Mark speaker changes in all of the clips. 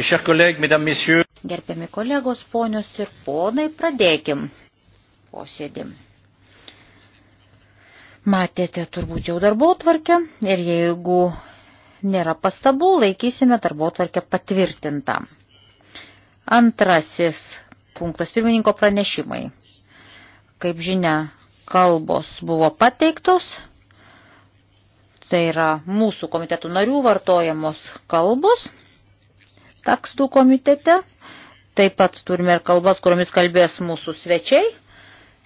Speaker 1: Gerbiami kolegos, ponios ir ponai, pradėkim posėdį. Matėte turbūt jau darbo tvarkę ir jeigu nėra pastabų, laikysime darbo tvarkę patvirtintą. Antrasis punktas pirmininko pranešimai. Kaip žinia, kalbos buvo pateiktos, tai yra mūsų komitetų narių vartojamos kalbos tekstų komitete. Taip pat turime ir kalbas, kuriomis kalbės mūsų svečiai.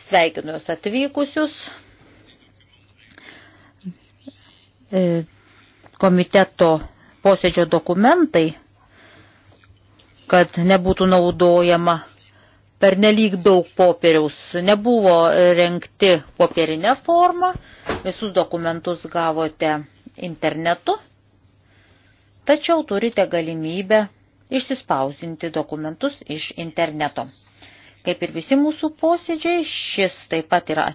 Speaker 1: Sveikinu jūs atvykusius. E, komiteto posėdžio dokumentai, kad nebūtų naudojama per nelik daug popieriaus. Nebuvo renkti popierinę formą, visus dokumentus gavote internetu, tačiau turite galimybę išsispausinti dokumentus iš interneto. Kaip ir visi mūsų posėdžiai, šis taip pat yra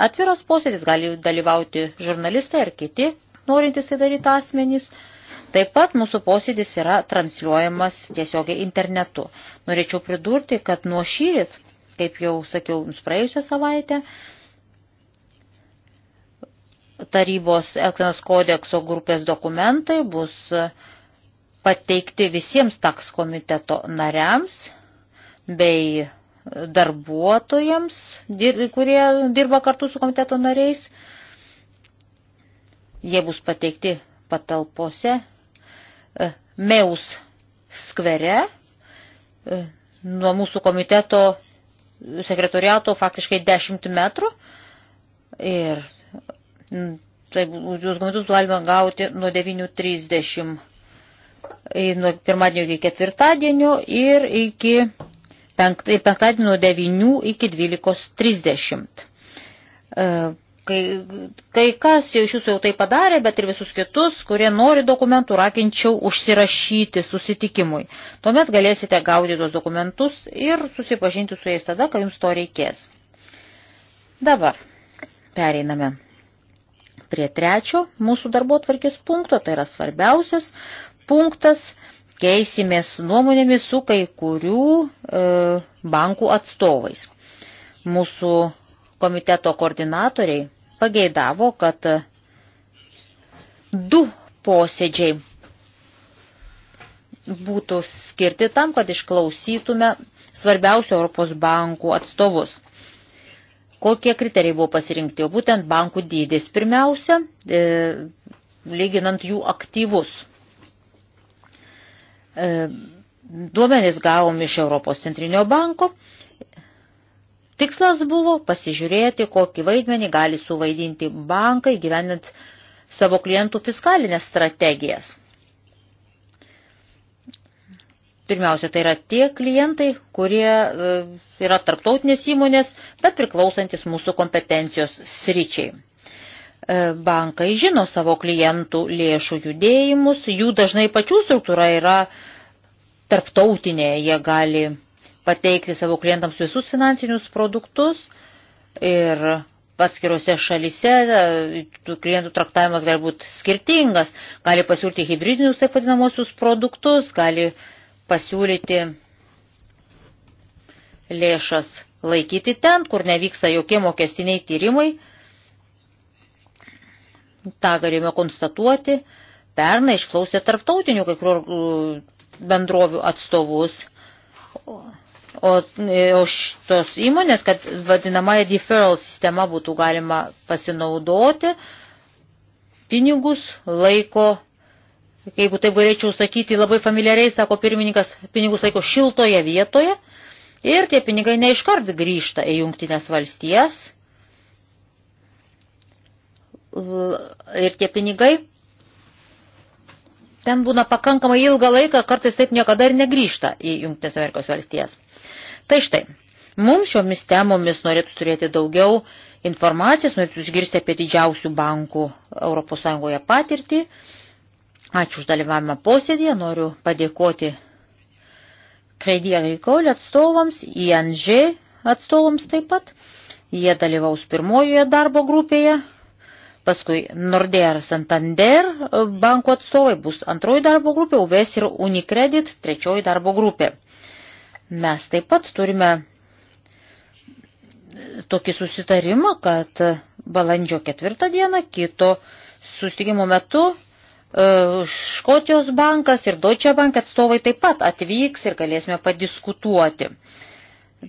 Speaker 1: atviras posėdis, gali dalyvauti žurnalistai ar kiti norintys tai daryti asmenys. Taip pat mūsų posėdis yra transliuojamas tiesiogiai internetu. Norėčiau pridurti, kad nuo šyrit, kaip jau sakiau jums praėjusią savaitę, tarybos Elksenos kodekso grupės dokumentai bus pateikti visiems taks komiteto nariams bei darbuotojams, kurie dirba kartu su komiteto nariais. Jie bus pateikti patalpose e, Meus skvere e, nuo mūsų komiteto sekretoriato faktiškai 10 metrų ir tai jūs komitus galima gauti nuo 9.30 nuo pirmadienio iki ketvirtadienio ir iki penkt, ir penktadienio nuo 9 iki 12.30. E, kai, kai kas jau iš jūsų jau tai padarė, bet ir visus kitus, kurie nori dokumentų, rakinčiau užsirašyti susitikimui. Tuomet galėsite gauti tos dokumentus ir susipažinti su jais tada, kai jums to reikės. Dabar pereiname prie trečio mūsų darbo tvarkės punkto, tai yra svarbiausias punktas. Keisimės nuomonėmis su kai kurių e, bankų atstovais. Mūsų komiteto koordinatoriai pageidavo, kad du posėdžiai būtų skirti tam, kad išklausytume svarbiausių Europos bankų atstovus. Kokie kriterijai buvo pasirinkti? O būtent bankų dydis pirmiausia, e, lyginant jų aktyvus. E, Duomenys gavom iš Europos centrinio banko. Tikslas buvo pasižiūrėti, kokį vaidmenį gali suvaidinti bankai gyvenant savo klientų fiskalinės strategijas. Pirmiausia, tai yra tie klientai, kurie e, yra tarptautinės įmonės, bet priklausantis mūsų kompetencijos sričiai. E, bankai žino savo klientų lėšų judėjimus, jų dažnai pačių struktūra yra tarptautinė, jie gali pateikti savo klientams visus finansinius produktus ir paskirose šalise e, klientų traktavimas gali būti skirtingas, gali pasiūlyti hybridinius taip vadinamosius produktus, gali pasiūlyti lėšas laikyti ten, kur nevyksta jokie mokestiniai tyrimai tą galėjome konstatuoti, pernai išklausė tarptautinių kai kur uh, bendrovių atstovus. O, o, o šitos įmonės, kad vadinamąją deferral sistema būtų galima pasinaudoti, pinigus laiko, jeigu taip galėčiau sakyti, labai familiariai, sako pirmininkas, pinigus laiko šiltoje vietoje ir tie pinigai neiškart grįžta į jungtinės valstijas ir tie pinigai ten būna pakankamai ilgą laiką, kartais taip niekada ir negrįžta į Junktinės Amerikos valstijas. Tai štai, mums šiomis temomis norėtų turėti daugiau informacijos, norėtų išgirsti apie didžiausių bankų ES patirtį. Ačiū už dalyvavimą posėdėje, noriu padėkoti Credit Agricole atstovams, ING atstovams taip pat. Jie dalyvaus pirmojoje darbo grupėje, Paskui Nordea ir Santander banko atstovai bus antroji darbo grupė, UBS ir Unicredit trečioji darbo grupė. Mes taip pat turime tokį susitarimą, kad balandžio ketvirtą dieną kito sustikimo metu e, Škotijos bankas ir Deutsche Bank atstovai taip pat atvyks ir galėsime padiskutuoti. Uh,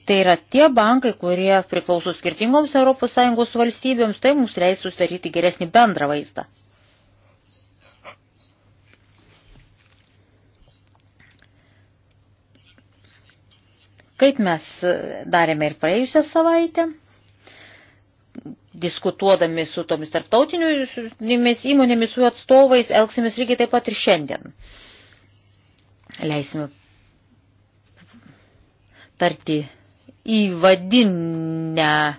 Speaker 1: Tai yra tie bankai, kurie priklauso skirtingoms ES valstybėms, tai mums leis susidaryti geresnį bendrą vaizdą. Kaip mes darėme ir praėjusią savaitę, diskutuodami su tomis tarptautinėmis įmonėmis, su atstovais, elgsimės lygiai taip pat ir šiandien. Leisime tarti įvadinę,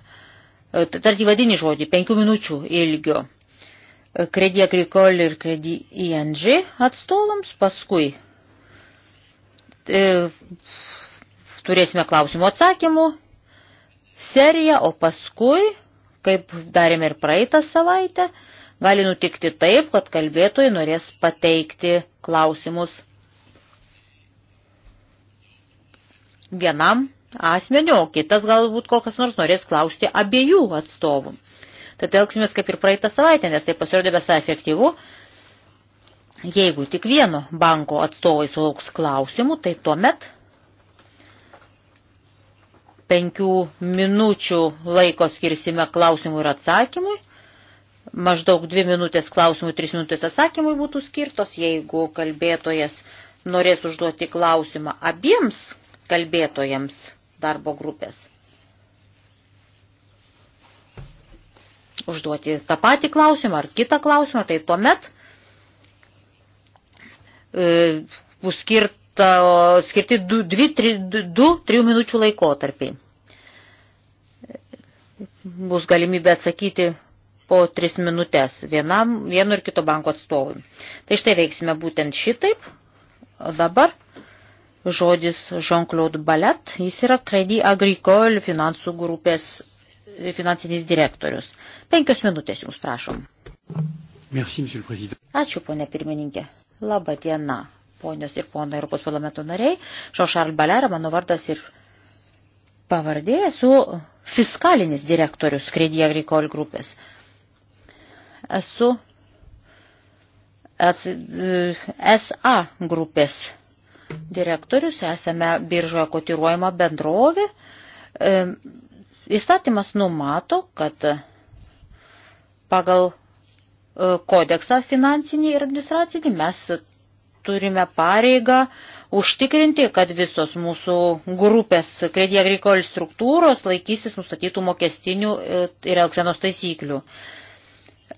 Speaker 1: tarti įvadinį žodį, penkių minučių ilgio. Kredi Agricol ir Kredi ING atstovams, paskui e, turėsime klausimų atsakymų seriją, o paskui, kaip darėme ir praeitą savaitę, gali nutikti taip, kad kalbėtojai norės pateikti klausimus vienam asmenio, o kitas galbūt kokas nors norės klausti abiejų atstovų. Tad elgsimės kaip ir praeitą savaitę, nes tai pasirodė visai efektyvu. Jeigu tik vieno banko atstovai sulauks klausimų, tai tuomet penkių minučių laiko skirsime klausimui ir atsakymui. Maždaug dvi minutės klausimui, tris minutės atsakymui būtų skirtos, jeigu kalbėtojas norės užduoti klausimą abiems kalbėtojams darbo grupės. Užduoti tą patį klausimą ar kitą klausimą, tai tuomet e, bus skirta, skirti 2-3 minučių laikotarpiai. Bus galimybė atsakyti po 3 minutės vienam, vienu ir kito banko atstovui. Tai štai veiksime būtent šitaip dabar žodis Jean-Claude Balet. Jis yra Credit Agricole finansų grupės e, finansinis direktorius. Penkios minutės jums prašom. Merci, Ačiū, ponė pirmininkė. Labą dieną, ponios ir ponai Europos parlamento nariai. Jean-Charles Balet, mano vardas ir pavardė, esu fiskalinis direktorius Credit Agricole grupės. Esu SA grupės direktorius, esame biržoje kotiruojama bendrovė. E, įstatymas numato, kad pagal e, kodeksą finansinį ir administracinį mes turime pareigą užtikrinti, kad visos mūsų grupės kredija agrikol struktūros laikysis nustatytų mokestinių e, ir elksenos taisyklių.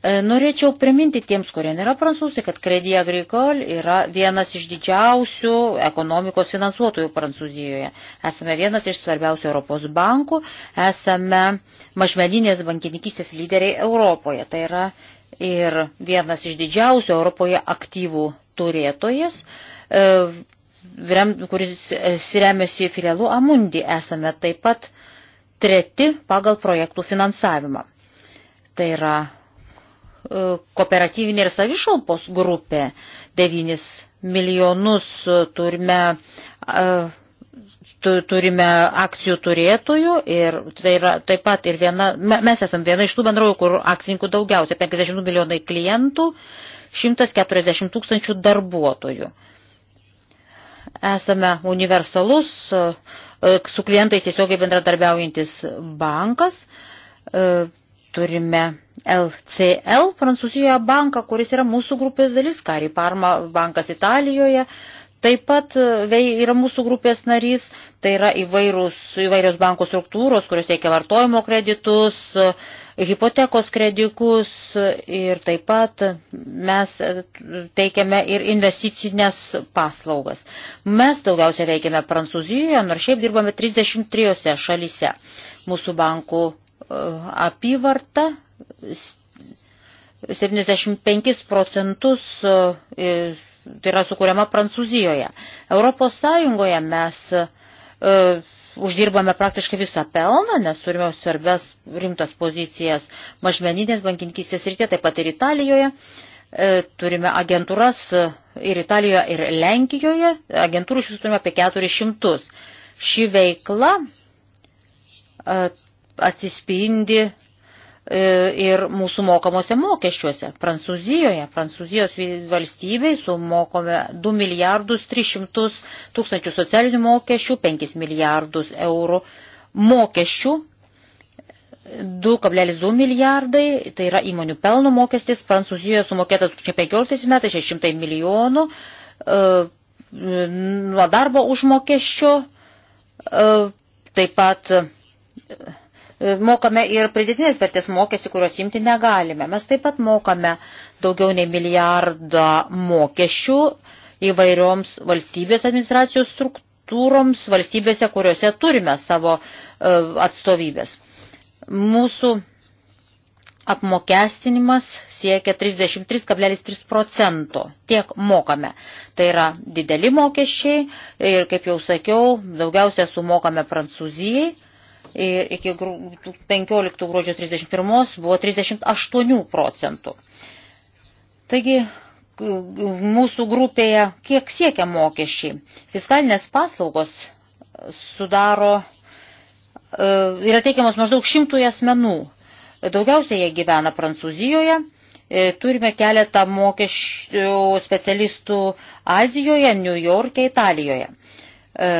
Speaker 1: E, norėčiau priminti tiems, kurie nėra prancūzai, kad Credit Agricole yra vienas iš didžiausių ekonomikos finansuotojų Prancūzijoje. Esame vienas iš svarbiausių Europos bankų, esame mažmeninės bankininkystės lyderiai Europoje. Tai yra ir vienas iš didžiausių Europoje aktyvų turėtojas, e, kuris remiasi filialu Amundi. Esame taip pat treti pagal projektų finansavimą. Tai yra kooperatyvinė ir savišalpos grupė. 9 milijonus turime, turime akcijų turėtojų ir tai yra taip pat ir viena, mes esam viena iš tų bendrojų, kur akcininkų daugiausia, 50 milijonai klientų, 140 tūkstančių darbuotojų. Esame universalus, su klientais tiesiogiai bendradarbiaujantis bankas turime LCL, Prancūzijoje banką, kuris yra mūsų grupės dalis, Kari Parma bankas Italijoje, taip pat e, yra mūsų grupės narys, tai yra įvairūs, įvairios bankų struktūros, kurios teikia vartojimo kreditus, e, hipotekos kredikus e, ir taip pat mes teikiame ir investicinės paslaugas. Mes daugiausia veikiame Prancūzijoje, nors šiaip dirbame 33 šalise. Mūsų bankų apyvartą 75 procentus e, tai yra sukūriama Prancūzijoje. Europos Sąjungoje mes e, uždirbame praktiškai visą pelną, nes turime svarbias rimtas pozicijas mažmeninės bankininkystės rytė, taip pat ir Italijoje. E, turime agentūras ir Italijoje, ir Lenkijoje. Agentūrų šis turime apie 400. Ši veikla atsispindi e, ir mūsų mokamuose mokesčiuose. Prancūzijoje, Prancūzijos valstybei sumokome 2 milijardus 300 tūkstančių socialinių mokesčių, 5 milijardus eurų mokesčių, 2,2 milijardai, tai yra įmonių pelno mokestis, Prancūzijoje sumokėtas 2015 metais 600 milijonų e, nuo darbo užmokesčio, e, taip pat mokame ir pridėtinės vertės mokestį, kurio atsimti negalime. Mes taip pat mokame daugiau nei milijardą mokesčių įvairioms valstybės administracijos struktūroms, valstybėse, kuriuose turime savo e, atstovybės. Mūsų apmokestinimas siekia 33,3 procento. Tiek mokame. Tai yra dideli mokesčiai ir, kaip jau sakiau, daugiausia sumokame Prancūzijai ir iki 15 gruodžio 31 buvo 38 procentų. Taigi mūsų grupėje kiek siekia mokesčiai. Fiskalinės paslaugos sudaro, e, yra teikiamos maždaug šimtui asmenų. Daugiausiai jie gyvena Prancūzijoje, e, turime keletą mokesčių specialistų Azijoje, New York'e, Italijoje. E,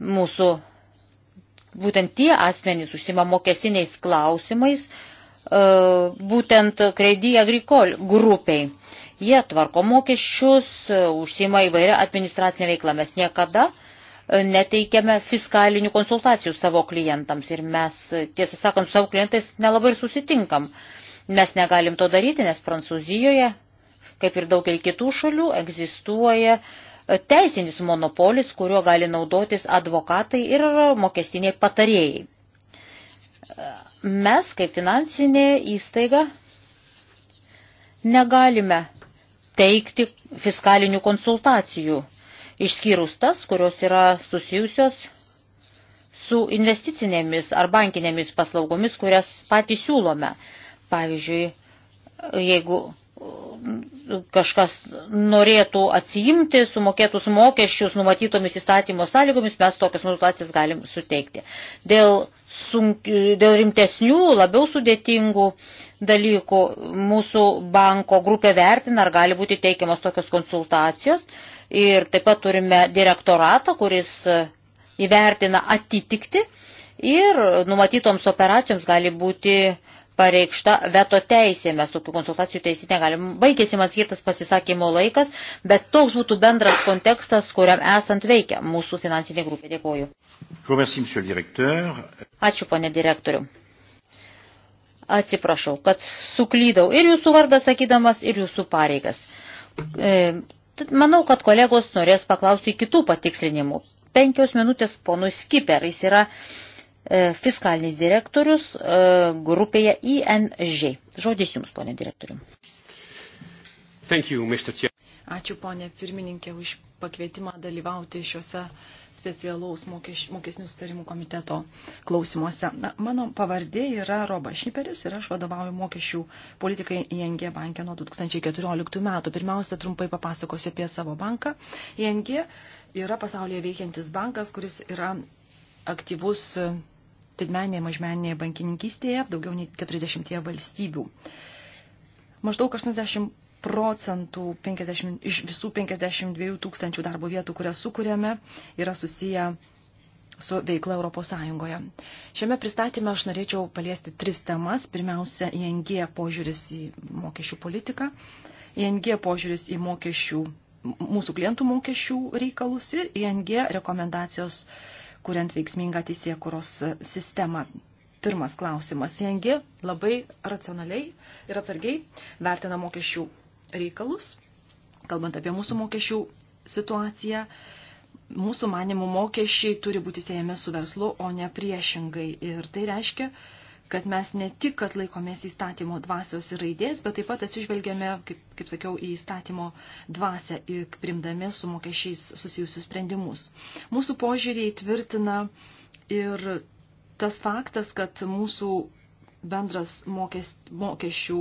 Speaker 1: mūsų būtent tie asmenys užsima mokestiniais klausimais, e, būtent kredi agrikol grupiai. Jie tvarko mokesčius, e, užsima įvairią administracinę veiklą. Mes niekada e, neteikiame fiskalinių konsultacijų savo klientams ir mes, tiesą sakant, su savo klientais nelabai ir susitinkam. Mes negalim to daryti, nes Prancūzijoje, kaip ir daugelį kitų šalių, egzistuoja uh, teisinis monopolis, kuriuo gali naudotis advokatai ir mokestiniai patarėjai. Mes, kaip finansinė įstaiga, negalime teikti fiskalinių konsultacijų, išskyrus tas, kurios yra susijusios su investicinėmis ar bankinėmis paslaugomis, kurias patys siūlome. Pavyzdžiui, jeigu kažkas norėtų atsiimti sumokėtus mokesčius numatytomis įstatymo sąlygomis, mes tokias konsultacijas galim suteikti. Dėl, sunk, dėl rimtesnių, labiau sudėtingų dalykų mūsų banko grupė vertina, ar gali būti teikiamas tokios konsultacijos. Ir taip pat turime direktoratą, kuris įvertina atitikti ir numatytoms operacijoms gali būti uh, pareikšta veto teisė. Mes tokių konsultacijų teisį negalim. Baigėsi man skirtas pasisakymo laikas, bet toks būtų bendras kontekstas, kuriam esant veikia mūsų finansinė grupė. Dėkoju. Ačiū, ponė direktoriu. Atsiprašau, kad suklydau ir jūsų vardą sakydamas, ir jūsų pareigas. E, manau, kad kolegos norės paklausti kitų patikslinimų. Penkios minutės ponui Skiper, jis yra E, fiskalinis direktorius e, grupėje INŽ. Žodis Jums, ponė direktorium. Thank you, Mr. Chair.
Speaker 2: Ačiū, ponė pirmininkė, už pakvietimą dalyvauti šiuose specialaus mokes, mokesnių sutarimų komiteto klausimuose. Na, mano pavardė yra Roba Šiperis ir aš vadovauju mokesčių politikai ING banke nuo 2014 metų. Pirmiausia, trumpai papasakosiu apie savo banką. ING yra pasaulyje veikiantis bankas, kuris yra aktyvus didmenėje, mažmenėje bankininkystėje daugiau nei 40 valstybių. Maždaug 80 procentų 50, iš visų 52 tūkstančių darbo vietų, kurias sukūrėme, yra susiję su veikla Europos Sąjungoje. Šiame pristatyme aš norėčiau paliesti tris temas. Pirmiausia, ING požiūris į mokesčių politiką, ING požiūris į mokesčių mūsų klientų mokesčių reikalus ir ING rekomendacijos uh, kuriant veiksmingą teisėkuros sistemą. Pirmas klausimas. Jengi labai racionaliai ir atsargiai vertina mokesčių reikalus, kalbant apie mūsų mokesčių situaciją mūsų manimų mokesčiai turi būti siejami su verslu, o ne priešingai. Ir tai reiškia, kad mes ne tik, kad laikomės įstatymo dvasios ir raidės, bet taip pat atsižvelgiame, kaip, kaip sakiau, į įstatymo dvasę ir primdami su mokesčiais susijusius sprendimus. Mūsų požiūrį įtvirtina ir tas faktas, kad mūsų bendras mokes, mokesčių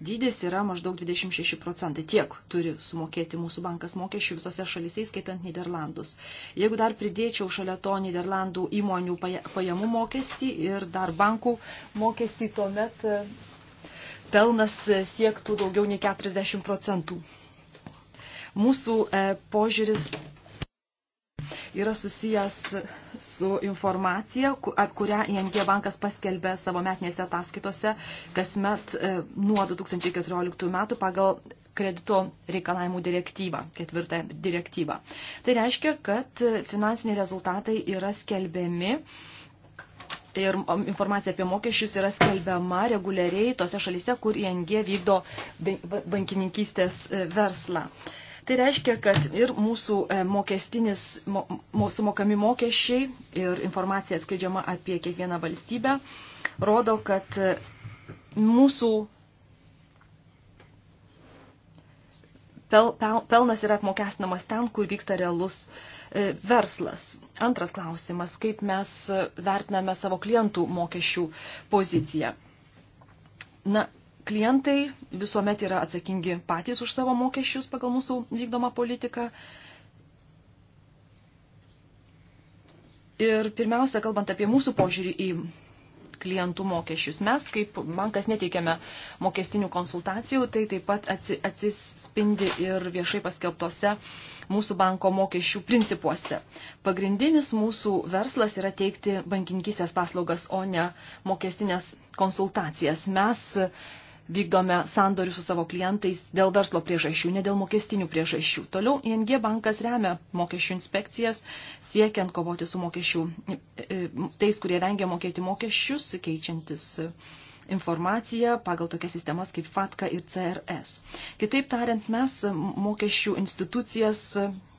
Speaker 2: dydis yra maždaug 26 procentai. Tiek turi sumokėti mūsų bankas mokesčių visose šalyse, skaitant Niderlandus. Jeigu dar pridėčiau šalia to Niderlandų įmonių pajamų mokestį ir dar bankų mokestį, tuomet e, pelnas e, siektų daugiau nei 40 procentų. Mūsų e, požiūris yra susijęs su informacija, kurią ING bankas paskelbė savo metinėse ataskaitose kasmet e, nuo 2014 metų pagal kredito reikalavimų direktyvą, ketvirtą direktyvą. Tai reiškia, kad finansiniai rezultatai yra skelbiami ir informacija apie mokesčius yra skelbiama reguliariai tose šalyse, kur ING vykdo bankininkystės e, verslą. Tai reiškia, kad ir mūsų e, mokestinis, mūsų mokami mokesčiai ir informacija atskleidžiama apie kiekvieną valstybę rodo, kad e, mūsų pel, pel, pelnas yra apmokestinamas ten, kur vyksta realus e, verslas. Antras klausimas, kaip mes vertiname savo klientų mokesčių poziciją. Na, klientai visuomet yra atsakingi patys už savo mokesčius pagal mūsų vykdomą politiką. Ir pirmiausia, kalbant apie mūsų požiūrį į klientų mokesčius. Mes, kaip bankas, neteikiame mokestinių konsultacijų, tai taip pat atsispindi ir viešai paskelbtose mūsų banko mokesčių principuose. Pagrindinis mūsų verslas yra teikti bankininkysės paslaugas, o ne mokestinės konsultacijas. Mes vykdome sandorių su savo klientais dėl verslo priežasčių, ne dėl mokestinių priežasčių. Toliau ING bankas remia mokesčių inspekcijas, siekiant kovoti su mokesčių, e, e, tais, kurie vengia mokėti mokesčius, keičiantis informaciją pagal tokias sistemas kaip FATKA ir CRS. Kitaip tariant, mes mokesčių institucijas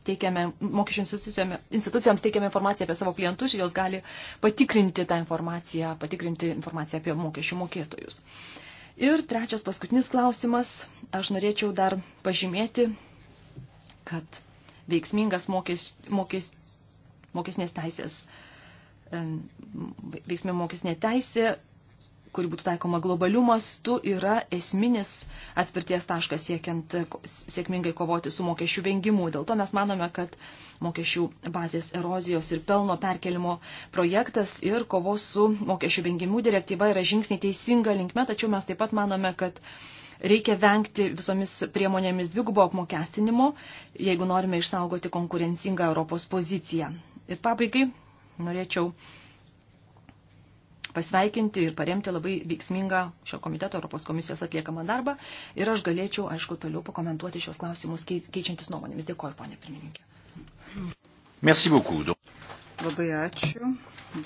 Speaker 2: teikiame, mokesčių institucijoms, institucijoms teikiame informaciją apie savo klientus ir jos gali patikrinti tą informaciją, patikrinti informaciją apie mokesčių mokėtojus. Uh, Ir trečias paskutinis klausimas. Aš norėčiau dar pažymėti, kad veiksmingas mokės, mokės, mokesnės teisės, veiksmė mokesnė teisė kuri būtų taikoma globalių mastų, yra esminis atspirties taškas siekiant sėkmingai kovoti su mokesčių vengimu. Dėl to mes manome, kad mokesčių bazės erozijos ir pelno perkelimo projektas ir kovos su mokesčių vengimu direktyva yra žingsniai teisinga linkme, tačiau mes taip pat manome, kad reikia vengti visomis priemonėmis dvigubo apmokestinimo, jeigu norime išsaugoti konkurencingą Europos poziciją. Ir pabaigai norėčiau pasveikinti ir paremti labai veiksmingą šio komiteto Europos komisijos atliekamą darbą. Ir aš galėčiau, aišku, toliau pakomentuoti
Speaker 3: šios klausimus keičiantis nuomonėmis. Dėkoju, ponė pirmininkė.
Speaker 1: Merci beaucoup.
Speaker 3: Labai ačiū.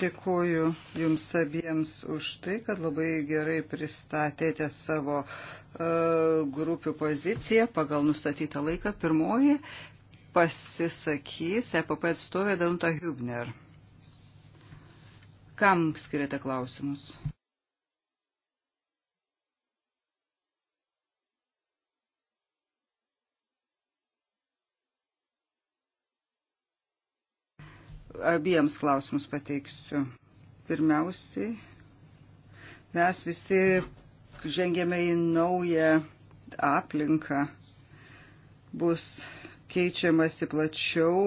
Speaker 3: Dėkuoju Jums abiems už tai, kad labai gerai pristatėte savo uh, grupių poziciją pagal nustatytą laiką. Pirmoji pasisakys EPP atstovė Danuta Hübner. Kam skiriate klausimus? abiems klausimus pateiksiu. Pirmiausiai, mes visi žengėme į naują aplinką, bus keičiamasi plačiau,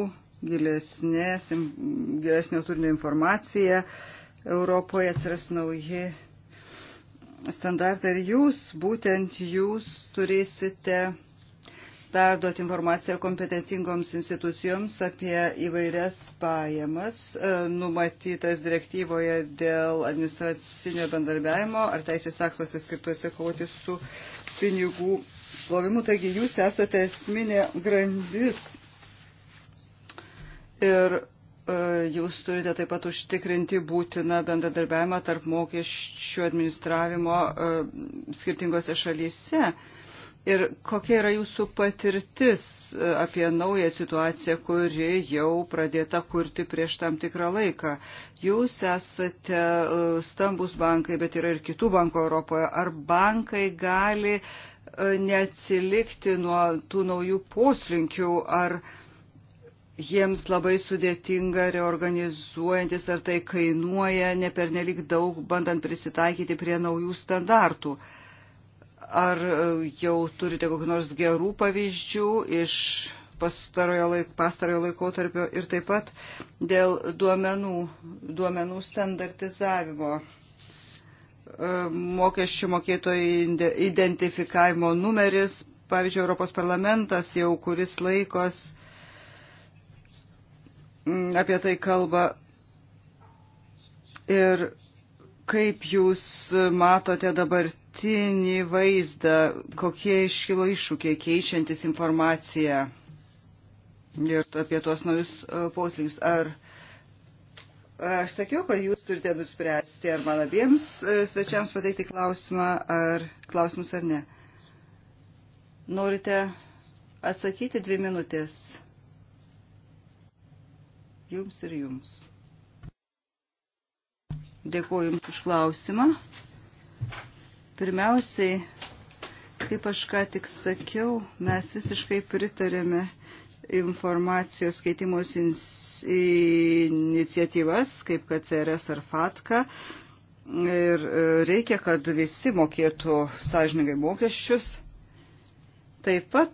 Speaker 3: gilesnė, gilesnio turinio informacija, Europoje atsiras nauji standartai ir jūs, būtent jūs turėsite perduoti informaciją kompetentingoms institucijoms apie įvairias pajamas e, numatytas direktyvoje dėl administracinio bendarbiavimo ar teisės aktuose skirtuose kovoti su pinigų plovimu. Taigi jūs esate esminė grandis. Ir E, jūs turite taip pat užtikrinti būtiną bendradarbiavimą tarp mokesčių administravimo e, skirtingose šalyse. Ir kokia yra jūsų patirtis e, apie naują situaciją, kuri jau pradėta kurti prieš tam tikrą laiką? Jūs esate stambus bankai, bet yra ir kitų bankų Europoje. Ar bankai gali neatsilikti nuo tų naujų poslinkių? Ar uh, jiems labai sudėtinga reorganizuojantis, ar tai kainuoja ne pernelik daug, bandant prisitaikyti prie naujų standartų. Ar e, jau turite kokiu nors gerų pavyzdžių iš pastarojo, laik, pastarojo laikotarpio ir taip pat dėl duomenų, duomenų standartizavimo e, mokesčių mokėtojų identifikavimo numeris. Pavyzdžiui, Europos parlamentas jau kuris laikos Mm, apie tai kalba. Ir kaip jūs matote dabartinį vaizdą, kokie iškilo iššūkiai keičiantis informaciją ir apie tuos naujus e, poslinkius. Ar aš sakiau, kad jūs turite nuspręsti, ar man abiems e, svečiams pateikti klausimą, ar klausimus ar ne? Norite atsakyti dvi minutės? jums ir jums. Dėkuoju Jums už klausimą. Pirmiausiai, kaip aš ką tik sakiau, mes visiškai pritarėme informacijos skaitimos iniciatyvas, kaip kad CRS ar FATKA. Ir e, reikia, kad visi mokėtų sąžininkai mokesčius. Taip pat,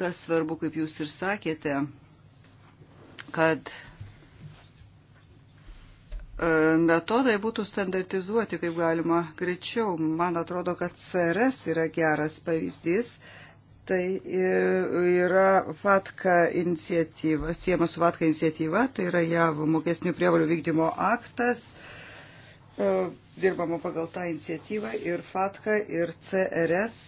Speaker 3: kas svarbu, kaip jūs ir sakėte, kad e, metodai būtų standartizuoti kaip galima greičiau. Man atrodo, kad CRS yra geras pavyzdys. Tai e, yra FATKA iniciatyva, siema su FATKA iniciatyva, tai yra JAV mokesnių prievalių vykdymo aktas, e, dirbama pagal tą iniciatyvą ir FATKA ir CRS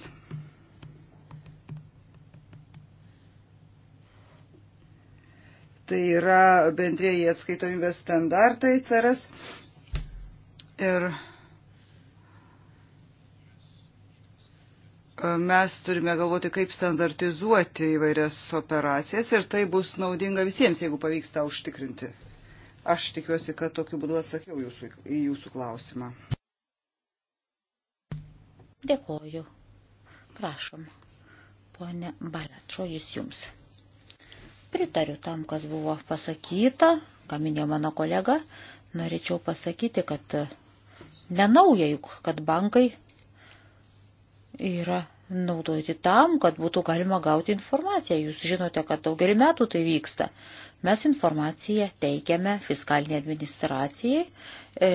Speaker 3: tai yra bendrėjai atskaitomybės standartai CERAS. Ir e, mes turime galvoti, kaip standartizuoti įvairias operacijas ir tai bus naudinga visiems, jeigu pavyks tą užtikrinti. Aš tikiuosi, kad tokiu būdu atsakiau jūsų, į jūsų klausimą.
Speaker 1: Dėkoju. Prašom. Pone Balat, šojus jums. Pritariu tam, kas buvo pasakyta, ką minėjo mano kolega. Norėčiau pasakyti, kad nenauja juk, kad bankai yra naudoti tam, kad būtų galima gauti informaciją. Jūs žinote, kad daugelį metų tai vyksta. Mes informaciją teikiame fiskaliniai administracijai, e,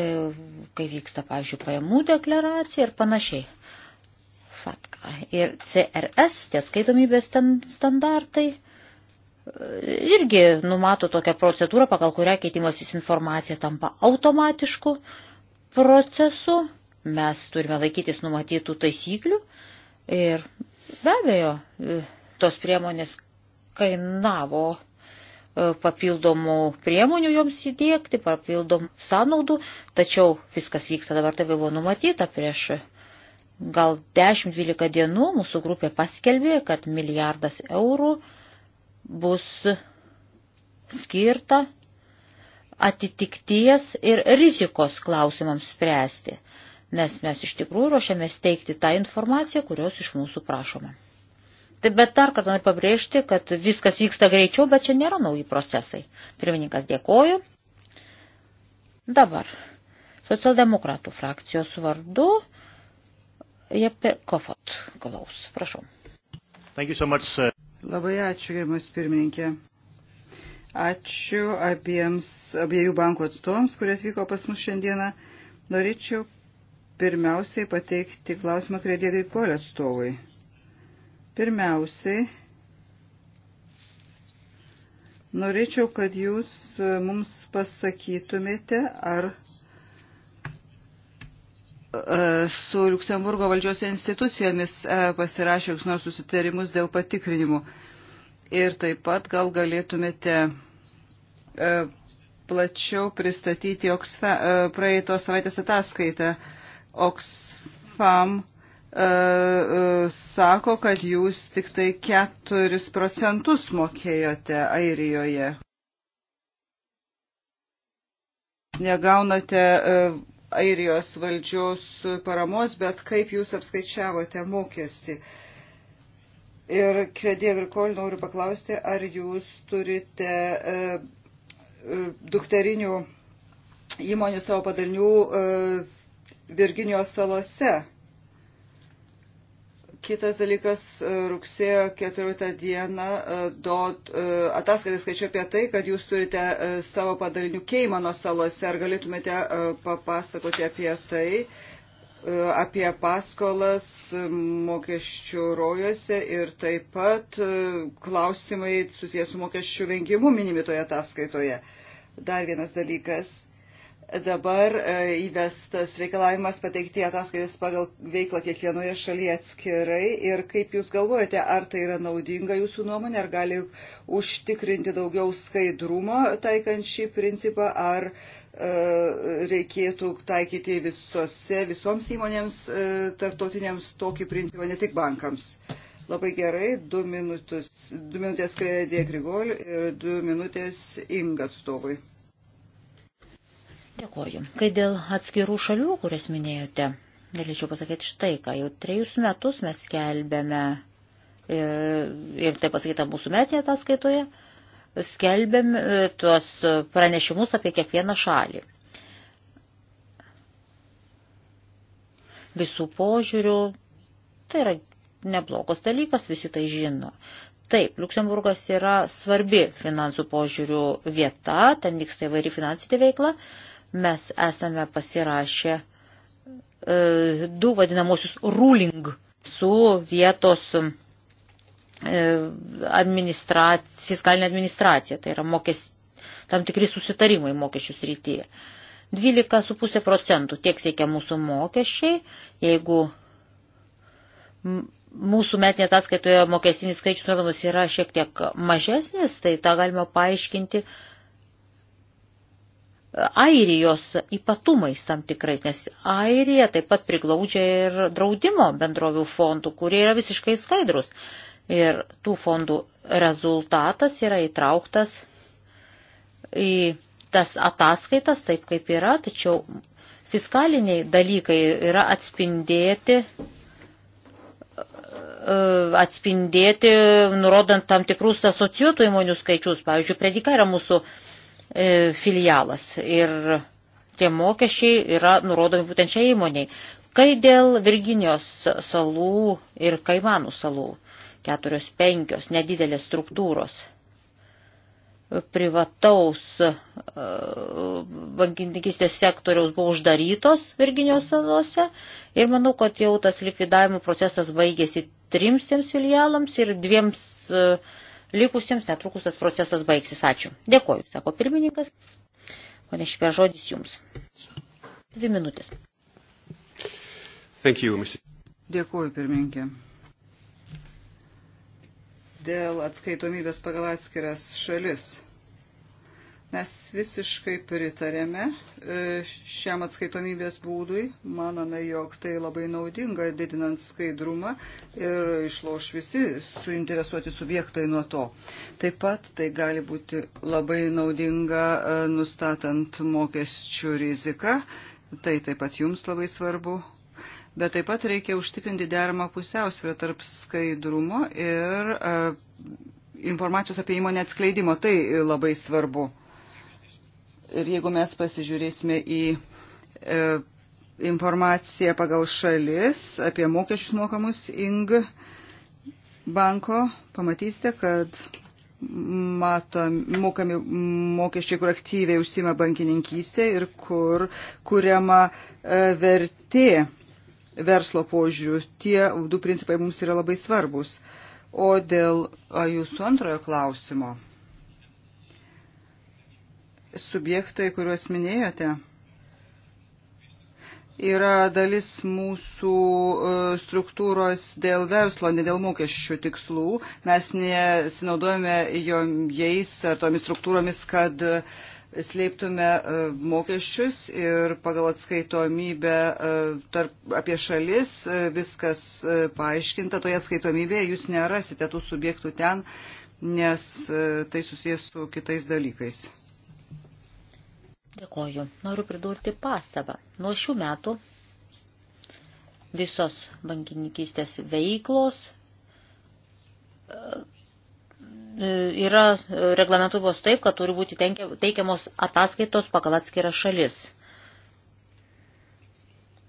Speaker 1: kai vyksta, pavyzdžiui, pajamų deklaracija ir panašiai. FATKA ir CRS, tie skaitomybės standartai, irgi numato tokią procedūrą, pagal kurią keitimasis informacija tampa automatišku procesu. Mes turime laikytis numatytų taisyklių ir be abejo, e, tos priemonės kainavo e, papildomų priemonių joms įdėkti, papildomų sąnaudų, tačiau viskas vyksta dabar taip buvo numatyta prieš e, gal 10-12 dienų mūsų grupė paskelbė, kad milijardas eurų uh, bus skirta atitikties ir rizikos klausimams spręsti, nes mes iš tikrųjų ruošiamės teikti tą informaciją, kurios iš mūsų prašome. Taip, bet dar kartą noriu pabrėžti, kad viskas vyksta greičiau, bet čia nėra nauji procesai. Pirmininkas dėkoju. Dabar socialdemokratų frakcijos vardu Jepe Kofot klaus. Prašau.
Speaker 2: Thank you so much, sir.
Speaker 1: Labai ačiū, gerimas pirmininkė. Ačiū
Speaker 3: abiems, abiejų bankų atstovams, kurie atvyko pas mus šiandieną. Norėčiau pirmiausiai pateikti klausimą kredėgai polio atstovui. Pirmiausiai, norėčiau, kad jūs mums pasakytumėte, ar E, su Luksemburgo valdžios institucijomis e, pasirašė koks nors susitarimus dėl patikrinimų. Ir taip pat gal galėtumėte e, plačiau pristatyti Oksfe, praeitos savaitės ataskaitą. Oxfam sako, kad jūs tik tai 4 procentus mokėjote Airijoje. Negaunate airijos valdžios paramos, bet kaip jūs apskaičiavote mokestį? Ir Kredė Agrikol noriu paklausti, ar jūs turite e, e dukterinių įmonių savo padalinių e, Virginijos salose? Kitas dalykas, e, rugsėjo 14 dieną e, DOT e, ataskaitą skaičiu apie tai, kad jūs turite savo padalinių Keimano salose. Ar galėtumėte papasakoti apie tai, apie paskolas mokesčių rojuose ir taip pat klausimai susijęs su mokesčių vengimu minimi toje ataskaitoje? Dar vienas dalykas Dabar e, įvestas reikalavimas pateikti ataskaitas pagal veiklą kiekvienoje šalyje atskirai. Ir kaip Jūs galvojate, ar tai yra naudinga Jūsų nuomonė, ar gali užtikrinti daugiau skaidrumo taikant šį principą, ar e, reikėtų taikyti visose, visoms įmonėms e, tarptautinėms tokį principą, ne tik bankams. Labai gerai, du, minutus, du minutės Kredė Grigol ir du minutės Inga atstovui.
Speaker 1: Dėkoju. Kai dėl atskirų šalių, kurias minėjote, galėčiau pasakyti štai, ką jau trejus metus mes skelbėme ir, ir tai pasakyta mūsų metėje ataskaitoje, skelbėm e, tuos pranešimus apie kiekvieną šalį. Visų požiūrių, tai yra neblogos dalykas, visi tai žino. Taip, Luksemburgas yra svarbi finansų požiūrių vieta, ten vyksta įvairi finansinė veikla, Mes esame pasirašę e, du vadinamosius ruling su vietos e, administrac, fiskalinė administracija, tai yra mokes, tam tikri susitarimai mokesčių srityje. 12,5 procentų tiek siekia mūsų mokesčiai, jeigu mūsų metinė ataskaitoje mokestinis skaičius nurodomas yra šiek tiek mažesnis, tai tą galima paaiškinti uh, Airijos ypatumais tam tikrais, nes Airija taip pat priglaudžia ir draudimo bendrovių fondų, kurie yra visiškai skaidrus. Ir tų fondų rezultatas yra įtrauktas į tas ataskaitas taip, kaip yra, tačiau fiskaliniai dalykai yra atspindėti e, atspindėti, nurodant tam tikrus asociuotų įmonių skaičius. Pavyzdžiui, predika yra mūsų uh, E, filialas ir tie mokesčiai yra nurodomi būtent šiai įmoniai. Kai dėl Virginijos salų ir Kaimanų salų, keturios penkios nedidelės struktūros, privataus e, bankininkistės sektoriaus buvo uždarytos Virginijos salose ir manau, kad jau tas likvidavimo procesas baigėsi trimsiems filialams ir dviems uh, likusiems netrukus tas procesas baigsis. Ačiū. Dėkoju, sako pirmininkas. Pane Špė, žodis jums. Dvi minutės. Thank you, Mr.
Speaker 3: Dėkoju, pirmininkė. Dėl atskaitomybės pagal atskiras šalis Mes visiškai pritarėme e, šiam atskaitomybės būdui, manome, jog tai labai naudinga, didinant skaidrumą ir išloš visi suinteresuoti subjektai nuo to. Taip pat tai gali būti labai naudinga e, nustatant mokesčių riziką, tai taip pat jums labai svarbu. Bet taip pat reikia užtikrinti deramą pusiausvyrą tarp skaidrumo ir e, informacijos apie įmonę atskleidimo. Tai labai svarbu Ir jeigu mes pasižiūrėsime į e, informaciją pagal šalis apie mokesčius mokamus ING banko, pamatysite, kad matom, mokami mokesčiai, kur aktyviai užsima bankininkystė ir kur kuriama e, vertė verslo požiūrių. Tie du principai mums yra labai svarbus. O dėl jūsų antrojo klausimo subjektai, kuriuos minėjote, yra dalis mūsų e, struktūros dėl verslo, ne dėl mokesčių tikslų. Mes nesinaudojame jais ar tomis struktūromis, kad e, slėptume e, mokesčius ir pagal atskaitomybę tarp, apie šalis viskas paaiškinta. Toje atskaitomybėje jūs nerasite tų subjektų ten, nes tai susijęs su kitais dalykais.
Speaker 1: Dėkoju. Noriu pridurti pastabą. Nuo šių metų visos bankininkystės veiklos e, yra reglamentuojamos taip, kad turi būti teikiamos ataskaitos pagal atskirą šalis.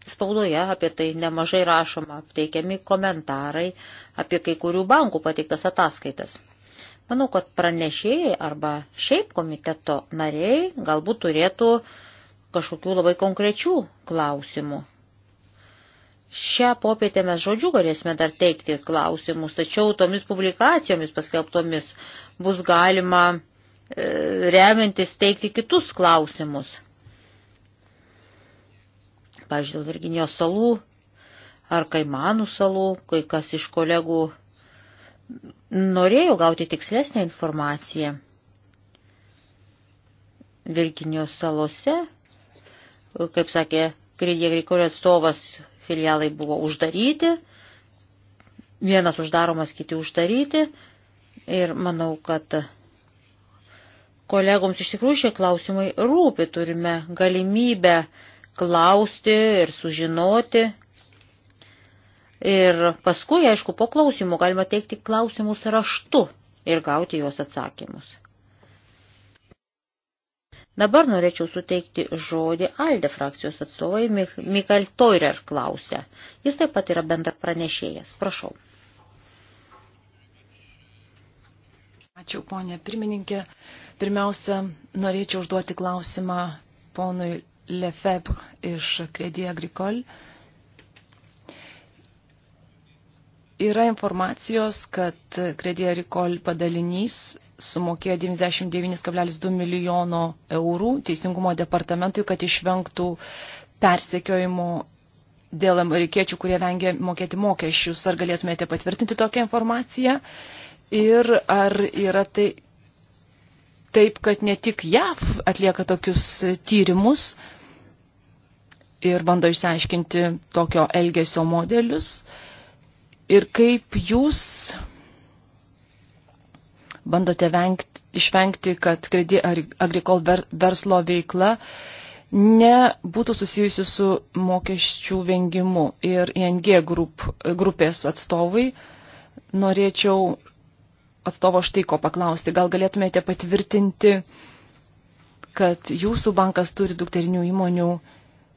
Speaker 1: Spaudoje apie tai nemažai rašoma, teikiami komentarai apie kai kurių bankų pateiktas ataskaitas. Manau, kad pranešėjai arba šiaip komiteto nariai galbūt turėtų kažkokių labai konkrečių klausimų. Šią popietę mes žodžiu galėsime dar teikti klausimus, tačiau tomis publikacijomis paskelbtomis bus galima e, remiantis teikti kitus klausimus. Pavyzdžiui, Virginijos salų ar Kaimanų salų, kai kas iš kolegų norėjo gauti tikslesnę informaciją. Virginijos salose, kaip sakė Kridė Grikolio atstovas, filialai buvo uždaryti, vienas uždaromas, kiti uždaryti. Ir manau, kad kolegoms iš tikrųjų šie klausimai rūpi, turime galimybę klausti ir sužinoti Ir paskui, aišku, po klausimų galima teikti klausimus raštu ir gauti juos atsakymus. Dabar norėčiau suteikti žodį Alde frakcijos atstovai Mikael Toirer klausė. Jis taip pat yra bendra pranešėjas. Prašau. Ačiū, ponė pirmininkė. Pirmiausia,
Speaker 2: norėčiau užduoti klausimą ponui Lefebvre iš Credit Agricole Yra informacijos, kad Credit Recall padalinys sumokėjo 99,2 milijono eurų Teisingumo departamentui, kad išvengtų persekiojimo dėl amerikiečių, kurie vengia mokėti mokesčius. Ar galėtumėte patvirtinti tokią informaciją? Ir ar yra tai taip, kad ne tik JAV atlieka tokius tyrimus ir bando išsiaiškinti tokio elgesio modelius? ir kaip jūs bandote vengti, išvengti, kad kredi agrikol verslo veikla nebūtų susijusi su mokesčių vengimu. Ir ING grup, grupės atstovai norėčiau atstovo štai ko paklausti. Gal galėtumėte patvirtinti, kad jūsų bankas turi dukterinių įmonių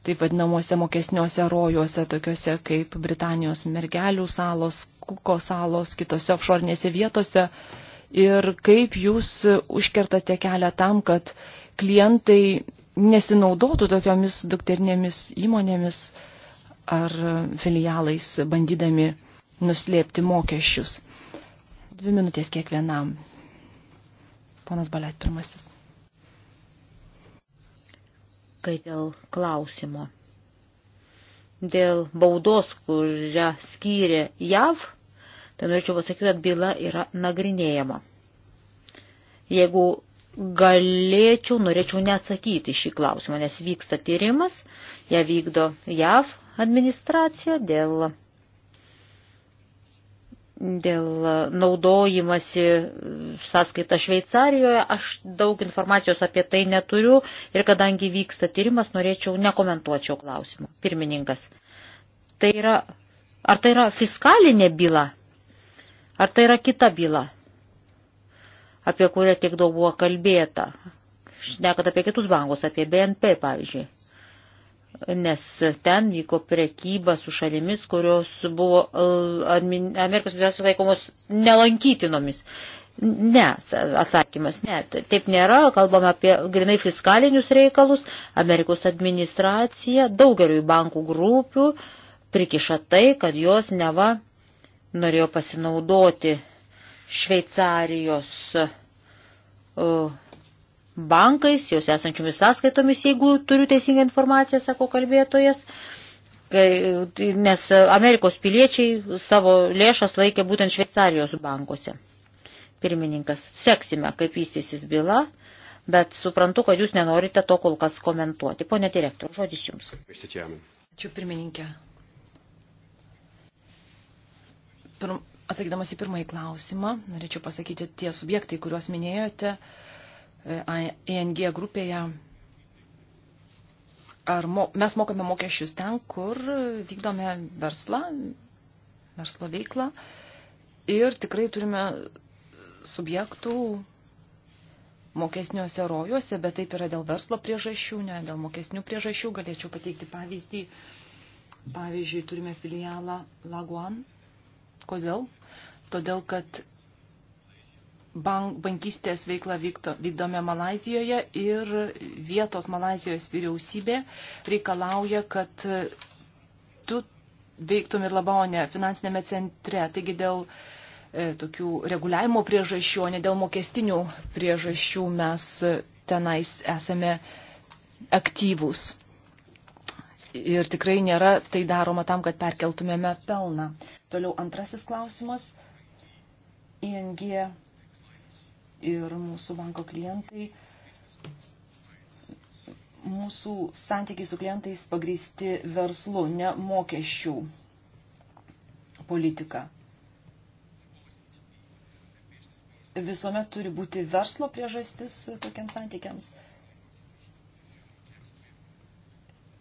Speaker 2: taip vadinamuose mokesniuose rojuose, tokiuose kaip Britanijos mergelių salos, kuko salos, kitose offshore'nėse vietose. Ir kaip jūs užkertate kelią tam, kad klientai nesinaudotų tokiomis dukternėmis įmonėmis ar filialais, bandydami nuslėpti mokesčius. Dvi minutės kiekvienam. Ponas Balet pirmasis
Speaker 1: dalykai dėl klausimo. Dėl baudos, kurią skyrė JAV, tai norėčiau pasakyti, kad byla yra nagrinėjama. Jeigu galėčiau, norėčiau neatsakyti šį klausimą, nes vyksta tyrimas, ją vykdo JAV administracija dėl dėl e, naudojimasi e, sąskaita Šveicarijoje. Aš daug informacijos apie tai neturiu ir kadangi vyksta tyrimas, norėčiau nekomentuočiau klausimų. Pirmininkas. Tai yra, ar tai yra fiskalinė byla? Ar tai yra kita byla, apie kurią tiek daug buvo kalbėta? Šnekat apie kitus bankus, apie BNP pavyzdžiui nes ten vyko prekyba su šalimis, kurios buvo Amerikos federacijos laikomos nelankytinomis. Ne, atsakymas ne. Taip nėra, kalbame apie grinai fiskalinius reikalus. Amerikos administracija daugeliui bankų grupių prikiša tai, kad jos neva norėjo pasinaudoti Šveicarijos uh, bankais, jos esančiomis sąskaitomis, jeigu turiu teisingą informaciją, sako kalbėtojas, kai, nes Amerikos piliečiai savo lėšas laikė būtent Šveicarijos bankuose. Pirmininkas, seksime, kaip vystysis byla, bet suprantu, kad jūs nenorite to kol kas komentuoti. Pone direktor, žodis jums. Ačiū pirmininkė. Pirm, atsakydamas į pirmąjį
Speaker 2: klausimą, norėčiau pasakyti, tie subjektai, kuriuos minėjote, uh, ENG grupėje, ar mo, mes mokame mokesčius ten, kur vykdome verslą, verslo veiklą ir tikrai turime subjektų mokesniuose rojuose, bet taip yra dėl verslo priežasčių, ne dėl mokesnių priežasčių. Galėčiau pateikti pavyzdį. Pavyzdžiui, turime filialą Laguan. Kodėl? Todėl, kad bank, bankystės veiklą vykto, vykdome Malazijoje ir vietos Malazijos vyriausybė reikalauja, kad tu veiktum ir labaone finansinėme centre. Taigi dėl e, tokių reguliavimo priežasčių, o ne dėl mokestinių priežasčių mes tenais esame aktyvūs. Ir tikrai nėra tai daroma tam, kad perkeltumėme pelną. Toliau antrasis klausimas. ING ir mūsų banko klientai. Mūsų santykiai su klientais pagrįsti verslu, ne mokesčių politika. Visuomet turi būti verslo priežastis tokiems santykiams.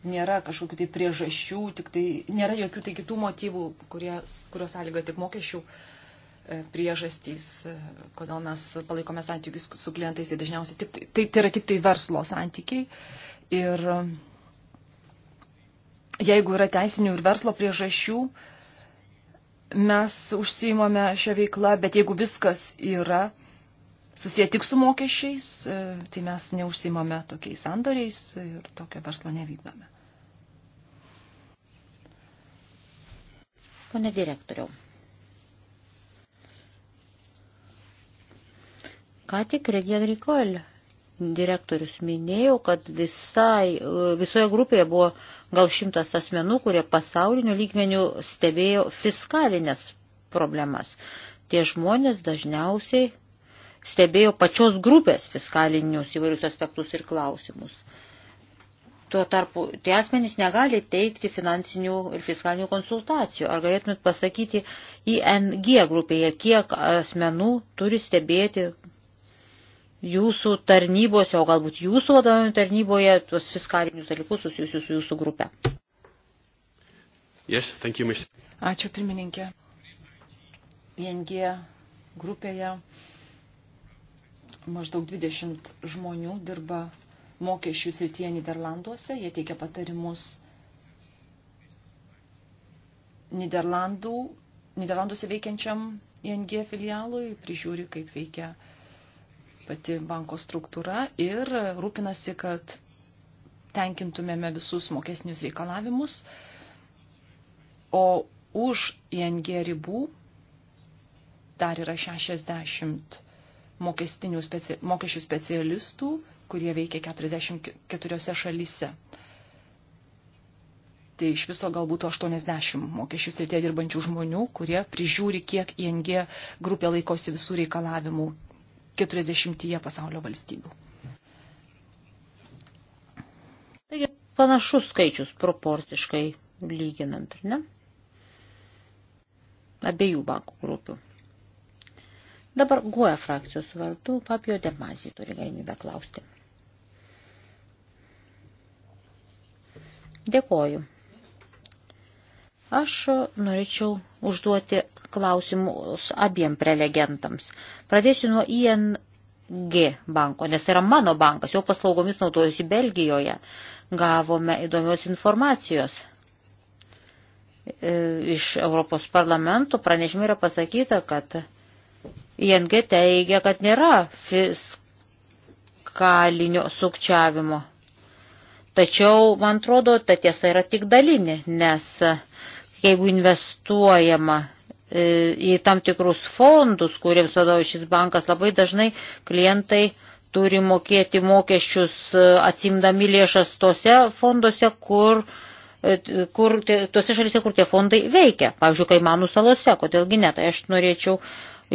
Speaker 2: nėra kažkokių tai priežasčių, tik tai nėra jokių tai kitų motyvų, kurie, kurios sąlyga tik mokesčių E, priežastys, e, kodėl mes palaikome santykius su klientais, tai dažniausiai tik, tai, tai yra tik tai verslo santykiai. Ir e, jeigu yra teisinių ir verslo priežasčių, mes užsiimame šią veiklą, bet jeigu viskas yra susiję tik su mokesčiais, tai mes neužsiimame tokiais sandoriais ir tokio verslo nevykdome.
Speaker 1: Pone direktoriau. Ką tik Regien Rikol direktorius minėjo, kad visai, visoje grupėje buvo gal šimtas asmenų, kurie pasauliniu lygmeniu stebėjo fiskalinės problemas. Tie žmonės dažniausiai stebėjo pačios grupės fiskalinius įvairius aspektus ir klausimus. Tuo tarpu tie asmenys negali teikti finansinių ir fiskalinių konsultacijų. Ar galėtumėt pasakyti ING grupėje, kiek asmenų turi stebėti jūsų tarnybose, o galbūt jūsų vadovavimo tarnyboje, tuos fiskalinius dalykus susijusius su jūsų grupė.
Speaker 2: Yes, thank you, Mr. Ačiū, pirmininkė. ING grupėje maždaug 20 žmonių dirba mokesčių srityje Niderlanduose, jie teikia patarimus Niderlandų, Niderlanduose veikiančiam ING filialui, prižiūri, kaip veikia uh, pati banko struktūra ir rūpinasi, kad tenkintumėme visus mokesnius reikalavimus, o už ING ribų dar yra 60 speci mokesčių specialistų, kurie veikia 44 šalyse. Tai iš viso galbūt 80 mokesčių srityje dirbančių žmonių, kurie prižiūri, kiek ING grupė laikosi visų reikalavimų 40 pasaulio valstybių.
Speaker 1: Taigi panašus skaičius proporciškai lyginant, ar ne? Abiejų bankų grupių. Dabar guoja e frakcijos vardu, Fabio Demazį turi galimybę klausti. Dėkoju. Aš norėčiau užduoti klausimus abiem prelegentams. Pradėsiu nuo ING banko, nes tai yra mano bankas, jo paslaugomis naudojusi Belgijoje. Gavome įdomios informacijos. E, iš Europos parlamento pranešimai yra pasakyta, kad ING teigia, kad nėra fiskalinio sukčiavimo. Tačiau, man atrodo, ta tiesa yra tik dalinė, nes jeigu investuojama E, į tam tikrus fondus, kuriems vadovauja šis bankas, labai dažnai klientai turi mokėti mokesčius e, atsimdami lėšas tose fonduose, kur, e, kur tose šalise, kur tie fondai veikia. Pavyzdžiui, Kaimanų salose, kodėlgi ne, tai aš norėčiau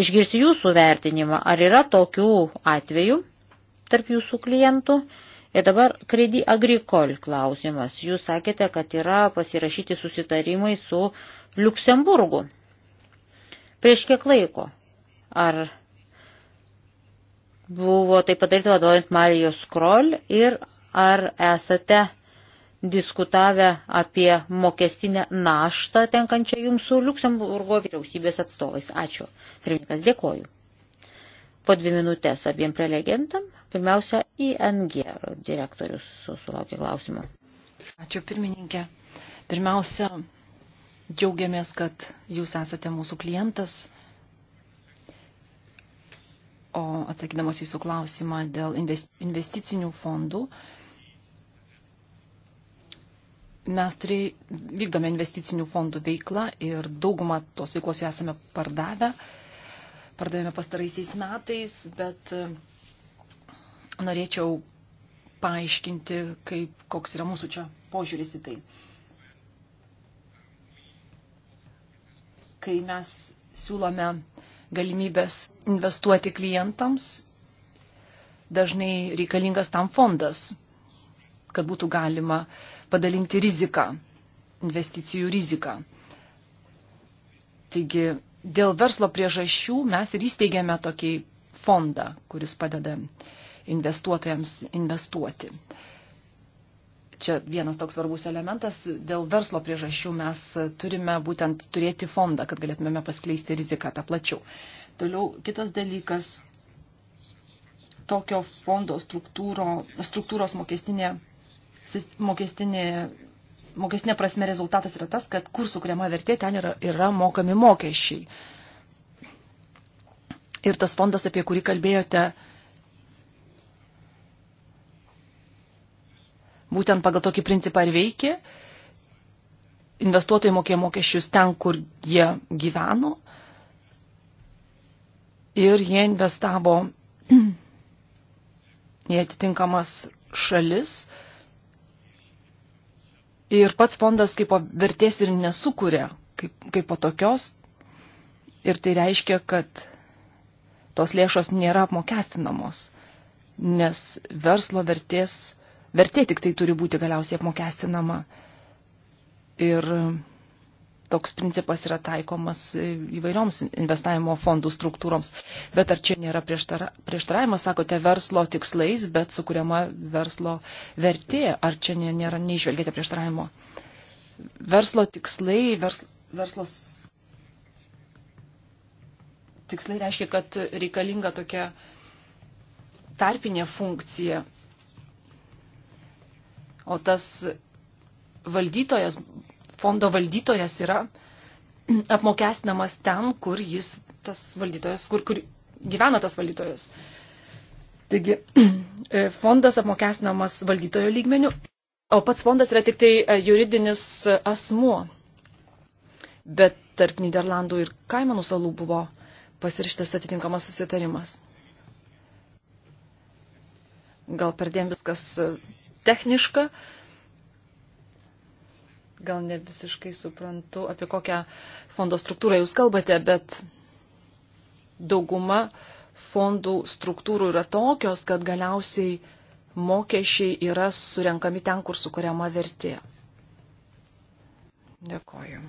Speaker 1: išgirsti jūsų vertinimą, ar yra tokių atvejų tarp jūsų klientų. Ir dabar kredi agrikol klausimas. Jūs sakėte, kad yra pasirašyti susitarimai su Luksemburgu prieš kiek laiko. Ar buvo tai padaryta vadovaujant Marijos Krol ir ar esate diskutavę apie mokestinę naštą tenkančią jums su Luksemburgo vyriausybės atstovais. Ačiū. Pirmininkas, dėkoju. Po dvi minutės abiem prelegentam. Pirmiausia, ING direktorius sulaukė klausimą.
Speaker 2: Ačiū pirmininkė. Pirmiausia, Džiaugiamės, kad jūs esate mūsų klientas. O atsakydamas į jūsų klausimą dėl investicinių fondų, mes turėj, vykdome investicinių fondų veiklą ir daugumą tos veiklos jau esame pardavę. Pardavėme pastaraisiais metais, bet norėčiau paaiškinti, kaip, koks yra mūsų čia požiūris į tai. kai mes siūlome galimybės investuoti klientams, dažnai reikalingas tam fondas, kad būtų galima padalinti riziką, investicijų riziką. Taigi dėl verslo priežasčių mes ir įsteigėme tokį fondą, kuris padeda investuotojams investuoti. Uh, čia vienas toks svarbus elementas. Dėl verslo priežasčių mes turime būtent turėti fondą, kad galėtumėme paskleisti riziką tą plačiau. Toliau kitas dalykas - tokio fondo struktūro, struktūros mokestinė, mokestinė, mokestinė prasme rezultatas yra tas, kad kur sukuriama vertė, ten yra, yra mokami mokesčiai. Ir tas fondas, apie kurį kalbėjote, būtent pagal tokį principą ir veikė. Investuotojai mokė mokesčius ten, kur jie gyveno ir jie investavo į atitinkamas šalis. Ir pats fondas kaip vertės ir nesukuria, kaip, kaip po tokios. Ir tai reiškia, kad tos lėšos nėra apmokestinamos, nes verslo vertės vertė tik tai turi būti galiausiai apmokestinama. Ir toks principas yra taikomas įvairioms investavimo fondų struktūroms. Bet ar čia nėra prieštara, prieštaravimas, sakote, verslo tikslais, bet sukūriama verslo vertė? Ar čia nėra, neišvelgėte prieštaravimo? Verslo tikslai, vers, verslos tikslai reiškia, kad reikalinga tokia tarpinė funkcija O tas valdytojas, fondo valdytojas yra apmokestinamas ten, kur jis, tas valdytojas, kur, kur gyvena tas valdytojas. Taigi, fondas apmokestinamas valdytojo lygmeniu, o pats fondas yra tik tai e, juridinis asmuo. Bet tarp Niderlandų ir Kaimanų salų buvo pasirištas atitinkamas susitarimas. Gal perdėm viskas e, techniška. Gal ne visiškai suprantu, apie kokią fondo struktūrą jūs kalbate, bet dauguma fondų struktūrų yra tokios, kad galiausiai mokesčiai yra surenkami ten, kur sukuriama vertė.
Speaker 1: Dėkoju.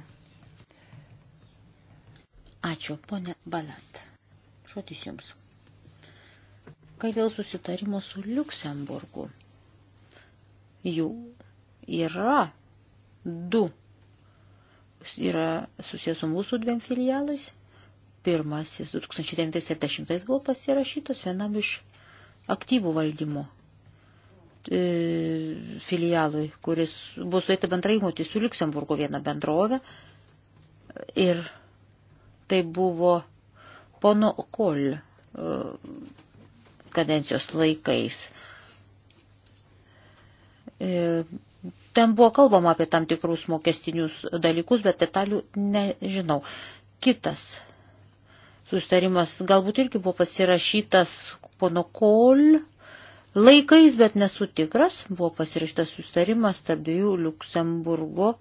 Speaker 1: Ačiū, ponė Balat. Žodis jums. Kai dėl susitarimo su Luksemburgu, jų yra du. Yra susijęs su mūsų dviem filialais. Pirmasis 2009-2010 buvo pasirašytas vienam iš aktyvų valdymo e, filialui, kuris bus suėta bendrai įmoti su Luxemburgo viena bendrovė. Ir tai buvo pono Kol e, kadencijos laikais. E, E, ten buvo kalbama apie tam tikrus mokestinius dalykus, bet detalių nežinau. Kitas sustarimas galbūt irgi buvo pasirašytas pono Kol laikais, bet nesu tikras. Buvo pasirašytas sustarimas tarp dviejų Luksemburgo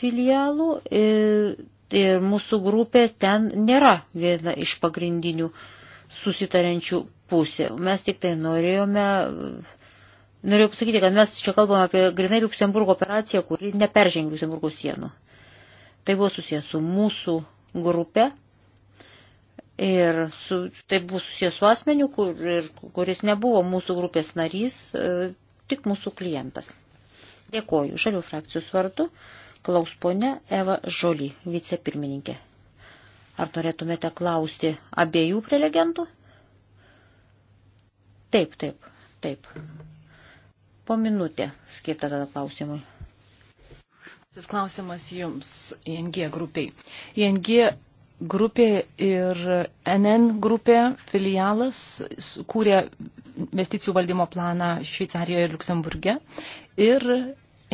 Speaker 1: filialų ir, e, ir mūsų grupė ten nėra viena iš pagrindinių susitarančių pusė. Mes tik tai norėjome Norėjau pasakyti, kad mes čia kalbame apie grinai Luksemburgo operaciją, kuri neperžengia Luksemburgo sienų. Tai buvo susijęs su mūsų grupė ir su, tai buvo susijęs su asmeniu, kur, ir, kuris nebuvo mūsų grupės narys, e, tik mūsų klientas. Dėkoju. Žalių frakcijos vardu klaus ponė Eva Žoly, vicepirmininkė. Ar norėtumėte klausti abiejų prelegentų? Taip, taip, taip. Po minutę skirtą tada klausimui. Šis klausimas
Speaker 2: jums, ING grupiai. ING
Speaker 1: grupė ir
Speaker 2: NN grupė filialas kūrė investicijų valdymo planą Šveicarijoje ir Luksemburge ir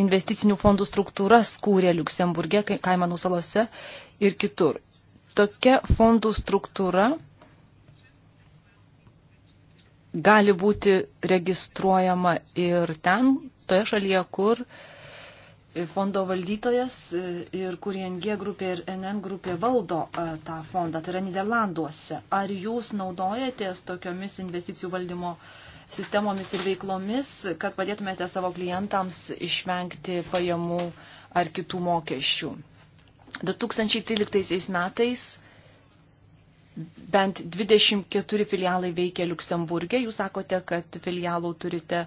Speaker 2: investicinių fondų struktūras kūrė Luksemburge, Kaimanų salose ir kitur. Tokia fondų struktūra gali būti registruojama ir ten, toje šalyje, kur fondo valdytojas ir kur ING grupė ir NN grupė valdo e, tą fondą, tai yra Niderlanduose. Ar jūs naudojatės tokiomis investicijų valdymo sistemomis ir veiklomis, kad padėtumėte savo klientams išvengti pajamų ar kitų mokesčių? 2013 metais bent 24 filialai veikia Luksemburgė. Jūs sakote, kad filialų turite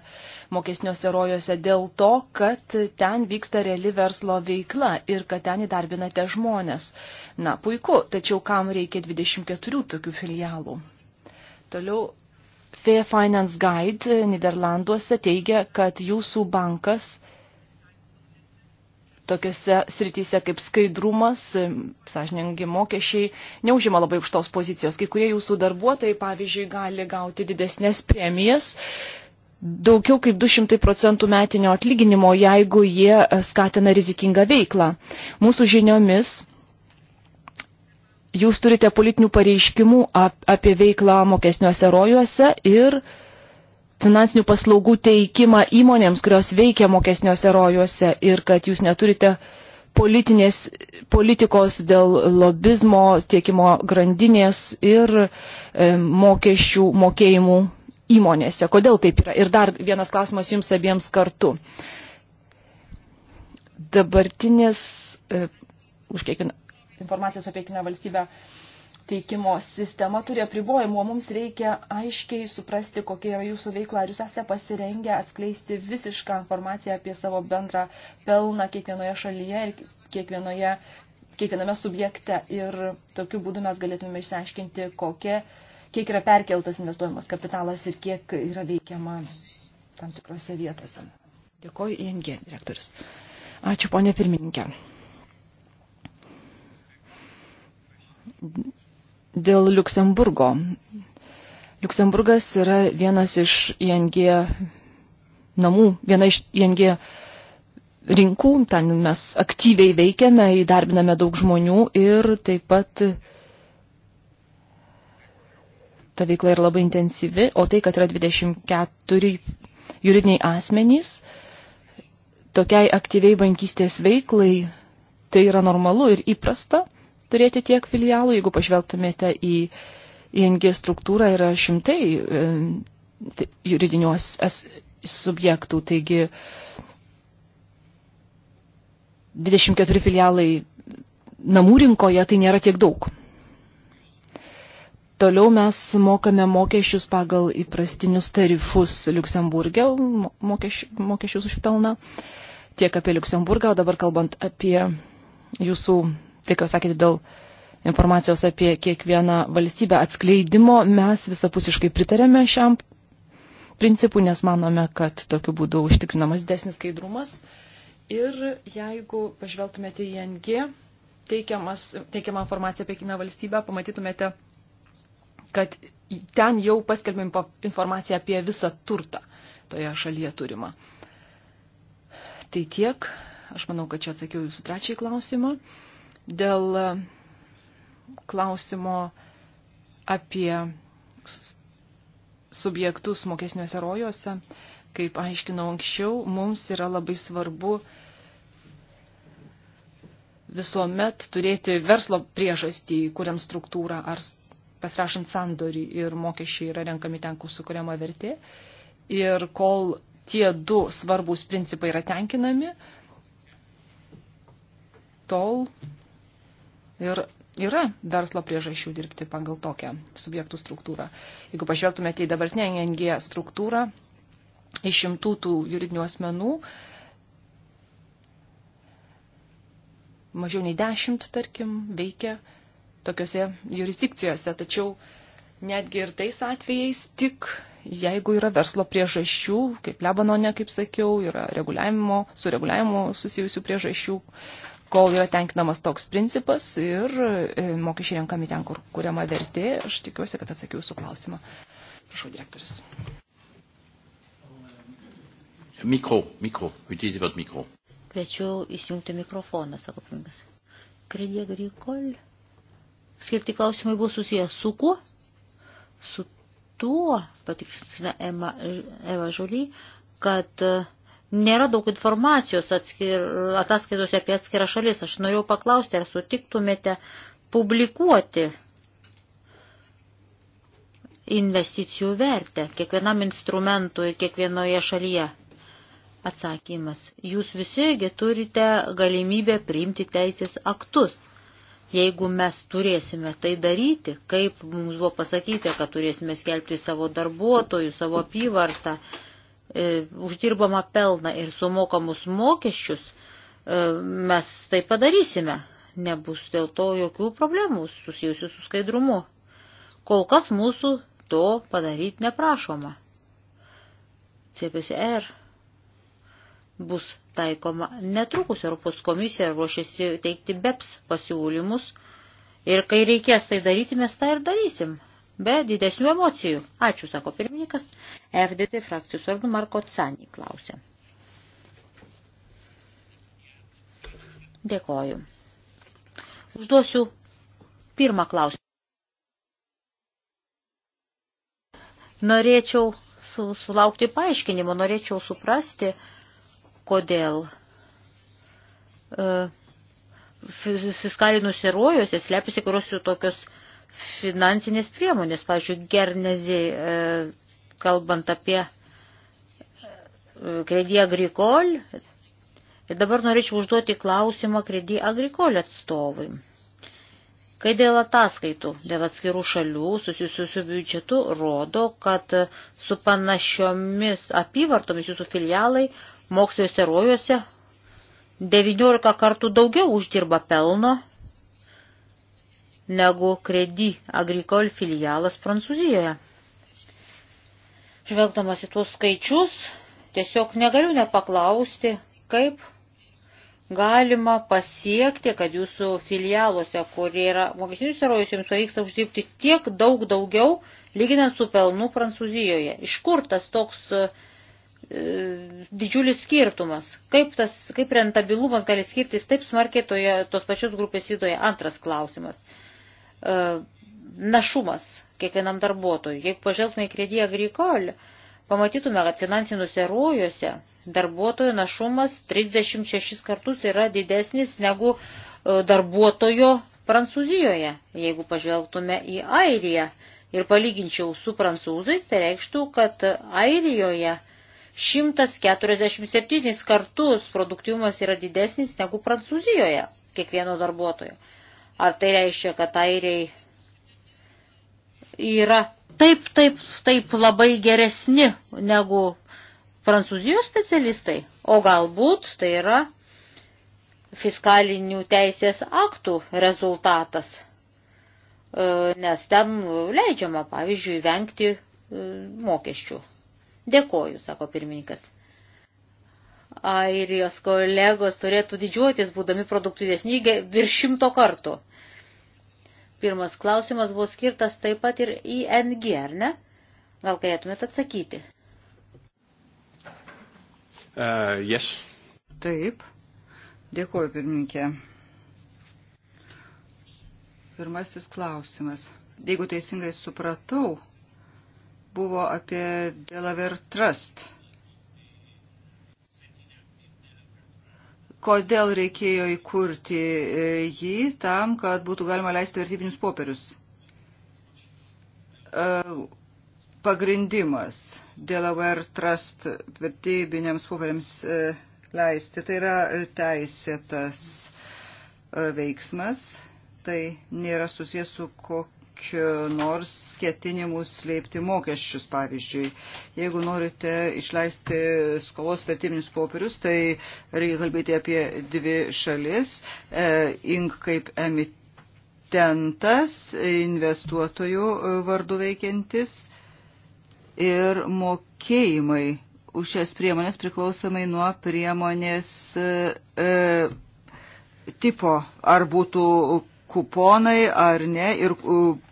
Speaker 2: mokesniuose rojuose dėl to, kad ten vyksta reali verslo veikla ir kad ten įdarbinate žmonės. Na, puiku, tačiau kam reikia 24 tokių filialų? Toliau. Fair Finance Guide Niderlanduose teigia, kad jūsų bankas tokiuose srityse kaip skaidrumas, sąžiningi mokesčiai, neužima labai aukštos pozicijos. Kai kurie jūsų darbuotojai, pavyzdžiui, gali gauti didesnės premijas, daugiau kaip 200 procentų metinio atlyginimo, jeigu jie e, skatina rizikingą veiklą. Mūsų žiniomis. Jūs turite politinių pareiškimų apie veiklą mokesniuose rojuose ir uh, finansinių paslaugų teikimą įmonėms, kurios veikia mokesniuose rojuose ir kad jūs neturite politinės politikos dėl lobizmo, tiekimo grandinės ir e, mokesčių mokėjimų įmonėse. Kodėl taip yra? Ir dar vienas klausimas jums abiems kartu. Dabartinis, e, už kiekvieną informacijos apie kiekvieną valstybę, e, teikimo sistema turi apribojimų, mums reikia aiškiai suprasti, kokia yra jūsų veikla. Ar jūs esate pasirengę atskleisti visišką informaciją apie savo bendrą pelną kiekvienoje šalyje ir kiekvienoje, kiekviename subjekte. Ir tokiu būdu mes galėtume išsiaiškinti, kokie, kiek yra perkeltas investuojamas kapitalas ir kiek yra veikiama tam tikrose vietose. Dėkoju, ING direktorius. Ačiū, ponė pirmininkė dėl Luksemburgo. Luksemburgas yra vienas iš ING namų, viena iš ING rinkų, ten mes aktyviai veikiame, įdarbiname daug žmonių ir taip pat ta veikla yra labai intensyvi, o tai, kad yra 24 juridiniai asmenys, tokiai aktyviai bankystės veiklai tai yra normalu ir įprasta turėti tiek filialų, jeigu pažvelgtumėte į ING struktūrą, yra šimtai e, juridinių subjektų, taigi 24 filialai namų rinkoje tai nėra tiek daug. Toliau mes mokame mokesčius pagal įprastinius tarifus Luksemburgė, mokesčius, mokesčius už pelną, tiek apie Luksemburgą, o dabar kalbant apie jūsų tai, ką sakėte dėl informacijos apie kiekvieną valstybę atskleidimo, mes visapusiškai pritarėme šiam principų, nes manome, kad tokiu būdu užtikrinamas desnis skaidrumas. Ir jeigu pažvelgtumėte į NG, teikiamą informaciją apie kiną valstybę, pamatytumėte, kad ten jau paskelbėm informaciją apie visą turtą toje šalyje turimą. Tai tiek, aš manau, kad čia atsakiau jūsų trečiai klausimą dėl e, klausimo apie subjektus mokesniuose rojuose, kaip aiškinau anksčiau, mums yra labai svarbu visuomet turėti verslo priežastį, kuriam struktūrą ar pasirašant sandorį ir mokesčiai yra renkami ten, kur sukuriama vertė. Ir kol tie du svarbūs principai yra tenkinami, tol Ir yra verslo priežasčių dirbti pagal tokią subjektų struktūrą. Jeigu pažvelgtumėte į dabartinę NG struktūrą, išimtų tų juridinių asmenų, mažiau nei dešimt, tarkim, veikia tokiuose jurisdikcijose, tačiau netgi ir tais atvejais tik jeigu yra verslo priežasčių, kaip Lebanone, kaip sakiau, yra reguliavimo, su reguliavimu susijusių priežasčių, kol yra tenkinamas toks principas ir e, mokesčiai renkami ten, kur kuriama vertė. Aš tikiuosi,
Speaker 1: kad atsakiau su klausimą. Prašau, direktorius.
Speaker 2: Mikro, mikro, utilizuot mikro.
Speaker 1: Kviečiu įsijungti mikrofoną, sako pingas. Kredė Grikol. Skirti klausimai buvo susijęs su kuo? Su tuo, patiksina Eva, Eva Žuly, kad uh, Nėra daug informacijos atskir, ataskaitos apie atskirą šalis. Aš norėjau paklausti, ar sutiktumėte publikuoti investicijų vertę kiekvienam instrumentui, kiekvienoje šalyje. Atsakymas. Jūs visigi turite galimybę priimti teisės aktus. Jeigu mes turėsime tai daryti, kaip mums buvo pasakyta, kad turėsime skelbti savo darbuotojų, savo apyvartą, E, uždirbamą pelną ir sumokamus mokesčius, e, mes tai padarysime. Nebus dėl to jokių problemų susijusių su skaidrumu. Kol kas mūsų to padaryti neprašoma. CPCR bus taikoma netrukus Europos komisija ruošiasi teikti BEPS pasiūlymus ir kai reikės tai daryti, mes tą tai ir darysim be didesnių emocijų. Ačiū, sako pirmininkas. FDT frakcijos vardu Marko Cani klausė. Dėkoju. Užduosiu pirmą klausimą. Norėčiau su, sulaukti paaiškinimo, norėčiau suprasti, kodėl e, fiskalinusi ruojuose slepiasi kurios jų tokios finansinės priemonės, pavyzdžiui, Gernezi, e, kalbant apie e, Kredį Agrikol. Ir dabar norėčiau užduoti klausimą Kredį Agrikol atstovui. Kai dėl ataskaitų, dėl atskirų šalių susijusių su biudžetu rodo, kad su panašiomis apyvartomis jūsų filialai moksliuose rojuose 19 kartų daugiau uždirba pelno negu Kredi Agricol filialas Prancūzijoje. Žvelgdamas į tuos skaičius, tiesiog negaliu nepaklausti, kaip galima pasiekti, kad jūsų filialuose, kur yra mokestinius herojus, jums pavyksta uždirbti tiek daug daugiau, lyginant su pelnu Prancūzijoje. Iš kur tas toks e, didžiulis skirtumas? Kaip, tas, kaip rentabilumas gali skirtis taip smarkiai toje, tos pačios grupės įdoje? Antras klausimas. E, E, našumas kiekvienam darbuotojui. Jeigu pažvelgtume į kredį agrikol, pamatytume, kad finansiniuose rojuose darbuotojų našumas 36 kartus yra didesnis negu e, darbuotojo Prancūzijoje. Jeigu pažvelgtume į Airiją ir palyginčiau su prancūzais, tai reikštų, kad Airijoje 147 kartus produktyvumas yra didesnis negu Prancūzijoje kiekvieno darbuotojo. Ar tai reiškia, kad airiai yra taip, taip, taip labai geresni negu prancūzijos specialistai, o galbūt tai yra fiskalinių teisės aktų rezultatas, e, nes ten leidžiama, pavyzdžiui, vengti e, mokesčių. Dėkoju, sako pirmininkas airijos kolegos turėtų didžiuotis, būdami produktyvesni virš šimto kartų. Pirmas klausimas buvo skirtas taip pat ir ING, ar ne? Gal galėtumėt atsakyti?
Speaker 3: Uh, yes. Taip. Dėkuoju, pirmininkė. Pirmasis klausimas. Jeigu teisingai supratau, buvo apie Delaware Trust – kodėl reikėjo įkurti e, jį tam, kad būtų galima leisti vertybinius popierius. E, pagrindimas Delaware Trust vertybiniams popieriams e, leisti. Tai yra teisėtas veiksmas, tai nėra susijęs su kokiu kokiu nors ketinimu slėpti mokesčius, pavyzdžiui. Jeigu norite išleisti skolos vertybinius popierius, tai reikia kalbėti apie dvi šalis. E, Ink kaip emitentas, investuotojų vardu veikiantis ir mokėjimai už šias priemonės priklausomai nuo priemonės e, tipo, ar būtų kuponai ar ne ir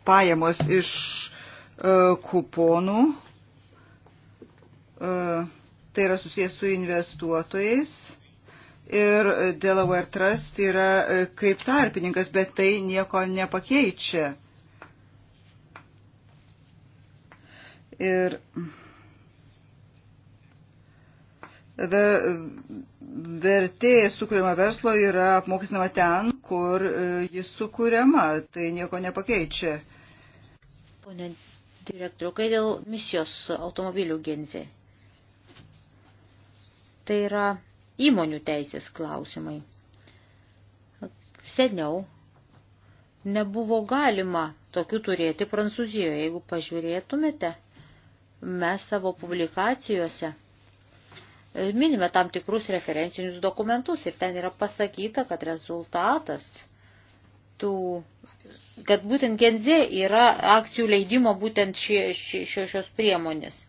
Speaker 3: pajamos iš e, kuponų. E, tai yra susijęs su investuotojais. Ir Delaware Trust yra e, kaip tarpininkas, bet tai nieko nepakeičia. Ir ver, vertė sukūrimo verslo yra apmokestinama ten, kur e, jis sukūriama, tai nieko nepakeičia. Pone
Speaker 1: direktoriu, kai dėl misijos automobilių genzė. Tai yra įmonių teisės klausimai. Seniau nebuvo galima tokių turėti Prancūzijoje. Jeigu pažiūrėtumėte, mes savo publikacijose minime tam tikrus referencinius dokumentus ir ten yra pasakyta, kad rezultatas tų, kad būtent Genzė yra akcijų leidimo būtent šie, šie, šios priemonės.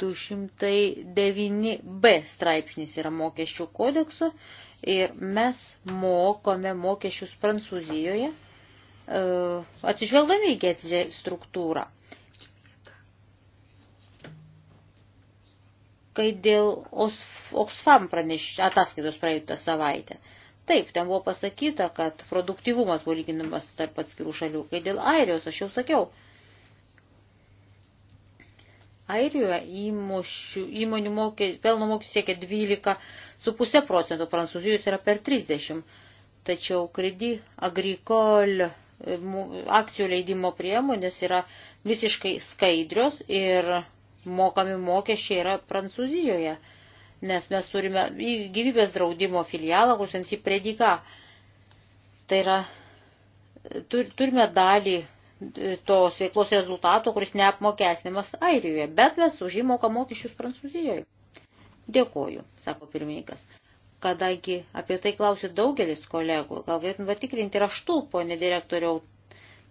Speaker 1: 209b straipsnis yra mokesčių kodekso ir mes mokome mokesčius Prancūzijoje, e, atsižvelgdami į Genzė struktūrą. kai dėl Oxfam praneš ataskaitos praeitą savaitę. Taip, ten buvo pasakyta, kad produktyvumas buvo lyginamas tarp atskirų šalių. Kai dėl Airijos, aš jau sakiau, Airijoje įmošių, įmonių mokė, pelno mokestis siekia 12,5 procentų, Prancūzijos yra per 30. Tačiau kredi agrikol e, akcijų leidimo priemonės yra visiškai skaidrios ir mokami mokesčiai yra Prancūzijoje, nes mes turime gyvybės draudimo filialą, kur sensi predika. Tai yra, tur, turime dalį e, tos veiklos rezultato, kuris neapmokesnimas Airijoje, bet mes už jį moka mokesčius Prancūzijoje. Dėkoju, sako pirmininkas. Kadangi apie tai klausė daugelis kolegų, gal galėtum patikrinti raštu, ponė direktoriau,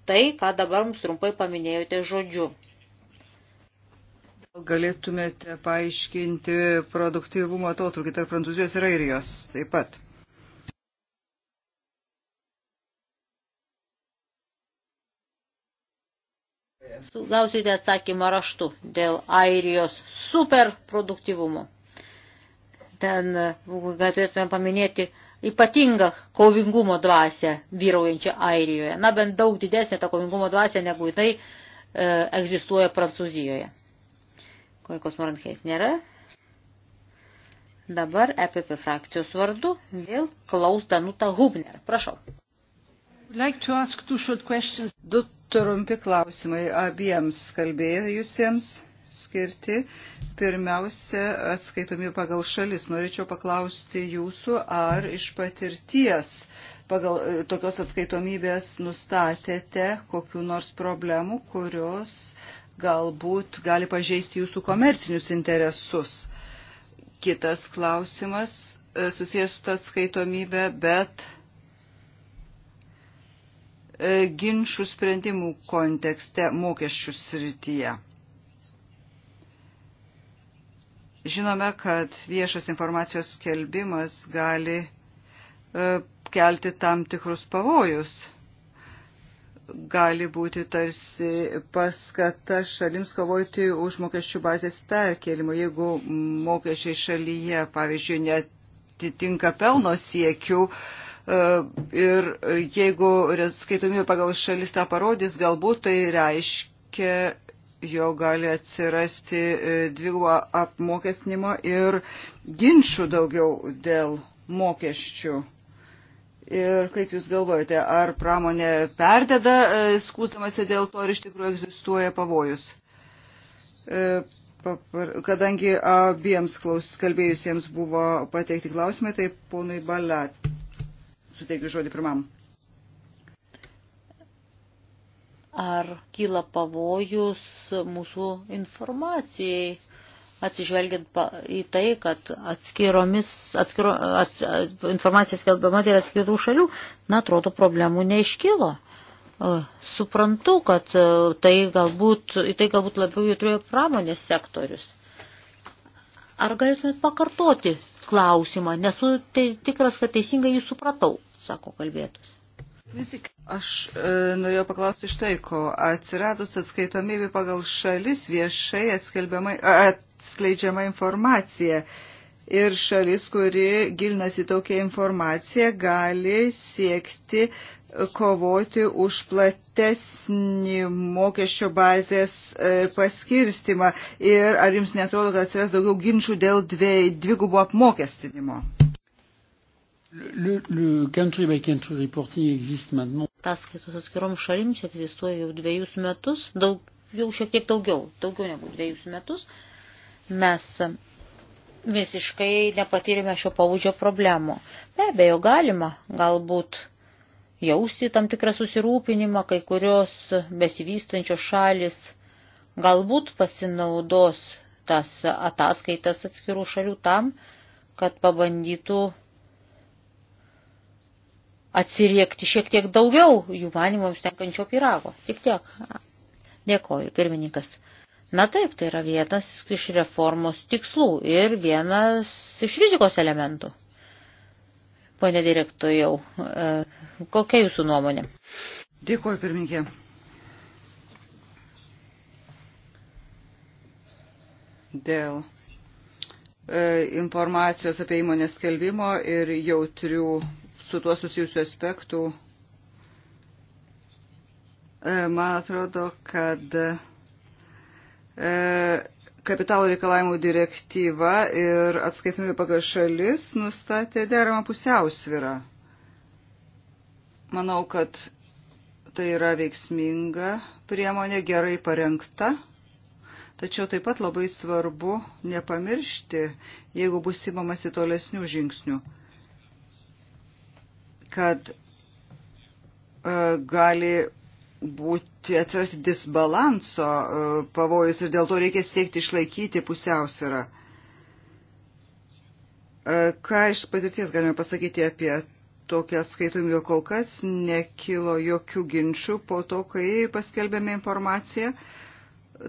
Speaker 1: tai, ką dabar mums trumpai paminėjote žodžiu.
Speaker 3: Galėtumėte paaiškinti produktyvumo atotrukį tarp Prancūzijos ir Airijos taip pat.
Speaker 1: Gausite atsakymą raštu dėl Airijos superproduktyvumo. Ten galėtume paminėti ypatingą kovingumo dvasę vyraujančią Airijoje. Na, bent daug didesnė ta kovingumo dvasė negu jinai e, egzistuoja Prancūzijoje. Kolikos Morankės nėra. Dabar EPP frakcijos vardu vėl klaus Danuta Hubner. Prašau.
Speaker 3: Like du trumpi klausimai abiems kalbėjusiems skirti. Pirmiausia, atskaitomi pagal šalis. Norėčiau paklausti jūsų, ar iš patirties pagal e, tokios atskaitomybės nustatėte kokiu nors problemų, kurios galbūt gali pažeisti jūsų komercinius interesus. Kitas klausimas e, susijęs su tą skaitomybę, bet e, ginčių sprendimų kontekste mokesčių srityje. Žinome, kad viešas informacijos skelbimas gali e, kelti tam tikrus pavojus gali būti tarsi paskata šalims kovoti už mokesčių bazės perkelimą. Jeigu mokesčiai šalyje, pavyzdžiui, netitinka pelno siekių e, ir jeigu skaitomybė pagal šalis tą parodys, galbūt tai reiškia, jo gali atsirasti e, dvigubo apmokesnimo ir ginčių daugiau dėl mokesčių Ir kaip Jūs galvojate, ar pramonė perdeda e, skūstamasi dėl to, ar iš tikrųjų egzistuoja pavojus? E, kadangi abiems klaus, kalbėjusiems buvo pateikti klausimai, tai ponui Balat suteikiu žodį pirmam.
Speaker 1: Ar kyla pavojus mūsų informacijai? atsižvelgiant į tai, kad atskiromis, atskiro, ats, informacija skelbiama dėl atskirų šalių, na, atrodo, problemų neiškilo. E, suprantu, kad e, tai galbūt, tai galbūt labiau jautrėjo pramonės sektorius. Ar galėtumėt pakartoti klausimą? Nesu tai, tikras, kad teisingai jūs supratau, sako kalbėtus.
Speaker 3: Vis tik aš e, norėjau paklausti štai ko. Atsiradus atskaitomybė pagal šalis viešai atskelbiamai, at, skleidžiama informacija. Ir šalis, kuri gilinasi tokią informaciją, gali siekti kovoti už platesnį mokesčio bazės e, paskirstimą. Ir ar jums netrodo, kad atsiras daugiau ginčių dėl dvigubo apmokestinimo?
Speaker 1: Le, le country by country reporting existe maintenant. Ataskaitos atskirom šalim čia egzistuoja jau dviejus metus, daug, jau šiek tiek daugiau, daugiau negu dviejus metus. Uh, Mes visiškai nepatyrėme šio pavudžio problemų. Be abejo, galima galbūt jausti tam tikrą susirūpinimą, kai kurios besivystančios šalis galbūt pasinaudos tas ataskaitas atskirų šalių tam, kad pabandytų atsiriekti šiek tiek daugiau jų manimams tenkančio pyrago. Tik tiek. Dėkoju, pirmininkas. Na taip, tai yra vienas iš reformos tikslų ir vienas iš rizikos elementų. Pone direktoriau, e, kokia jūsų nuomonė? Dėkuoju, pirmininkė. Dėl e,
Speaker 3: informacijos apie įmonės skelbimo ir jautrių su tuo susijusių aspektų, e, man atrodo, kad E, kapitalo reikalavimų direktyva ir atskaitomybė pagal šalis nustatė deramą pusiausvyrą. Manau, kad tai yra veiksminga priemonė, gerai parengta. Tačiau taip pat labai svarbu nepamiršti, jeigu bus įmamasi tolesnių žingsnių, kad e, gali būti, atsirasti disbalanso e, pavojus ir dėl to reikia siekti išlaikyti pusiausvyrą. E, ką iš patirties galime pasakyti apie tokią atskaitomybę kol kas nekilo jokių ginčių po to, kai paskelbėme informaciją,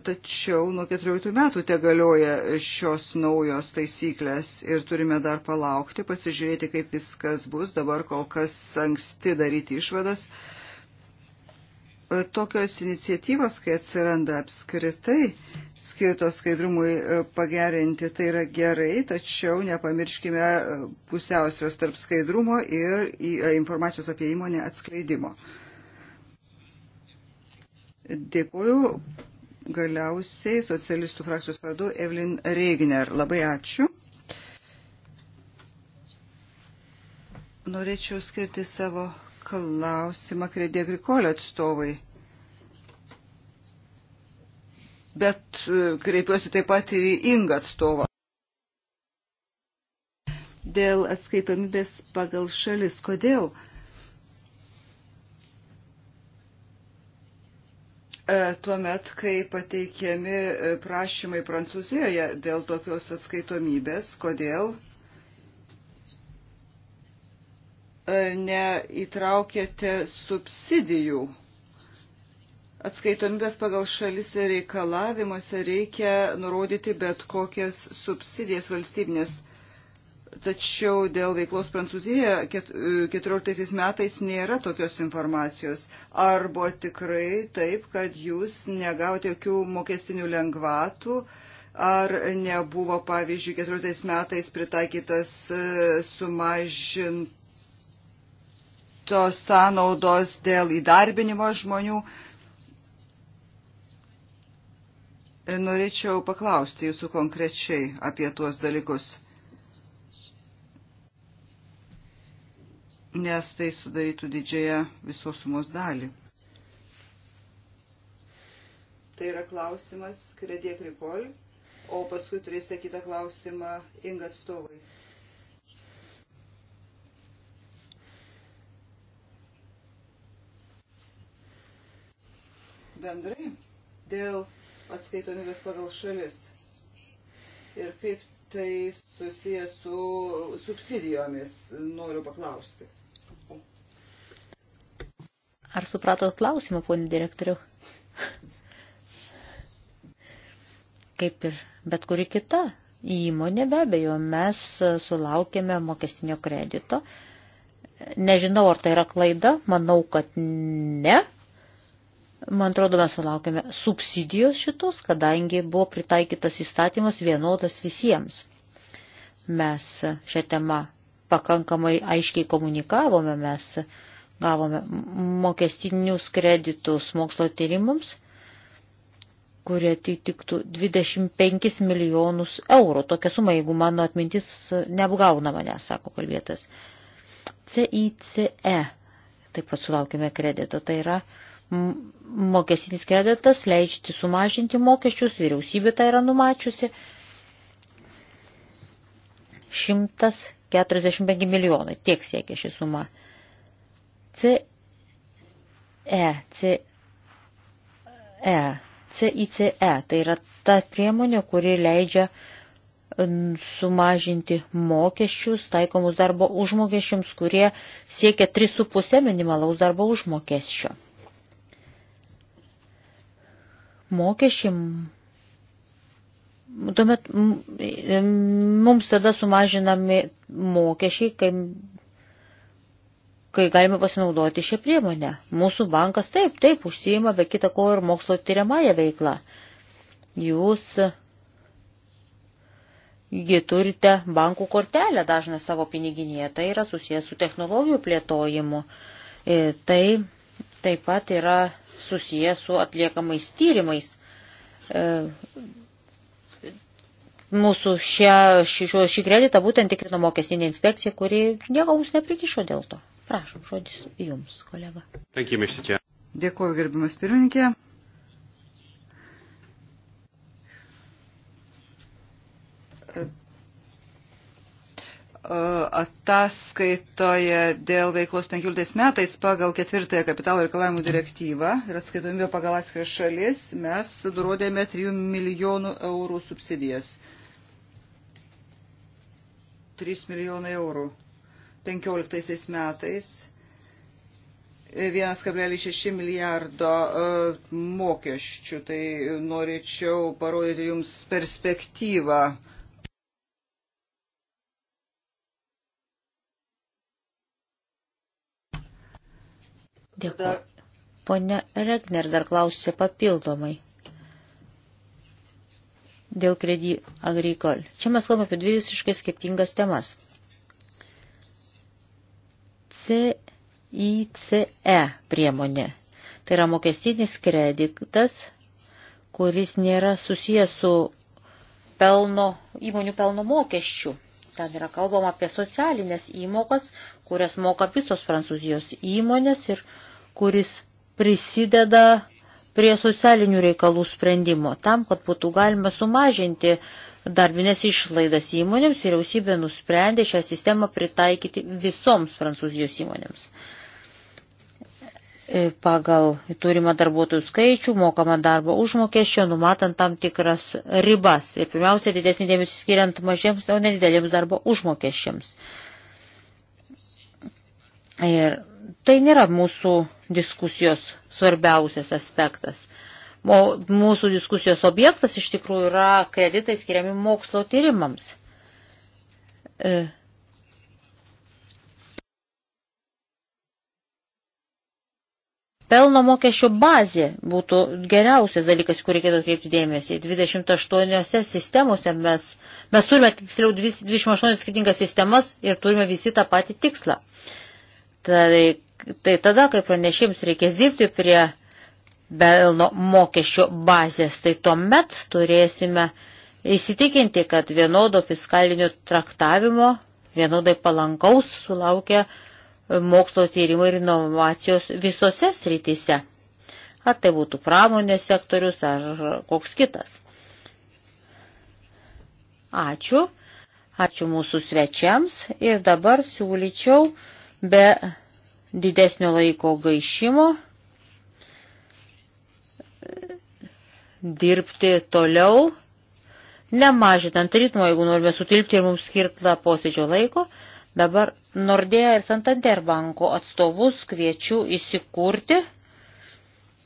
Speaker 3: tačiau nuo 14 metų te galioja šios naujos taisyklės ir turime dar palaukti, pasižiūrėti, kaip viskas bus, dabar kol kas anksti daryti išvadas. Uh, tokios iniciatyvos, kai atsiranda apskritai skirtos skaidrumui e, pagerinti, tai yra gerai, tačiau nepamirškime e, pusiausvės tarp skaidrumo ir e, informacijos apie įmonę atskleidimo. Dėkuoju galiausiai socialistų frakcijos vardu Evelyn Regner. Labai ačiū. Norėčiau skirti savo klausimą Kredė Grikolio atstovai. Bet e, kreipiuosi taip pat ir į Ingą atstovą. Dėl atskaitomybės pagal šalis. Kodėl? E, tuomet, kai pateikiami e, prašymai Prancūzijoje dėl tokios atskaitomybės, kodėl E, neįtraukėte subsidijų. Atskaitomybės pagal šalis ir reikalavimuose reikia nurodyti bet kokias subsidijas valstybinės. Tačiau dėl veiklos Prancūzijoje 2014 e, metais nėra tokios informacijos. Ar buvo tikrai taip, kad jūs negavote jokių mokestinių lengvatų, ar nebuvo, pavyzdžiui, 2014 metais pritaikytas e, sumažint tos sąnaudos dėl įdarbinimo žmonių. Norėčiau paklausti jūsų konkrečiai apie tuos dalykus, nes tai sudarytų didžiąją visos sumos dalį. Tai yra klausimas Kredė Kripol, o paskui turėsite kitą klausimą Inga atstovai. bendrai dėl atskaitomybės pagal šalis ir kaip tai susijęs su subsidijomis, noriu paklausti.
Speaker 1: Ar supratot klausimą, ponė direktoriu? Kaip ir bet kuri kita įmonė, be abejo, mes sulaukėme mokestinio kredito. Nežinau, ar tai yra klaida, manau, kad ne, Man atrodo, mes sulaukėme subsidijos šitos, kadangi buvo pritaikytas įstatymas vienodas visiems. Mes šią temą pakankamai aiškiai komunikavome, mes gavome mokestinius kreditus mokslo tyrimams, kurie atitiktų 25 milijonus eurų. Tokia suma, jeigu mano atmintis neapgauna mane, sako kalbėtas. CICE taip pat sulaukime kredito. Tai yra Mokestinis kreditas leidžianti sumažinti mokesčius, vyriausybė tai yra numačiusi. 145 milijonai, tiek siekia ši suma. C, E, C, E, CICE, tai yra ta priemonė, kuri leidžia sumažinti mokesčius taikomus darbo užmokesčiams, kurie siekia 3,5 minimalaus darbo užmokesčio mokesčiai, tuomet mums tada sumažinami mokesčiai, kai, kai galime pasinaudoti šią priemonę. Mūsų bankas taip, taip užsijima be kita ko ir mokslo tyriamąją veiklą. Jūs Gi turite bankų kortelę dažnai savo piniginėje, tai yra susijęs su technologijų plėtojimu. E, tai taip pat yra susijęs su atliekamais tyrimais. E, mūsų šią, šį, šį kreditą būtent tikrino mokestinė inspekcija, kuri nieko mums neprikišo dėl to. Prašom, žodis jums, kolega.
Speaker 3: Dėkuoju, gerbimas pirmininkė. E, ataskaitoje dėl veiklos 15 metais pagal ketvirtąją kapitalo reikalavimų direktyvą ir atskaitomybę pagal atskiras šalis mes nurodėme 3 milijonų eurų subsidijas. 3 milijonai eurų 15 metais 1,6 milijardo e, mokesčių. Tai norėčiau parodyti Jums perspektyvą
Speaker 1: Dėkuoju. Pone Regner dar klausė papildomai dėl kredi agrikol. Čia mes kalbame apie dvi visiškai skirtingas temas. CICE priemonė. Tai yra mokestinis kreditas, kuris nėra susijęs su pelno, įmonių pelno mokesčiu. Ten yra kalbama apie socialinės įmokas, kurias moka visos prancūzijos įmonės ir uh, kuris prisideda prie socialinių reikalų sprendimo. Tam, kad būtų galima sumažinti darbinės išlaidas įmonėms, vyriausybė nusprendė šią sistemą pritaikyti visoms prancūzijos įmonėms. E, pagal turimą darbuotojų skaičių, mokamą darbo užmokesčio, numatant tam tikras ribas. Ir pirmiausia, didesnį dėmesį skiriant mažiems, o nedideliems darbo užmokesčiams. Ir tai nėra mūsų diskusijos svarbiausias aspektas. O mūsų diskusijos objektas iš tikrųjų yra kreditai skiriami mokslo tyrimams. E. Pelno mokesčio bazė būtų geriausias dalykas, kur reikėtų atkreipti dėmesį. 28 sistemose mes, mes turime tiksliau 28 skirtingas sistemas ir turime visi tą patį tikslą. Tai tai tada, kai pranešėjams reikės dirbti prie belno mokesčio bazės, tai tuomet turėsime įsitikinti, kad vienodo fiskalinio traktavimo, vienodai palankaus sulaukia mokslo tyrimo ir inovacijos visose srityse. Ar tai būtų pramonės sektorius, ar koks kitas. Ačiū. Ačiū mūsų svečiams ir dabar siūlyčiau be didesnio laiko gaišimo dirbti toliau, nemažinant ritmo, jeigu norime sutilpti ir mums skirtą posėdžio laiko. Dabar Nordėja ir Santander banko atstovus kviečiu įsikurti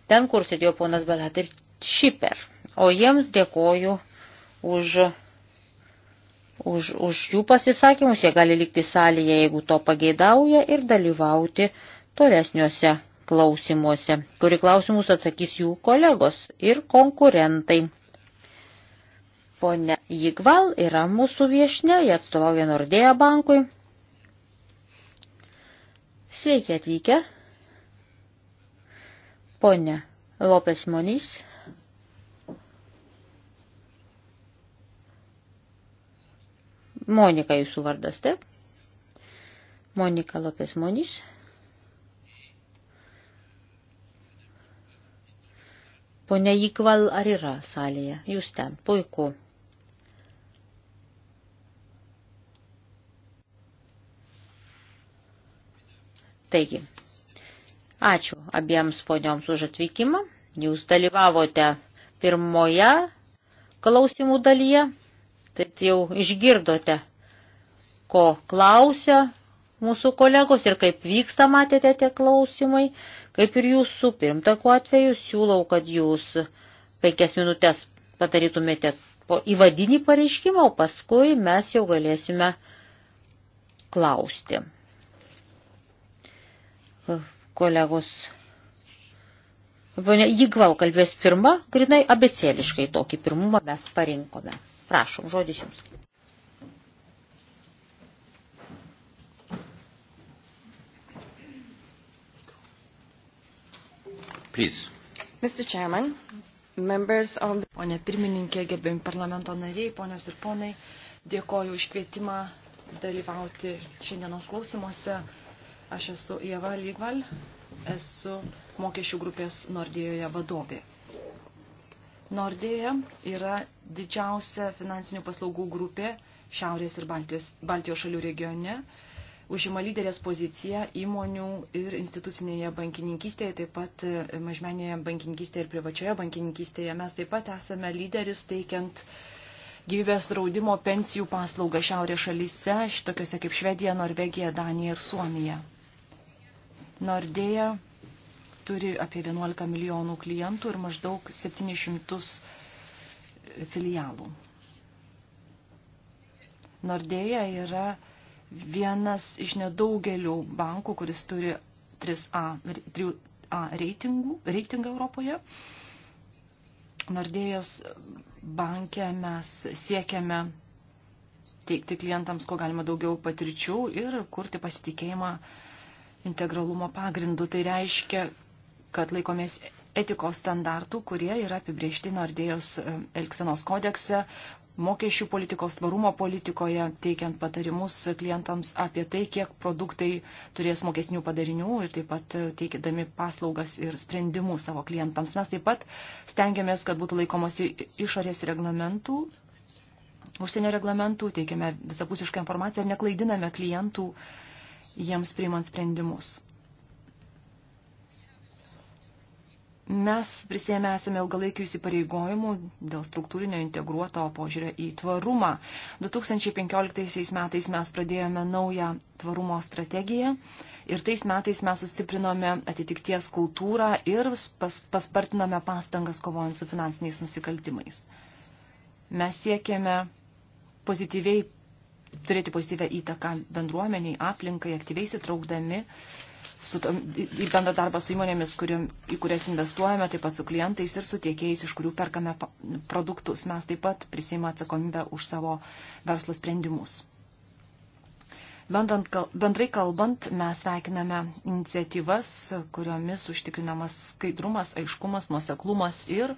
Speaker 1: ten, kur sėdėjo ponas Belat ir Šiper. O jiems dėkoju už už, už jų pasisakymus, jie gali likti salėje, jeigu to pageidauja, ir dalyvauti tolesniuose klausimuose, kuri klausimus atsakys jų kolegos ir konkurentai. Pone Jigval yra mūsų viešne, jie atstovauja Nordėja bankui. Sveiki atvykę. Pone Lopes Monys Monika jūsų vardas, taip? Monika Lopes Monis. Pone Ikval, ar yra salėje? Jūs ten, puiku. Taigi, ačiū abiems ponioms už atvykimą. Jūs dalyvavote pirmoje klausimų dalyje matyt, jau išgirdote, ko klausia mūsų kolegos ir kaip vyksta, matėte tie klausimai, kaip ir jūsų pirmtako atveju, siūlau, kad jūs penkias minutės padarytumėte po įvadinį pareiškimą, o paskui mes jau galėsime klausti. Kolegos, jį gal kalbės pirma, grinai abecėliškai tokį pirmumą mes parinkome. Prašom, žodis jums. Please. Mr. Chairman,
Speaker 2: members of the... Pone pirmininkė, gerbėjim parlamento nariai, ponios ir ponai, dėkoju už kvietimą dalyvauti šiandienos klausimuose. Aš esu Ieva Lygval, esu mokesčių grupės Nordijoje vadovė. Nordėja yra didžiausia finansinių paslaugų grupė Šiaurės ir Baltijos, Baltijos šalių regione. Užima lyderės poziciją įmonių ir institucinėje bankininkystėje, taip pat e, mažmenėje bankininkystėje ir privačioje bankininkystėje. Mes taip pat esame lyderis teikiant gyvybės draudimo pensijų paslaugą šiaurės šalyse, šitokiuose kaip Švedija, Norvegija, Danija ir Suomija. Nordėja turi apie 11 milijonų klientų ir maždaug 700 filialų. Nordėja yra vienas iš nedaugelių bankų, kuris turi 3A, 3A reitingų, reitingą Europoje. Nordėjos bankė mes siekiame teikti klientams, ko galima daugiau patirčių ir kurti pasitikėjimą integralumo pagrindu. Tai reiškia, kad laikomės etikos standartų, kurie yra apibriežti Nordėjos e, Elksenos kodekse, mokesčių politikos tvarumo politikoje, teikiant patarimus klientams apie tai, kiek produktai turės mokesnių padarinių ir taip pat e, teikidami paslaugas ir sprendimus savo klientams. Mes taip pat stengiamės, kad būtų laikomasi išorės reglamentų, užsienio reglamentų, teikiame visapusišką informaciją ir neklaidiname klientų jiems priimant sprendimus. Mes prisėmė esame ilgalaikių įsipareigojimų dėl struktūrinio integruoto požiūrio į tvarumą. 2015 metais mes pradėjome naują tvarumo strategiją ir tais metais mes sustiprinome atitikties kultūrą ir pas, paspartinome pastangas kovojant su finansiniais nusikaltimais. Mes siekėme pozityviai turėti pozityvę įtaką bendruomeniai, aplinkai, aktyviai sitraukdami su, į bendrą darbą su įmonėmis, kuriam, į kurias investuojame, taip pat su klientais ir su tiekėjais, iš kurių perkame produktus. Mes taip pat prisima atsakomybę už savo verslo sprendimus. Bendant, bendrai kalbant, mes sveikiname iniciatyvas, kuriomis užtikrinamas skaidrumas, aiškumas, nuoseklumas ir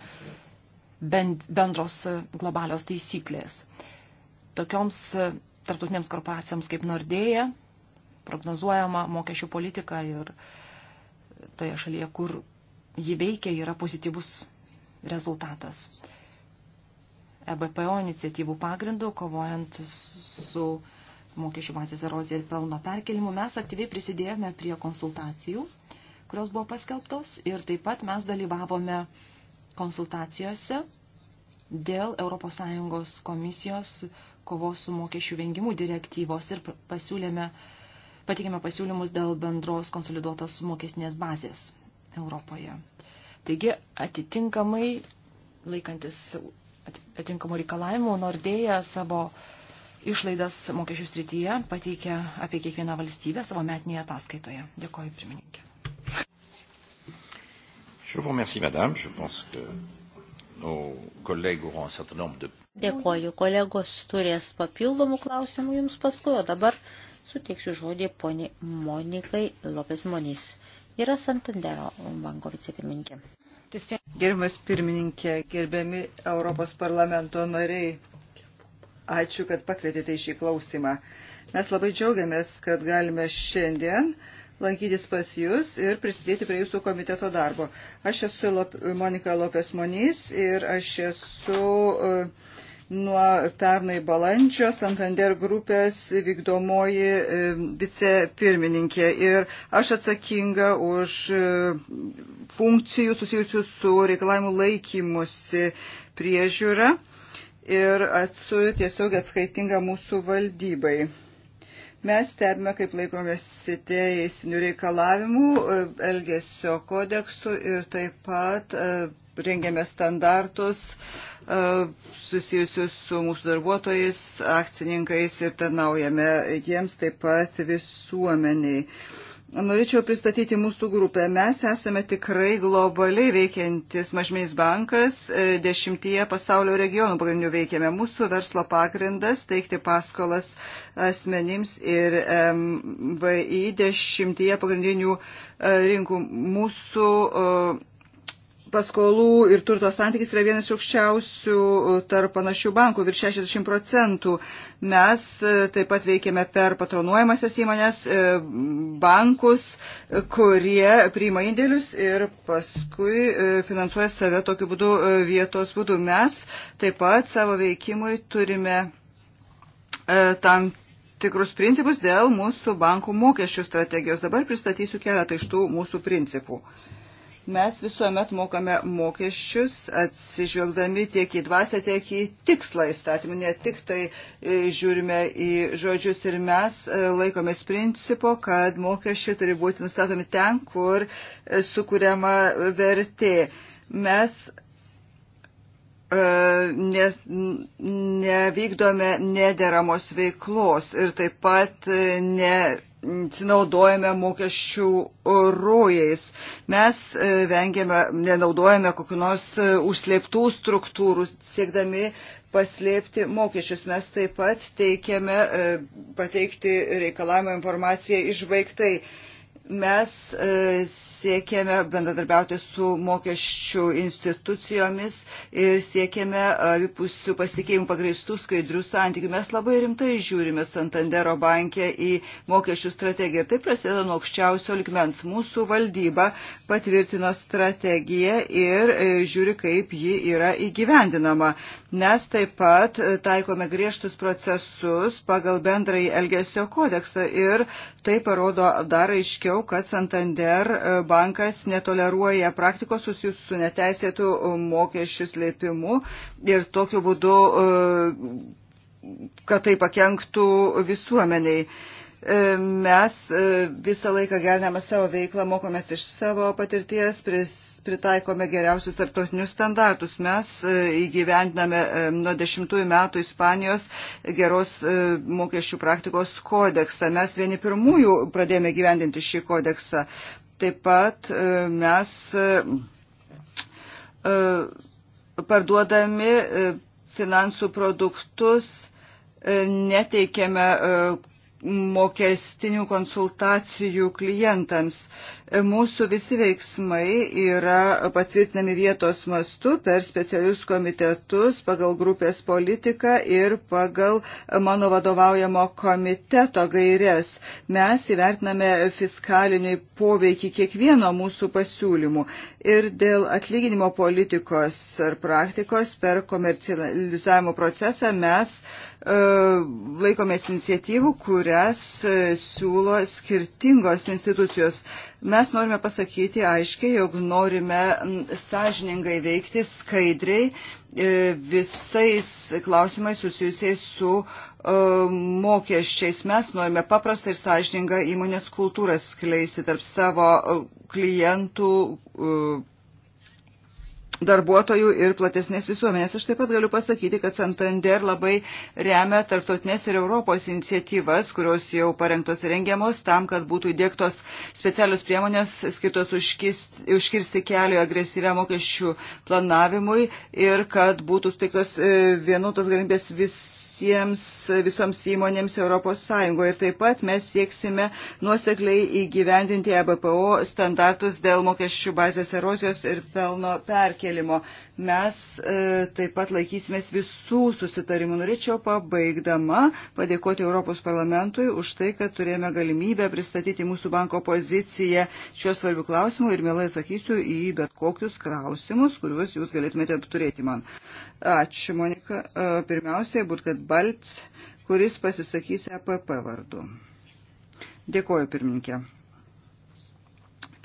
Speaker 2: bendros globalios taisyklės. Tokioms tarptautinėms korporacijoms kaip Nordėja prognozuojama mokesčių politika ir toje šalyje, kur ji veikia, yra pozityvus rezultatas. EBPO iniciatyvų pagrindų, kovojant su mokesčių bazės erozija ir pelno perkelimu, mes aktyviai prisidėjome prie konsultacijų, kurios buvo paskelbtos ir taip pat mes dalyvavome konsultacijose dėl ES komisijos kovos su mokesčių vengimu direktyvos ir pasiūlėme uh, patikėme pasiūlymus dėl bendros konsoliduotos mokestinės bazės Europoje. Taigi, atitinkamai, laikantis atitinkamų reikalavimų, Nordėja savo išlaidas mokesčių srityje pateikia apie kiekvieną valstybę savo metinėje ataskaitoje. Dėkoju, pirmininkė. Je vous remercie, madame. Je pense que
Speaker 1: nos collègues auront un certain nombre de... Dėkoju, kolegos turės papildomų klausimų jums paskui, o dabar suteiksiu žodį poni Monikai Lopes Monys. Yra Santandero banko vicepirmininkė.
Speaker 3: Gerbiamas pirmininkė, gerbiami Europos parlamento nariai, ačiū, kad pakvietėte į šį klausimą. Mes labai džiaugiamės, kad galime šiandien lankytis pas Jūs ir prisidėti prie Jūsų komiteto darbo. Aš esu Monika Lopes Monys ir aš esu uh, Nuo pernai balandžio Santander grupės vykdomoji e, vicepirmininkė ir aš atsakinga už e, funkcijų susijusių su reikalavimu laikymusi priežiūra ir esu tiesiog atskaitinga mūsų valdybai. Mes stebime, kaip laikomės teisinių reikalavimų, e, elgesio kodeksų ir taip pat rengėme standartus e, susijusius su mūsų darbuotojais, akcininkais ir tarnaujame jiems taip pat visuomeniai. Norėčiau pristatyti mūsų grupę. Mes esame tikrai globaliai veikiantis mažmės bankas, e, dešimtyje pasaulio regionų pagrindinių veikiame. Mūsų verslo pagrindas teikti paskolas asmenims ir VI dešimtyje pagrindinių e, rinkų. Mūsų paskolų ir turto santykis yra vienas aukščiausių e, tarp panašių bankų, virš 60 procentų. Mes e, taip pat veikiame per patronuojamasias įmonės, e, bankus, kurie priima indėlius ir paskui finansuoja save tokiu būdu vietos būdu. Mes taip pat savo veikimui turime tam tikrus principus dėl mūsų bankų mokesčių strategijos. Dabar pristatysiu keletą iš tų mūsų principų. Uh, Mes visuomet mokame mokesčius, atsižvelgdami tiek į dvasę, tiek į tikslą įstatymų. Ne tik tai e, žiūrime į žodžius ir mes e, laikomės principo, kad mokesčiai turi būti nustatomi ten, kur e, sukūriama vertė. Mes ne, nevykdome nederamos veiklos ir taip pat ne sinaudojame mokesčių rojais. Mes e, vengiame, nenaudojame kokiu nors e, užslėptų struktūrų, siekdami paslėpti mokesčius. Mes taip pat teikiame e, pateikti reikalavimą informaciją išbaigtai. Iš Mes e, siekėme bendradarbiauti su mokesčių institucijomis ir siekėme abipusių pasitikėjimų pagrįstų skaidrių santykių. Mes labai rimtai žiūrime Santandero bankė į mokesčių strategiją. Ir tai prasideda nuo aukščiausio ligmens. Mūsų valdyba patvirtino strategiją ir e, žiūri, kaip ji yra įgyvendinama. Mes taip pat e, taikome griežtus procesus pagal bendrąjį Elgesio kodeksą ir tai parodo dar aiškiau, kad Santander e, bankas netoleruoja praktikos susijusių su neteisėtų e, mokesčių slėpimu ir tokiu būdu, kad tai pakenktų visuomeniai. E, mes e, visą laiką geriname savo veiklą, mokomės iš savo patirties, pritaikome geriausius tarptautinius standartus. Mes e, įgyvendiname nuo dešimtųjų metų Ispanijos geros mokesčių praktikos kodeksą. Mes vieni pirmųjų pradėjome gyvendinti šį kodeksą. Taip pat mes parduodami finansų produktus neteikiame mokestinių konsultacijų klientams. Mūsų visi veiksmai yra patvirtinami vietos mastu per specialius komitetus, pagal grupės politiką ir pagal mano vadovaujamo komiteto gairias. Mes įvertiname fiskalinį poveikį kiekvieno mūsų pasiūlymų. Ir dėl atlyginimo politikos ar praktikos per komercializavimo procesą mes e, laikomės iniciatyvų, kur kurias e, siūlo skirtingos institucijos. Mes norime pasakyti aiškiai, jog norime sąžiningai veikti skaidriai e, visais klausimais susijusiais su e, mokesčiais. Mes norime paprastą ir sąžiningą įmonės kultūrą skleisti tarp savo klientų darbuotojų ir platesnės visuomenės. Aš taip pat galiu pasakyti, kad Santander labai remia tarptautinės ir Europos iniciatyvas, kurios jau parengtos ir rengiamos tam, kad būtų įdėktos specialios priemonės skirtos užkirsti, užkirsti kelių agresyviam mokesčių planavimui ir kad būtų suteiktos e, vienodos galimybės vis visiems, visoms įmonėms ES. Ir taip pat mes sieksime nuosekliai įgyvendinti EBPO standartus dėl mokesčių bazės erozijos ir pelno perkelimo mes e, taip pat laikysimės visų susitarimų. Norėčiau pabaigdama padėkoti Europos parlamentui už tai, kad turėjome galimybę pristatyti mūsų banko poziciją šiuo svarbiu klausimu ir mielai atsakysiu į bet kokius klausimus, kuriuos jūs galėtumėte turėti man. Ačiū, Monika. E, pirmiausiai, būt kad Balts, kuris pasisakys EPP vardu. Dėkoju, pirmininkė.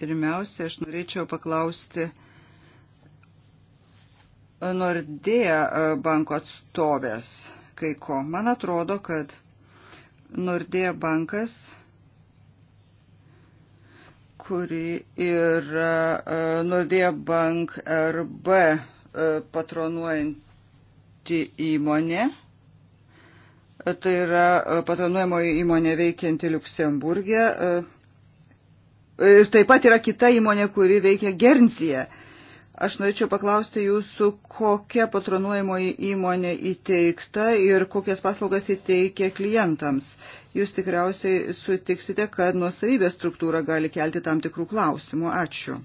Speaker 3: Pirmiausia, aš norėčiau paklausti Nordėja e, banko atstovės kai ko. Man atrodo, kad Nordėja bankas, kuri yra e, Nordėja bank RB e, patronuojanti įmonė, tai yra patronuojamoji įmonė veikianti Luksemburgė. Ir taip pat yra kita įmonė, kuri veikia Gernsyje. Aš norėčiau paklausti jūsų, kokia patronuojamoji įmonė įteikta ir kokias paslaugas įteikia klientams. Jūs tikriausiai sutiksite, kad nuosavybės struktūra gali kelti tam tikrų klausimų. Ačiū.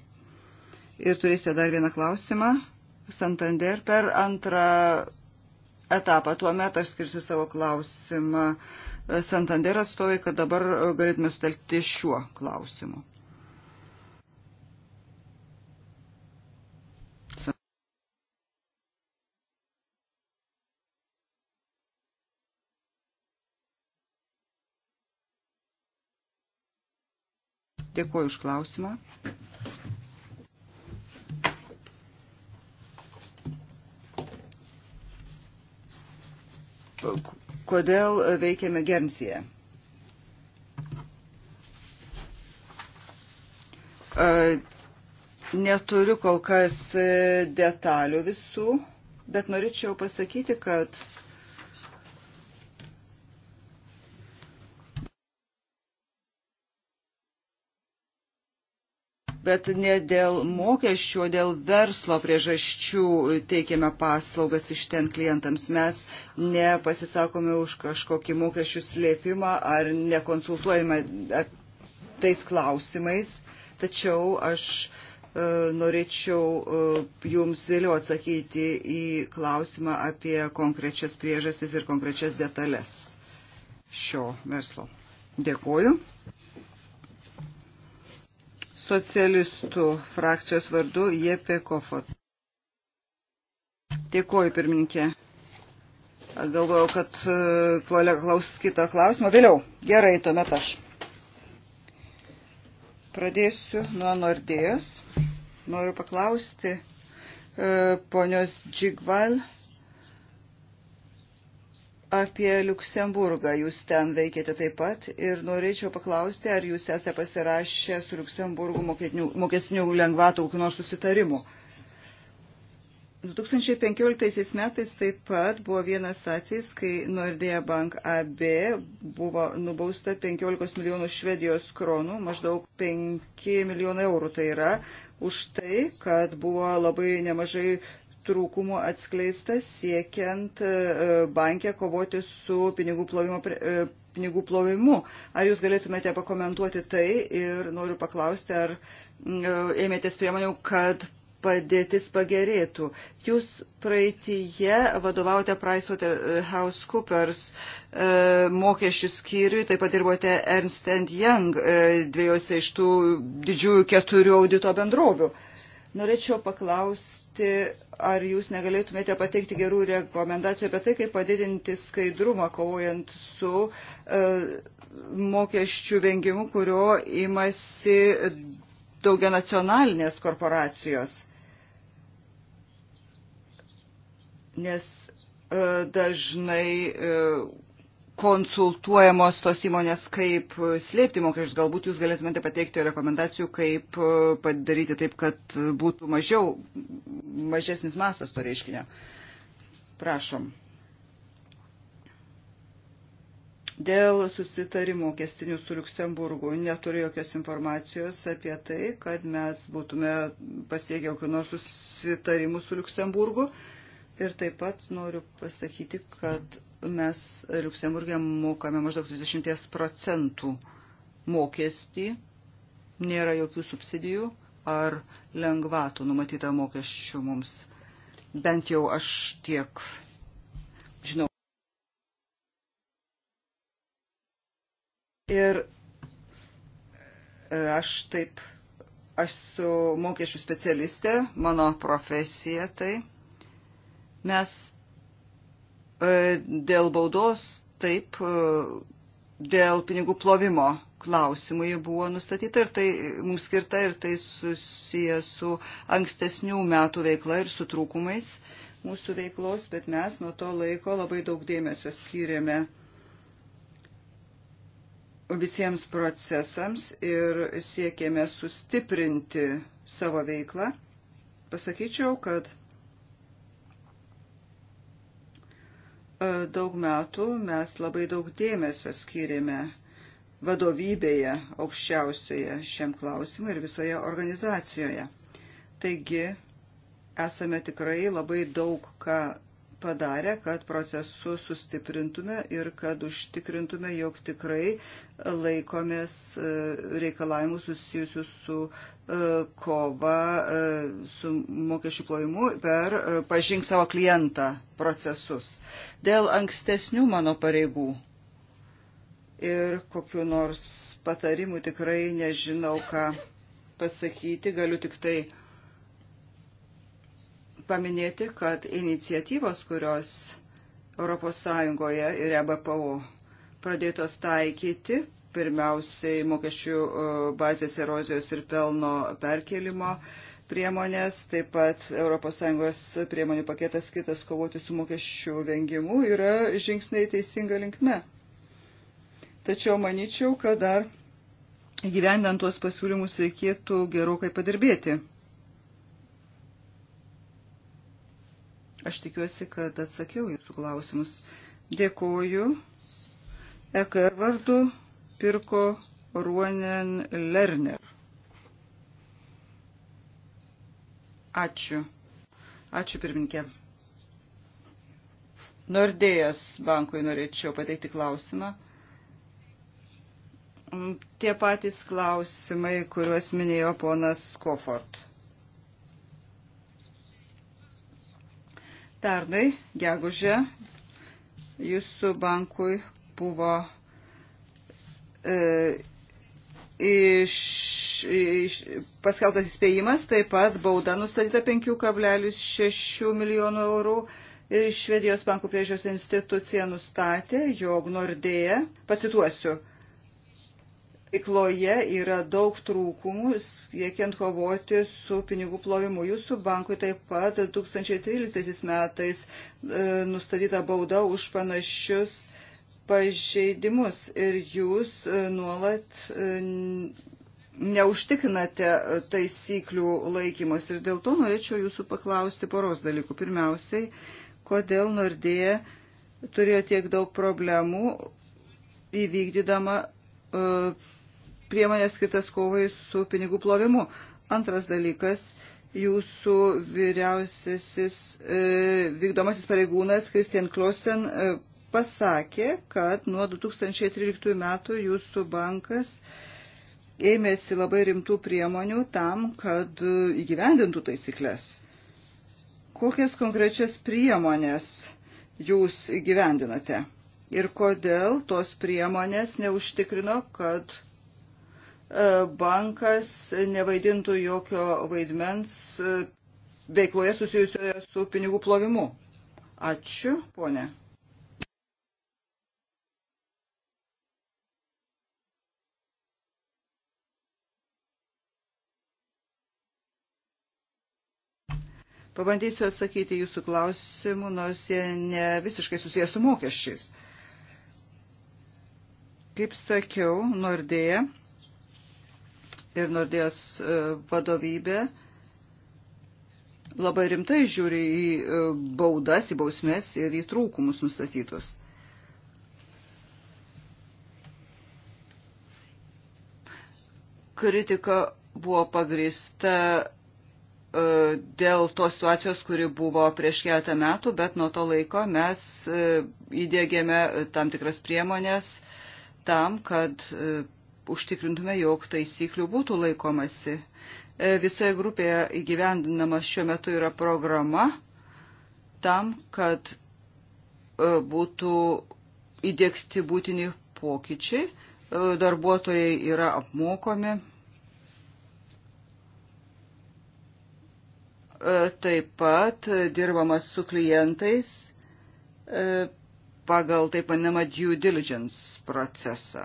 Speaker 3: Ir turėsite dar vieną klausimą. Santander per antrą etapą. Tuomet aš skirsiu savo klausimą Santander atstovai, kad dabar galėtume sutelkti šiuo klausimu. Dėkuoju už klausimą. Kodėl veikiame Gernsyje? Neturiu kol kas e, detalių visų, bet norėčiau pasakyti, kad bet ne dėl mokesčių, o dėl verslo priežasčių teikiame paslaugas iš ten klientams. Mes nepasisakome už kažkokį mokesčių slėpimą ar nekonsultuojame tais klausimais, tačiau aš e, norėčiau e, jums vėliau atsakyti į klausimą apie konkrečias priežastis ir konkrečias detalės šio verslo. Dėkuoju socialistų frakcijos vardu Jepe Kofot. Dėkuoju, pirmininkė. Galvojau, kad e, kolega klaus kitą klausimą. Vėliau. Gerai, tuomet aš. Pradėsiu nuo Nordėjos. Noriu paklausti e, ponios Džigval apie Luksemburgą. Jūs ten veikėte taip pat ir norėčiau paklausti, ar jūs esate pasirašę su Luksemburgu mokesnių lengvatų kokiu nors susitarimu. 2015 metais taip pat buvo vienas atvejs, kai Nordea Bank AB buvo nubausta 15 milijonų švedijos kronų, maždaug 5 milijonų eurų tai yra, už tai, kad buvo labai nemažai trūkumų atskleista siekiant e, bankę kovoti su pinigų plovimo e, pinigų plovimu. Ar jūs galėtumėte pakomentuoti tai ir noriu paklausti, ar e, ėmėtės priemonių, kad padėtis pagerėtų. Jūs praeitįje vadovavote PricewaterhouseCoopers e, mokesčių skyriui, taip pat dirbote Ernst Young e, dviejose iš tų didžiųjų keturių audito bendrovių. E, Norėčiau paklausti, ar jūs negalėtumėte pateikti gerų rekomendacijų apie tai, kaip padidinti skaidrumą kovojant su e, mokesčių vengimu, kurio imasi daugia nacionalinės korporacijos. Nes e, dažnai e, konsultuojamos tos įmonės, kaip slėpti mokesčius. Galbūt jūs galėtumėte pateikti rekomendacijų, kaip e, padaryti taip, kad būtų mažiau, mažesnis mastas to reiškinio. Prašom. Dėl susitarimų mokestinių su Luksemburgu neturiu jokios informacijos apie tai, kad mes būtume pasiekę kokių nors susitarimų su Luksemburgu. Ir taip pat noriu pasakyti, kad mes Luksemburgė mokame maždaug 30 procentų mokestį, nėra jokių subsidijų ar lengvatų numatyta mokesčių mums. Bent jau aš tiek žinau. Ir e, aš taip, aš su mokesčių specialistė, mano profesija tai. Mes E, dėl baudos, taip, e, dėl pinigų plovimo klausimų ji buvo nustatyta ir tai mums skirta ir tai susiję su ankstesnių metų veikla ir su trūkumais mūsų veiklos, bet mes nuo to laiko labai daug dėmesio skyrėme visiems procesams ir siekėme sustiprinti savo veiklą. Pasakyčiau, kad E, daug metų mes labai daug dėmesio skyrėme vadovybėje aukščiausioje šiam klausimui ir visoje organizacijoje. Taigi esame tikrai labai daug ką padarę, kad procesus sustiprintume ir kad užtikrintume, jog tikrai laikomės e, reikalavimų susijusių su e, kova e, su mokesčių plojimu per pažink savo klientą procesus. Dėl ankstesnių mano pareigų ir kokiu nors patarimu tikrai nežinau, ką pasakyti, galiu tik tai paminėti, kad iniciatyvos, kurios ES ir EBPO pradėtos taikyti, pirmiausiai mokesčių e, bazės erozijos ir pelno perkelimo priemonės, taip pat ES priemonių paketas kitas kovoti su mokesčių vengimu yra žingsniai teisinga linkme. Tačiau manyčiau, kad dar gyvendant tuos pasiūlymus reikėtų gerokai padirbėti. Aš tikiuosi, kad atsakiau jūsų klausimus. Dėkoju. EKR vardu pirko Ruonen Lerner. Ačiū. Ačiū pirminkė. Nordėjas bankui norėčiau pateikti klausimą. Tie patys klausimai, kuriuos minėjo ponas Kofort. Pernai, gegužė, jūsų bankui buvo e, iš, iš, paskeltas įspėjimas, taip pat bauda nustatyta 5,6 milijonų eurų. Ir Švedijos bankų priežiūros institucija nustatė, jog Nordėja, pacituosiu, veikloje yra daug trūkumų, siekiant kovoti su pinigų plovimu. Jūsų bankui taip pat 2013 metais e, nustatyta bauda už panašius pažeidimus ir jūs e, nuolat e, neužtikrinate taisyklių laikymus. Ir dėl to norėčiau jūsų paklausti poros dalykų. Pirmiausiai, kodėl Nordėja turėjo tiek daug problemų įvykdydama priemonės skirtas kovai su pinigų plovimu. Antras dalykas jūsų vyriausiasis e, vykdomasis pareigūnas Kristian Klosen e, pasakė, kad nuo 2013 metų jūsų bankas ėmėsi labai rimtų priemonių tam, kad įgyvendintų taisyklės. Kokias konkrečias priemonės jūs įgyvendinate ir kodėl tos priemonės neužtikrino, kad E, bankas nevaidintų jokio vaidmens e, veikloje susijusioje su pinigų plovimu. Ačiū, ponė. Pabandysiu atsakyti jūsų klausimų, nors jie ne visiškai susijęs su mokesčiais. Kaip sakiau, Nordėja ir Nordijos e, vadovybė labai rimtai žiūri į e, baudas, į bausmės ir į trūkumus nustatytus. Kritika buvo pagrįsta e, dėl tos situacijos, kuri buvo prieš keletą metų, bet nuo to laiko mes įdėgėme tam tikras priemonės tam, kad užtikrintume, jog taisyklių būtų laikomasi. E, visoje grupėje įgyvendinama šiuo metu yra programa tam, kad e, būtų įdėkti būtini pokyčiai, e, darbuotojai yra apmokomi. Taip pat dirbamas su klientais pagal taip vadinamą due diligence procesą.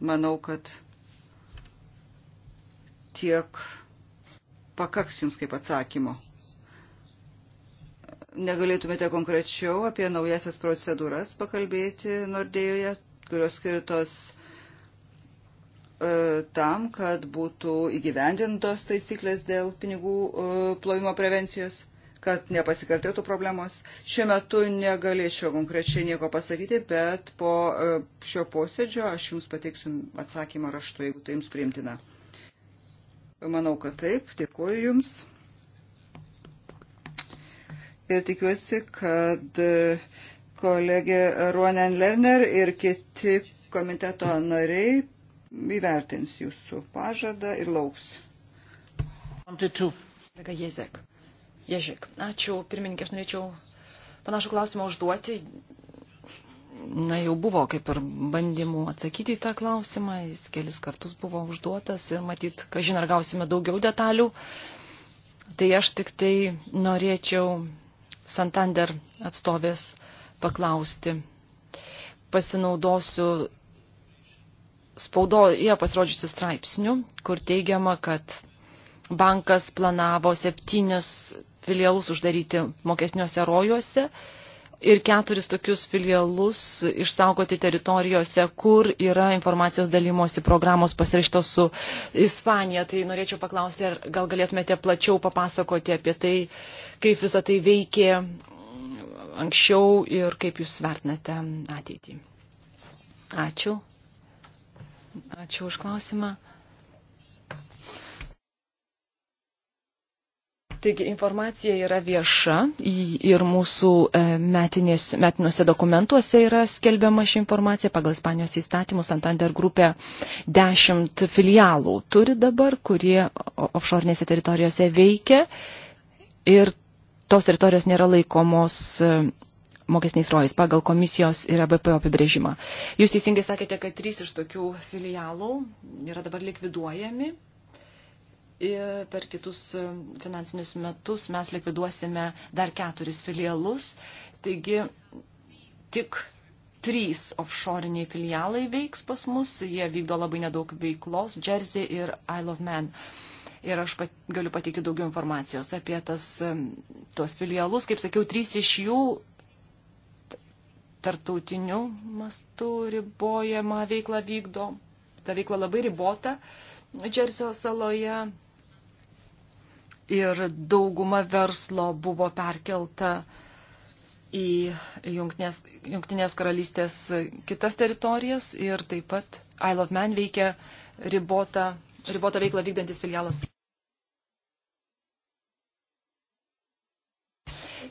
Speaker 3: Manau, kad tiek pakaks jums kaip atsakymo. Negalėtumėte konkrečiau apie naujasias procedūras pakalbėti Nordėjoje, kurios skirtos e, tam, kad būtų įgyvendintos taisyklės dėl pinigų e, plovimo prevencijos kad nepasikartėtų problemos. Šiuo metu negalėčiau konkrečiai nieko pasakyti, bet po e, šio posėdžio aš jums pateiksiu atsakymą raštu, jeigu tai jums priimtina. Manau, kad taip. Dėkuoju jums. Ir tikiuosi, kad e, kolegė Ruonen Lerner ir kiti komiteto nariai įvertins jūsų pažadą ir lauks. Antičiū. Kolega Jezek. Ježik.
Speaker 2: Ačiū, pirmininkė, aš norėčiau panašų klausimą užduoti. Na, jau buvo kaip ir bandymų atsakyti į tą klausimą, jis kelis kartus buvo užduotas ir matyt, kažin ar gausime daugiau detalių. Tai aš tik tai norėčiau Santander atstovės paklausti. Pasinaudosiu spaudoje pasirodžiusių straipsnių, kur teigiama, kad bankas planavo septynis filialus uždaryti mokesniuose rojuose ir keturis tokius filialus išsaugoti teritorijose, kur yra informacijos dalymosi programos pasirašytos su Ispanija. Tai norėčiau paklausti, ar gal galėtumėte plačiau papasakoti apie tai, kaip visą tai veikė anksčiau ir kaip jūs vertinate ateitį. Ačiū. Ačiū už klausimą. Taigi informacija yra vieša ir mūsų e, metinės, metiniuose dokumentuose yra skelbiama ši informacija pagal Ispanijos įstatymus. Santander grupė 10 filialų turi dabar, kurie offshore'nėse teritorijose veikia ir tos teritorijos nėra laikomos e, mokesniais rojais pagal komisijos ir ABPO apibrėžimą. Jūs teisingai sakėte, kad trys iš tokių filialų yra dabar likviduojami ir per kitus e, finansinius metus mes likviduosime dar keturis filialus. Taigi tik trys offshoriniai filialai veiks pas mus, jie vykdo labai nedaug veiklos, Jersey ir Isle of Man. Ir aš pat, galiu pateikti daugiau informacijos apie tas, e, tuos filialus. Kaip sakiau, trys iš jų tartautiniu mastu ribojama veikla vykdo. Ta veikla labai ribota. Džersio saloje ir dauguma verslo buvo perkelta į jungtinės, jungtinės karalystės kitas teritorijas ir taip pat Isle of Man veikia ribota, ribota veikla vykdantis filialas.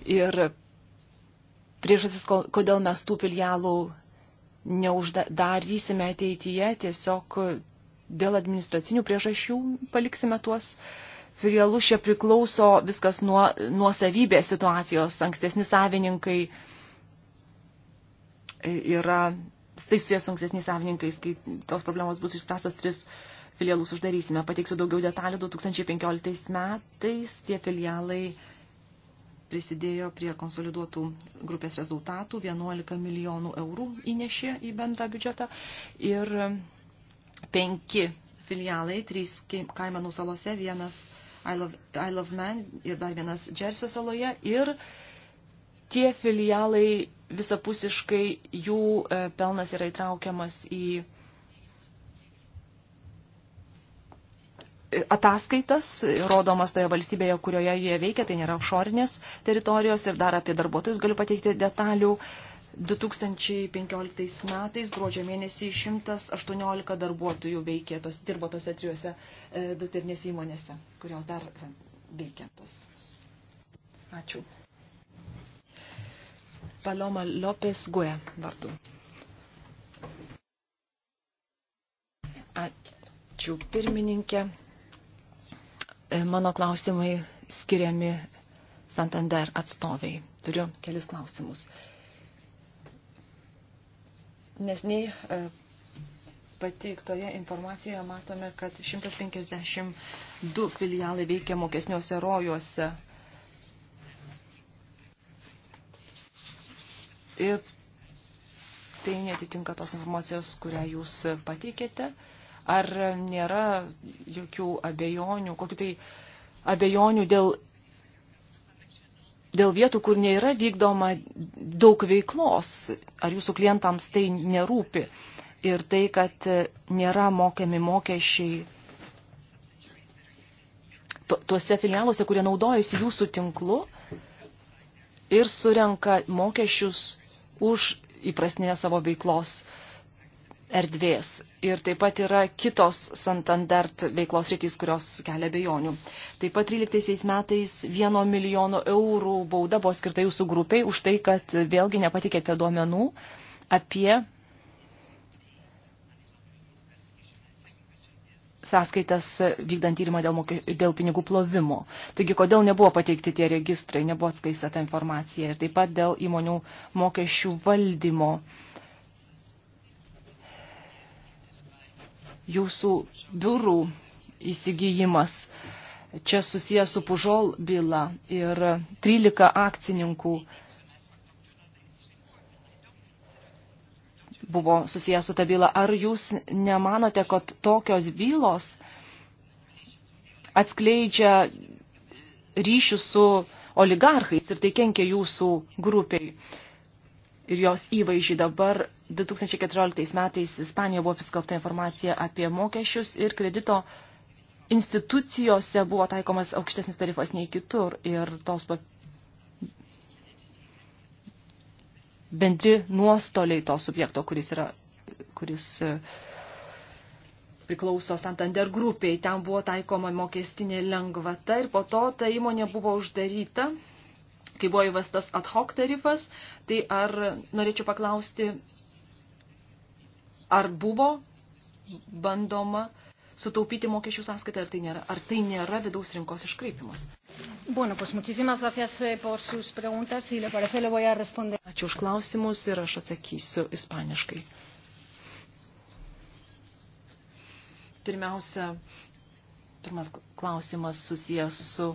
Speaker 2: Ir priežasis, kodėl mes tų filialų neuždarysime ateityje, tiesiog dėl administracinių priežasčių paliksime tuos uh, filialus čia priklauso viskas nuo, nuo savybės situacijos. Ankstesni savininkai yra, tai susijęs su ankstesniais savininkais, kai tos problemos bus išspręstas tris filialus uždarysime. Pateiksiu daugiau detalių 2015 metais. Tie filialai prisidėjo prie konsoliduotų grupės rezultatų, 11 milijonų eurų įnešė į bendrą biudžetą ir penki filialai, trys Kaimanų salose, vienas Isle of, Isle of Man ir dar vienas Džersio saloje. Ir tie filialai visapusiškai jų e, pelnas yra įtraukiamas į e, ataskaitas, rodomas toje valstybėje, kurioje jie veikia, tai nėra offshore'inės teritorijos ir dar apie darbuotojus galiu pateikti detalių. Uh, 2015 metais gruodžio mėnesį 118 darbuotojų veikė, tos, dirbo tose trijose e, dukternėse įmonėse, kurios dar e, veikia tos. Ačiū. Paloma Lopes Gue vardu. Ačiū pirmininkė. E, mano klausimai skiriami Santander atstoviai. Turiu kelis klausimus. E, Nesniai e, pateiktoje informacijoje matome, kad 152 filialai veikia mokesniuose rojuose. Ir tai netitinka tos informacijos, kurią jūs pateikėte. Ar nėra jokių abejonių, kokiu tai abejonių dėl dėl vietų, kur nėra vykdoma daug veiklos, ar jūsų klientams tai nerūpi. Ir tai, kad nėra mokiami mokesčiai tuose filialuose, kurie naudojasi jūsų tinklu ir surenka mokesčius už įprastinę savo veiklos uh, erdvės. Ir taip pat yra kitos Santandert veiklos rytys, kurios kelia bejonių. Taip pat 13 metais 1 milijono eurų bauda buvo skirta jūsų grupiai už tai, kad vėlgi nepatikėte duomenų apie sąskaitas vykdant tyrimą dėl, mokė, dėl pinigų plovimo. Taigi, kodėl nebuvo pateikti tie registrai, nebuvo atskaista ta informacija ir taip pat dėl įmonių mokesčių valdymo jūsų biurų įsigijimas. Čia susijęs su Pužol byla ir 13 akcininkų buvo susijęs su ta byla. Ar jūs nemanote, kad tokios bylos atskleidžia ryšių su oligarchais ir tai kenkia jūsų grupiai? ir jos įvaizdžiai. Dabar 2014 metais Ispanijoje buvo paskelbta informacija apie mokesčius ir kredito institucijose buvo taikomas aukštesnis tarifas nei kitur ir tos bendri nuostoliai to subjekto, kuris, yra, kuris e, priklauso Santander grupiai. Ten buvo taikoma mokestinė lengvata ir po to ta įmonė buvo uždaryta kai buvo įvestas ad hoc tarifas, tai ar norėčiau paklausti, ar buvo bandoma sutaupyti mokesčių sąskaitą, ar tai nėra, ar tai nėra vidaus rinkos iškraipimas.
Speaker 1: Bueno, pues muchísimas gracias eh, por sus preguntas,
Speaker 2: si le parece le voy a responder. Ačiū už klausimus ir aš atsakysiu ispaniškai. Pirmiausia, pirmas klausimas susijęs su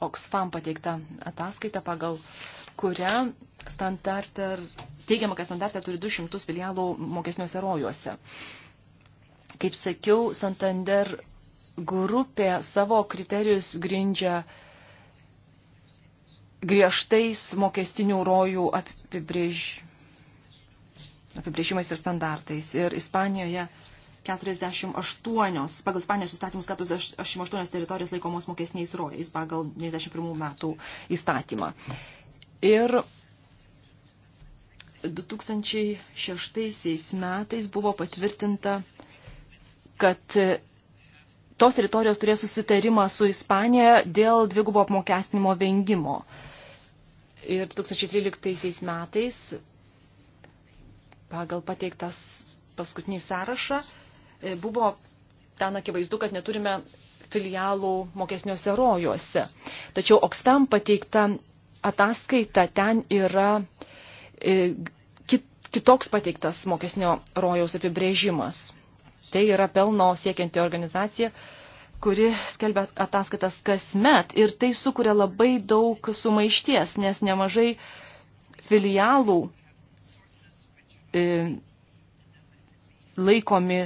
Speaker 2: Oxfam pateikta ataskaita, pagal kurią standarter, teigiama, kad standartė turi 200 filialų mokesniuose rojuose. Kaip sakiau, Santander grupė savo kriterijus grindžia griežtais mokestinių rojų apibrėž... apibrėžimais ir standartais. Ir Ispanijoje 48, pagal Ispanijos įstatymus 48 teritorijos laikomos mokesniais rojais pagal 91 metų įstatymą. Ir 2006 metais buvo patvirtinta, kad tos teritorijos turės susitarimą su Ispanija dėl dvigubo apmokestinimo vengimo. Ir 2013 metais pagal pateiktas paskutinį sąrašą E, buvo ten akivaizdu, kad neturime filialų mokesniuose rojuose. Tačiau Okstam pateikta ataskaita ten yra e, kitoks pateiktas mokesnio rojaus apibrėžimas. Tai yra pelno siekianti organizacija, kuri skelbia ataskaitas kasmet ir tai sukuria labai daug sumaišties, nes nemažai filialų e, laikomi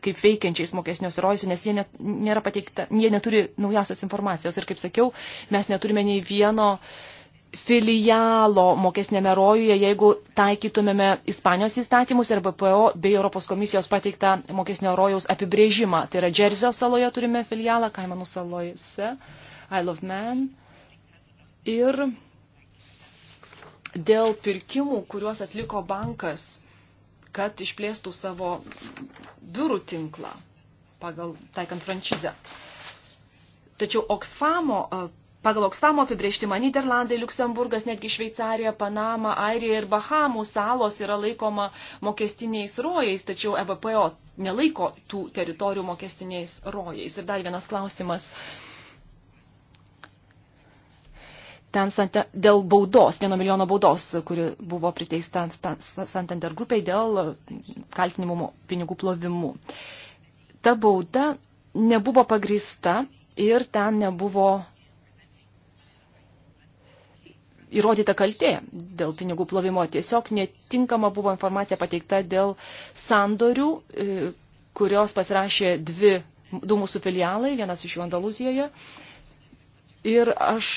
Speaker 2: kaip veikiančiais mokesnius rojus, nes jie, net, nėra pateikta, jie neturi naujasios informacijos. Ir kaip sakiau, mes neturime nei vieno filialo mokesnėme rojuje, jeigu taikytumėme Ispanijos įstatymus ir BPO bei Europos komisijos pateiktą mokesnio rojaus apibrėžimą. Tai yra Džerzio saloje turime filialą, Kaimanų salojose, Isle of Man. Ir dėl pirkimų, kuriuos atliko bankas kad išplėstų savo biurų tinklą pagal taikant frančizę. Tačiau Oxfamo, pagal Oxfamo apibrėžtimą Niderlandai, Luksemburgas, netgi Šveicarija, Panama, Airija ir Bahamų salos yra laikoma mokestiniais rojais, tačiau EBPO nelaiko tų teritorijų mokestiniais rojais. Ir dar vienas klausimas. Uh, ten dėl baudos, vieno milijono baudos, kuri buvo priteista Santander grupiai dėl kaltinimų pinigų plovimų. Ta bauda nebuvo pagrįsta ir ten nebuvo įrodyta kaltė dėl pinigų plovimo. Tiesiog netinkama buvo informacija pateikta dėl sandorių, e, kurios pasirašė dvi, du mūsų filialai, vienas iš jų Andaluzijoje. Ir aš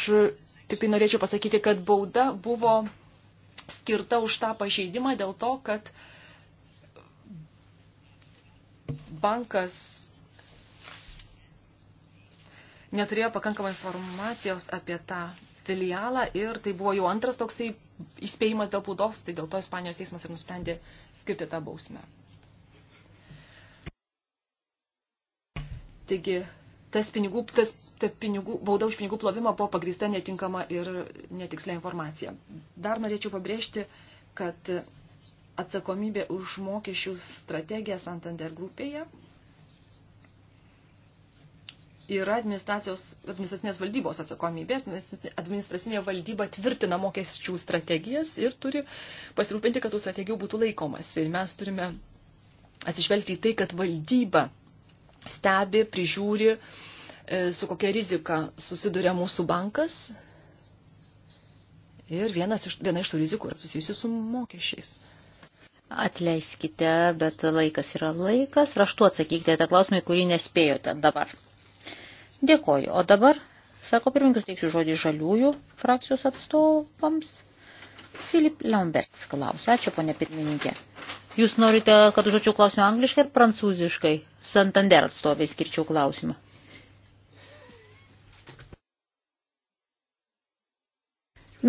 Speaker 2: Tik tai norėčiau pasakyti, kad bauda buvo skirta už tą pažeidimą dėl to, kad bankas neturėjo pakankamai informacijos apie tą filialą ir tai buvo jau antras toksai įspėjimas dėl būdos, tai dėl to Ispanijos teismas ir nusprendė skirti tą bausmę. Taigi tas pinigų, tas, ta pinigų, bauda už pinigų plovimą buvo pagrįsta netinkama ir netikslė informacija. Dar norėčiau pabrėžti, kad atsakomybė už mokesčių strategiją Santander grupėje yra administracinės valdybos atsakomybė. Administracinė valdyba tvirtina mokesčių strategijas ir turi pasirūpinti, kad tų strategijų būtų laikomasi. Mes turime atsižvelgti į tai, kad valdyba stebi, prižiūri, e, su kokia rizika susiduria mūsų bankas. Ir
Speaker 1: vienas iš, viena iš tų rizikų yra susijusi su mokesčiais. Atleiskite, bet laikas yra laikas. Raštu atsakykite tą klausimą, kurį nespėjote dabar. Dėkoju. O dabar, sako pirmininkas, teiksiu žodį žaliųjų frakcijos atstovams. Filip Lamberts klausia. Ačiū, ponė pirmininkė. Jūs norite, kad užduočiau klausimą angliškai ar prancūziškai? Santander atstovai skirčiau klausimą.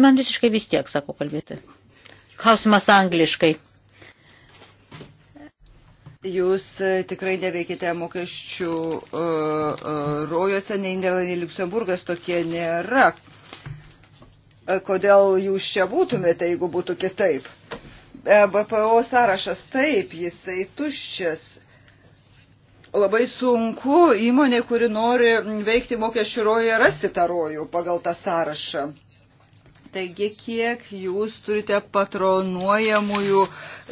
Speaker 1: Man visiškai vis tiek, sako kalbėti. Klausimas angliškai.
Speaker 3: Jūs e, tikrai neveikite mokesčių uh, e, uh, e, rojuose, nei Niderlandai, Luxemburgas tokie nėra. Kodėl jūs čia būtumėte, jeigu būtų kitaip? Uh, E BPO sąrašas taip, jisai tuščias. Labai sunku įmonė, kuri nori veikti mokesčių rojoje, rasti tą rojų pagal tą sąrašą. Taigi, kiek jūs turite patronuojamųjų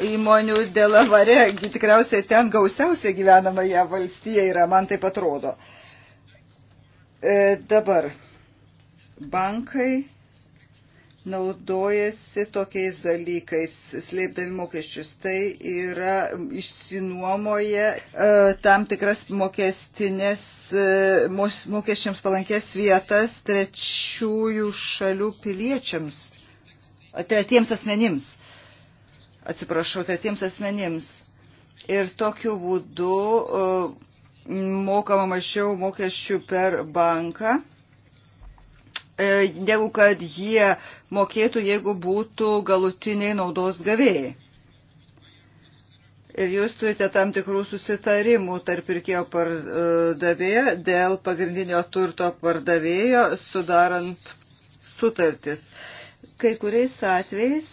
Speaker 3: įmonių Delavare, tikriausiai ten gausiausia gyvenama ją valstija yra, man tai atrodo. E, dabar, bankai naudojasi tokiais dalykais, slėpdami mokesčius. Tai yra išsinuomoja e, tam tikras mokestinės, e, mokesčiams palankės vietas trečiųjų šalių piliečiams, tretiems asmenims. Atsiprašau, tretiems asmenims. Ir tokiu būdu e, mokama mažiau mokesčių per banką E, negu kad jie mokėtų, jeigu būtų galutiniai naudos gavėjai. Ir jūs turite tam tikrų susitarimų tarp pirkėjo pardavėjo dėl pagrindinio turto pardavėjo sudarant sutartis. Kai kuriais atvejais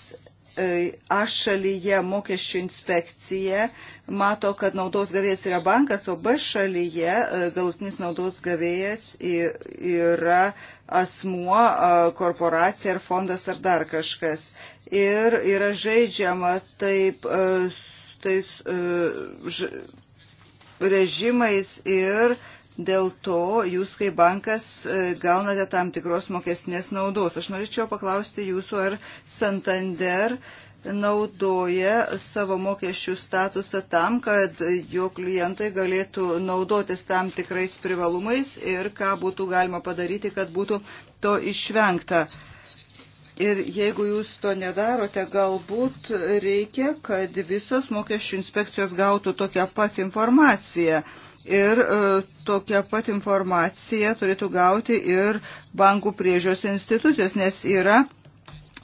Speaker 3: E, aš šalyje mokesčių inspekcija mato, kad naudos gavėjas yra bankas, o B šalyje e, galutinis naudos gavėjas yra asmuo, e, korporacija ar fondas ar dar kažkas. Ir yra žaidžiama taip tais režimais ir dėl to jūs kaip bankas e, gaunate tam tikros mokestinės naudos. Aš norėčiau paklausti jūsų, ar Santander naudoja savo mokesčių statusą tam, kad jo klientai galėtų naudotis tam tikrais privalumais ir ką būtų galima padaryti, kad būtų to išvengta. Ir jeigu jūs to nedarote, galbūt reikia, kad visos mokesčių inspekcijos gautų tokią pat informaciją ir e, tokią pat informaciją turėtų gauti ir bankų priežios institucijos, nes yra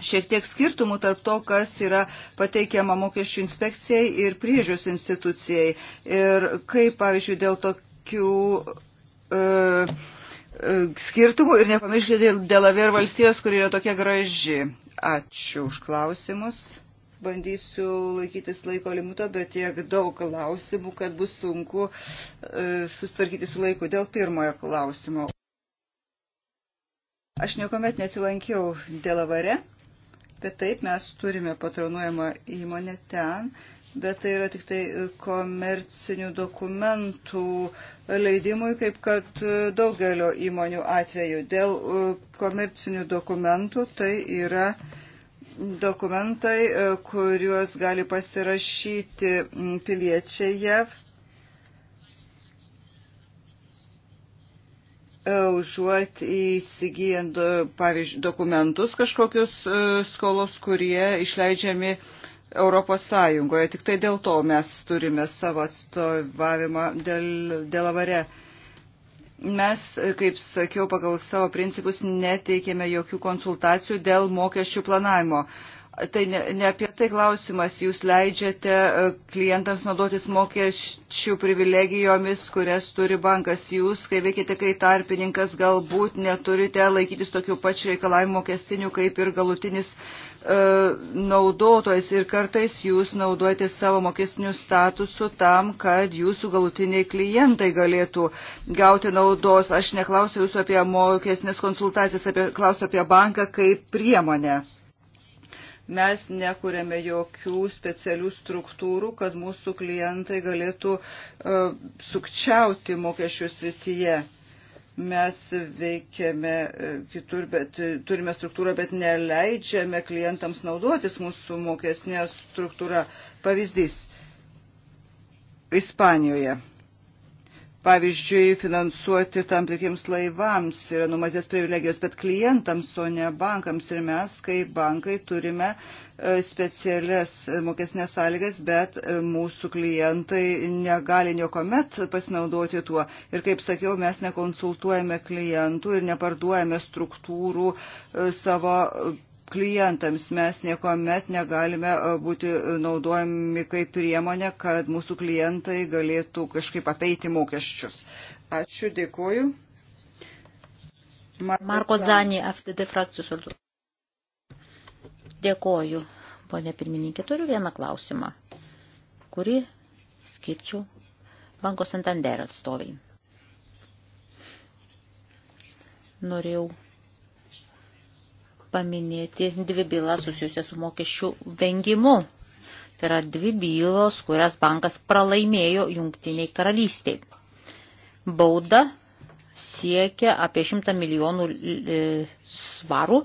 Speaker 3: šiek tiek skirtumų tarp to, kas yra pateikiama mokesčių inspekcijai ir priežios institucijai. Ir kaip, pavyzdžiui, dėl tokių e, e skirtumų ir nepamirškite dėl Delaver valstijos, kur yra tokia graži. Ačiū už klausimus bandysiu laikytis laiko limito, bet tiek daug klausimų, kad bus sunku e, sustvarkyti su laiku dėl pirmojo klausimo. Aš niekuomet nesilankiau Delavare, bet taip mes turime patronuojamą įmonę ten, bet tai yra tik tai komercinių dokumentų leidimui, kaip kad daugelio įmonių atveju. Dėl e, komercinių dokumentų tai yra uh, dokumentai, e, kuriuos gali pasirašyti piliečiai JAV, e, užuot įsigijant, e, pavyzdžiui, dokumentus kažkokius skolos, kurie išleidžiami Europos Sąjungoje. Tik tai dėl to mes turime savo atstovavimą dėl, dėl avare. Dėl Mes, kaip sakiau, pagal savo principus neteikėme jokių konsultacijų dėl mokesčių planavimo. Uh, Tai ne, ne apie tai klausimas, jūs leidžiate e, klientams naudotis mokesčių privilegijomis, kurias turi bankas. Jūs, kai veikite kaip tarpininkas, galbūt neturite laikytis tokių pačių reikalavimų mokestinių kaip ir galutinis e, naudotojas ir kartais jūs naudojate savo mokestinių statusų tam, kad jūsų galutiniai klientai galėtų gauti naudos. Aš neklausiu jūsų apie mokesnės konsultacijas, apie, klausiu apie banką kaip priemonę. Mes nekūrėme jokių specialių struktūrų, kad mūsų klientai galėtų uh, sukčiauti mokesčių srityje. Mes veikiame e, kitur, bet turime struktūrą, bet neleidžiame klientams naudotis mūsų mokesnė struktūra. Pavyzdys. Ispanijoje Pavyzdžiui, finansuoti tam tikriems laivams yra numatytos privilegijos, bet klientams, o ne bankams. Ir mes, kaip bankai, turime e, specialias e, mokesnės sąlygas, bet e, mūsų klientai negali niekuomet pasinaudoti tuo. Ir kaip sakiau, mes nekonsultuojame klientų ir neparduojame struktūrų savo klientams. Mes niekuomet negalime e, būti e, naudojami kaip priemonė, kad mūsų klientai galėtų kažkaip apeiti mokesčius. Ačiū, dėkuoju.
Speaker 1: Marko, Marko Zanį, FTD frakcijos vardu. Dėkoju, ponė pirmininkė. Turiu vieną klausimą, kurį skirčiau Banko Santander atstoviai. Norėjau paminėti dvi bylas susijusias su mokesčių vengimu. Tai yra dvi bylos, kurias bankas pralaimėjo jungtiniai karalystiai. Bauda siekia apie 100 milijonų e, svarų.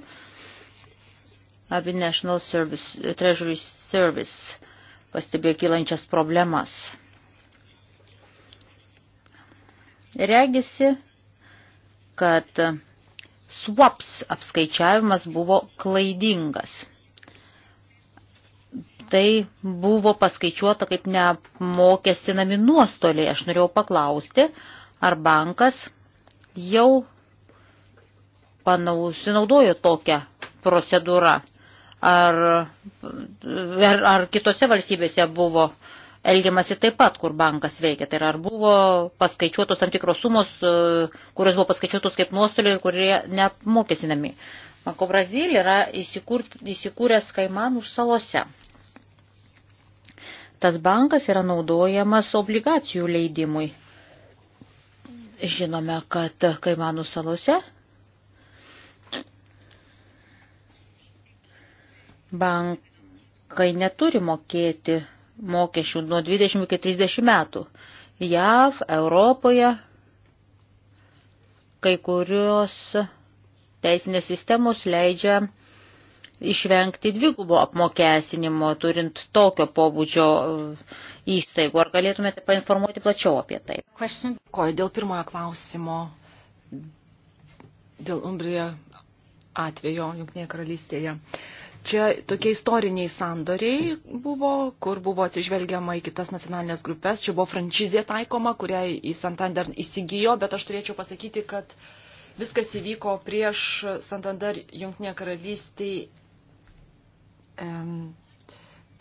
Speaker 1: Abi National Service, Treasury Service pastebėjo kylančias problemas. Regisi, kad swaps apskaičiavimas buvo klaidingas. Tai buvo paskaičiuota kaip neapmokestinami nuostoliai. Aš norėjau paklausti, ar bankas jau panausinaudojo tokią procedūrą. Ar, ar, ar kitose valstybėse buvo uh, elgiamasi taip pat, kur bankas veikia. Tai yra, ar buvo paskaičiuotos tam tikros sumos, e, kurios buvo paskaičiuotos kaip nuostoliai, kurie neapmokesinami. Banko Brazil yra įsikūr, įsikūręs Kaimanų salose. Tas bankas yra naudojamas obligacijų leidimui. Žinome, kad Kaimanų salose bankai neturi mokėti mokesčių nuo 20 iki 30 metų. JAV, Europoje kai kurios teisinės sistemos leidžia išvengti dvigubo apmokestinimo, turint tokio pobūdžio e, įstaigų. Ar galėtumėte painformuoti plačiau apie tai? Dėkoju dėl pirmojo klausimo,
Speaker 2: dėl Umbrija atvejo Junktinėje karalystėje. Uh, Čia tokie istoriniai sandoriai buvo, kur buvo atsižvelgiama į kitas nacionalinės grupės. Čia buvo frančizė taikoma, kurią į Santander įsigijo, bet aš turėčiau pasakyti, kad viskas įvyko prieš Santander Junktinė karalystė um,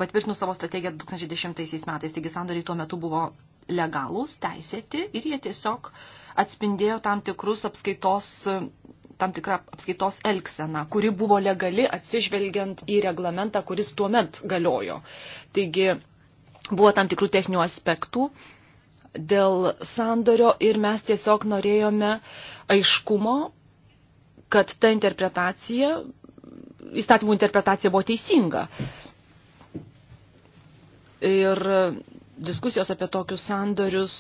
Speaker 2: patvirtinus savo strategiją 2010 metais. Taigi sandoriai tuo metu buvo legalūs, teisėti ir jie tiesiog atspindėjo tam tikrus apskaitos tam tikrą apskaitos elgseną, kuri buvo legali atsižvelgiant į reglamentą, kuris tuo met galiojo. Taigi buvo tam tikrų techninių aspektų dėl sandorio ir mes tiesiog norėjome aiškumo, kad ta interpretacija, įstatymų interpretacija buvo teisinga. Ir diskusijos apie tokius sandorius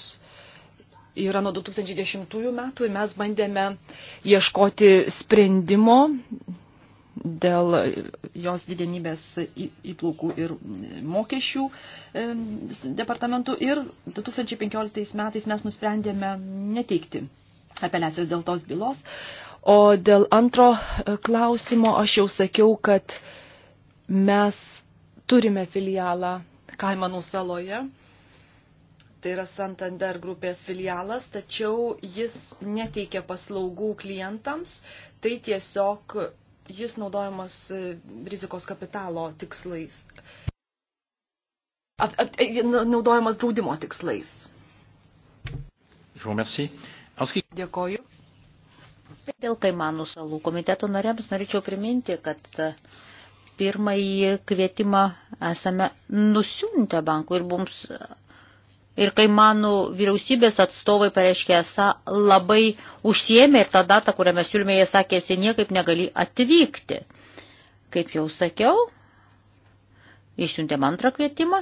Speaker 2: yra nuo 2010 metų ir mes bandėme ieškoti sprendimo dėl jos didenybės įplaukų ir mokesčių e, departamentų ir 2015 metais mes nusprendėme neteikti apeliacijos dėl tos bylos. O dėl antro e, klausimo aš jau sakiau, kad mes turime filialą Kaimanų saloje tai yra Santander grupės filialas, tačiau jis neteikia paslaugų klientams, tai tiesiog jis naudojamas e, rizikos kapitalo tikslais, ap, ap, e, naudojamas draudimo tikslais. Dėkoju.
Speaker 1: Dėl Kaimanų salų komiteto nariams norėčiau priminti, kad e, pirmąjį kvietimą esame nusiuntę bankų ir mums Ir kai mano vyriausybės atstovai pareiškė, esą labai užsiemė ir tą datą, kurią mes siūlėme, jie sakė, esi niekaip negali atvykti. Kaip jau sakiau, išsiuntėm antrą kvietimą.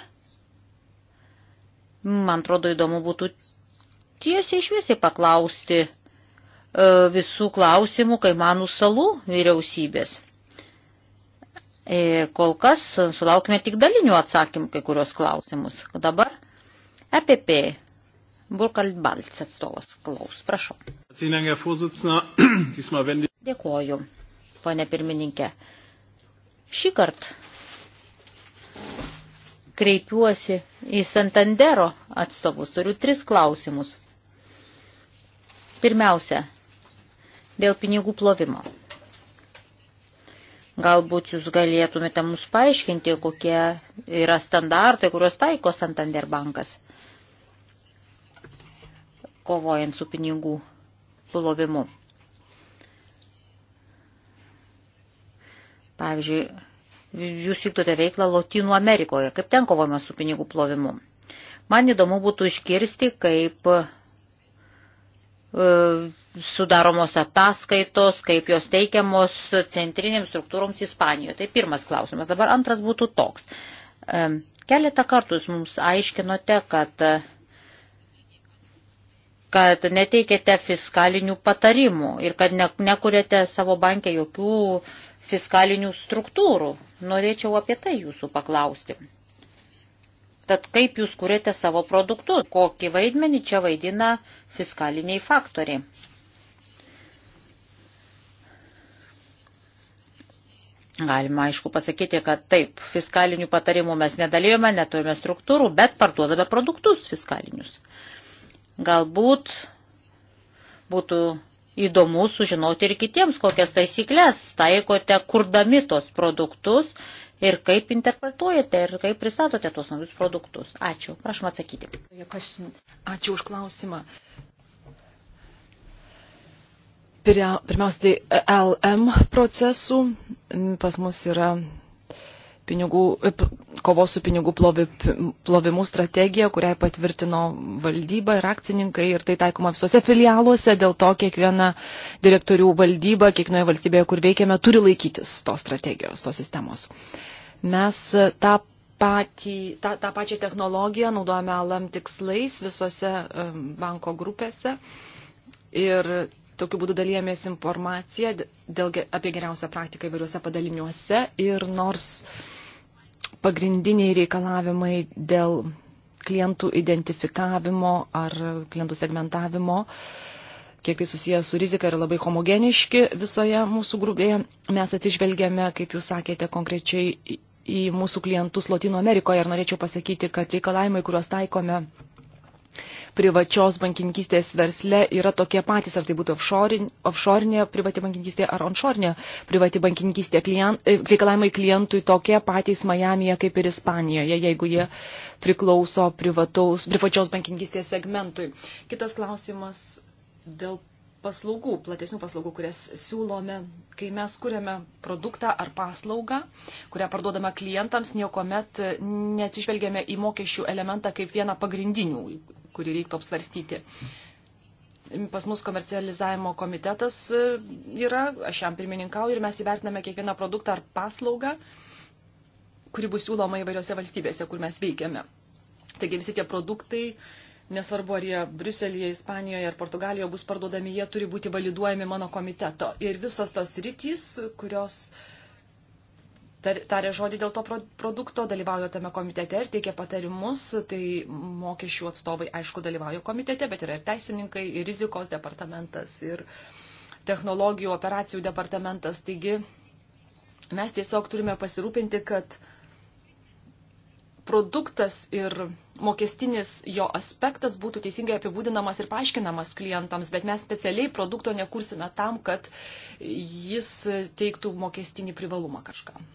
Speaker 1: Man atrodo, įdomu būtų tiesiai išviesiai paklausti e, visų klausimų Kaimanų salų vyriausybės. Ir kol kas sulaukime tik dalinių atsakymų kai kurios klausimus. Dabar EPP Burkald Balts atstovas klaus. Prašau. Dėkuoju, ponė pirmininkė. Šį kartą kreipiuosi į Santandero atstovus. Turiu tris klausimus. Pirmiausia, dėl pinigų plovimo. Galbūt jūs galėtumėte mums paaiškinti, kokie yra standartai, kuriuos taiko Santander bankas kovojant su pinigų plovimu. Pavyzdžiui, jūs vykdote veiklą Lotynų Amerikoje, kaip ten kovojame su pinigų plovimu. Man įdomu būtų iškirsti, kaip e, sudaromos ataskaitos, kaip jos teikiamos centrinėms struktūroms Ispanijoje. Tai pirmas klausimas. Dabar antras būtų toks. E, keletą kartų jūs mums aiškinote, kad e, kad neteikėte fiskalinių patarimų ir kad ne, nekuriate savo bankę jokių fiskalinių struktūrų. Norėčiau apie tai jūsų paklausti. Tad kaip jūs kuriate savo produktus, kokį vaidmenį čia vaidina fiskaliniai faktoriai? Galima aišku pasakyti, kad taip, fiskalinių patarimų mes nedalyjome, neturime struktūrų, bet parduodame produktus fiskalinius. Uh, Galbūt būtų įdomu sužinoti ir kitiems, kokias taisyklės taikote, kurdami tos produktus ir kaip interpretuojate ir kaip pristatote tos naujus produktus. Ačiū. Prašom atsakyti. Ačiū už klausimą.
Speaker 2: Pirmiausia, tai LM procesų pas mus yra pinigų, e, kovos su pinigų plovi, plovimu strategija, kuriai patvirtino valdyba ir akcininkai ir tai taikoma visuose filialuose, dėl to kiekviena direktorių valdyba, kiekvienoje valstybėje, kur veikiame, turi laikytis tos strategijos, tos sistemos. Mes e, tą, patį, tą, tą pačią technologiją naudojame alam tikslais visose e, banko grupėse ir tokiu būdu dalyjamės informaciją dėl, apie geriausią praktiką įvairiuose padaliniuose ir nors pagrindiniai reikalavimai dėl klientų identifikavimo ar klientų segmentavimo, kiek tai susijęs su rizika, yra labai homogeniški visoje mūsų grupėje. Mes atsižvelgėme, kaip jūs sakėte, konkrečiai į mūsų klientus Latino Amerikoje ir norėčiau pasakyti, kad reikalavimai, kuriuos taikome privačios bankininkystės versle yra tokie patys, ar tai būtų offshore privati bankininkystė ar onshore privati bankininkystė. Klient, e, reikalavimai klientui tokie patys Majamija kaip ir Ispanijoje, jeigu jie priklauso privataus, privačios bankininkystės segmentui. Kitas klausimas dėl paslaugų, platesnių paslaugų, kurias siūlome, kai mes kuriame produktą ar paslaugą, kurią parduodame klientams, niekuomet neatsižvelgiame į mokesčių elementą kaip vieną pagrindinių, kurį reiktų apsvarstyti. Pas mus komercializavimo komitetas e, yra, aš jam pirmininkauju ir mes įvertiname kiekvieną produktą ar paslaugą, kuri bus siūloma įvairiose valstybėse, kur mes veikiame. Taigi visi tie produktai, nesvarbu ar jie Briuselėje, Ispanijoje ar Portugalijoje bus parduodami, jie turi būti validuojami mano komiteto. Ir visos tos rytys, kurios uh, tarė žodį dėl to produkto, dalyvauja tame komitete ir teikia patarimus, tai mokesčių atstovai, aišku, dalyvauja komitete, bet yra ir teisininkai, ir rizikos departamentas, ir technologijų operacijų departamentas. Taigi mes tiesiog turime pasirūpinti, kad produktas ir mokestinis jo aspektas būtų teisingai apibūdinamas ir paaiškinamas klientams, bet mes specialiai produkto nekursime tam, kad jis teiktų mokestinį privalumą kažkam.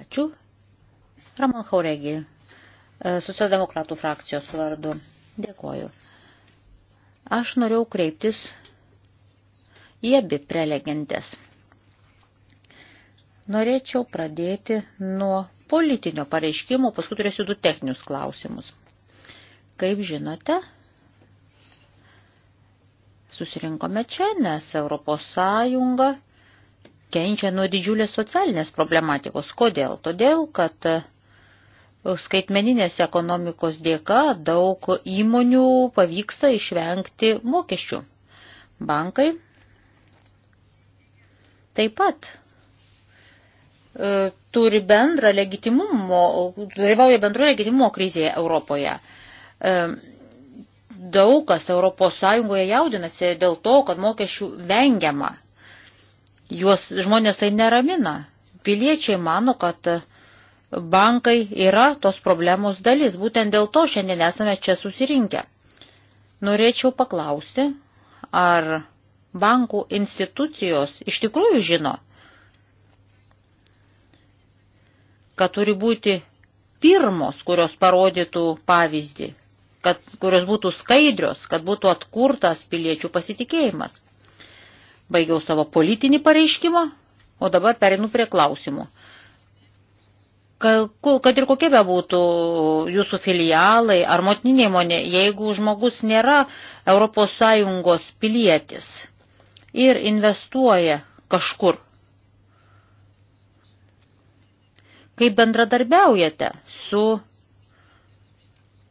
Speaker 1: Ačiū. Ramon Hauregi, e, socialdemokratų frakcijos vardu. Dėkoju. Aš norėjau kreiptis į abi prelegentės. Norėčiau pradėti nuo politinio pareiškimo, paskui turėsiu du techninius klausimus. Kaip žinote, susirinkome čia, nes Europos Sąjunga kenčia nuo didžiulės socialinės problematikos. Kodėl? Todėl, kad e, skaitmeninės ekonomikos dėka daug įmonių pavyksta išvengti mokesčių. Bankai taip pat e, turi bendrą legitimumo, dalyvauja bendro legitimumo krizėje Europoje. E, daug kas Europos Sąjungoje jaudinasi dėl to, kad mokesčių vengiama. Juos žmonės tai neramina. Piliečiai mano, kad bankai yra tos problemos dalis. Būtent dėl to šiandien esame čia susirinkę. Norėčiau paklausti, ar bankų institucijos iš tikrųjų žino, kad turi būti pirmos, kurios parodytų pavyzdį, kad, kurios būtų skaidrios, kad būtų atkurtas piliečių pasitikėjimas baigiau savo politinį pareiškimą, o dabar perinu prie klausimų. Kad ir kokie be būtų jūsų filialai ar motininė įmonė, jeigu žmogus nėra ES pilietis ir investuoja kažkur, kaip bendradarbiaujate su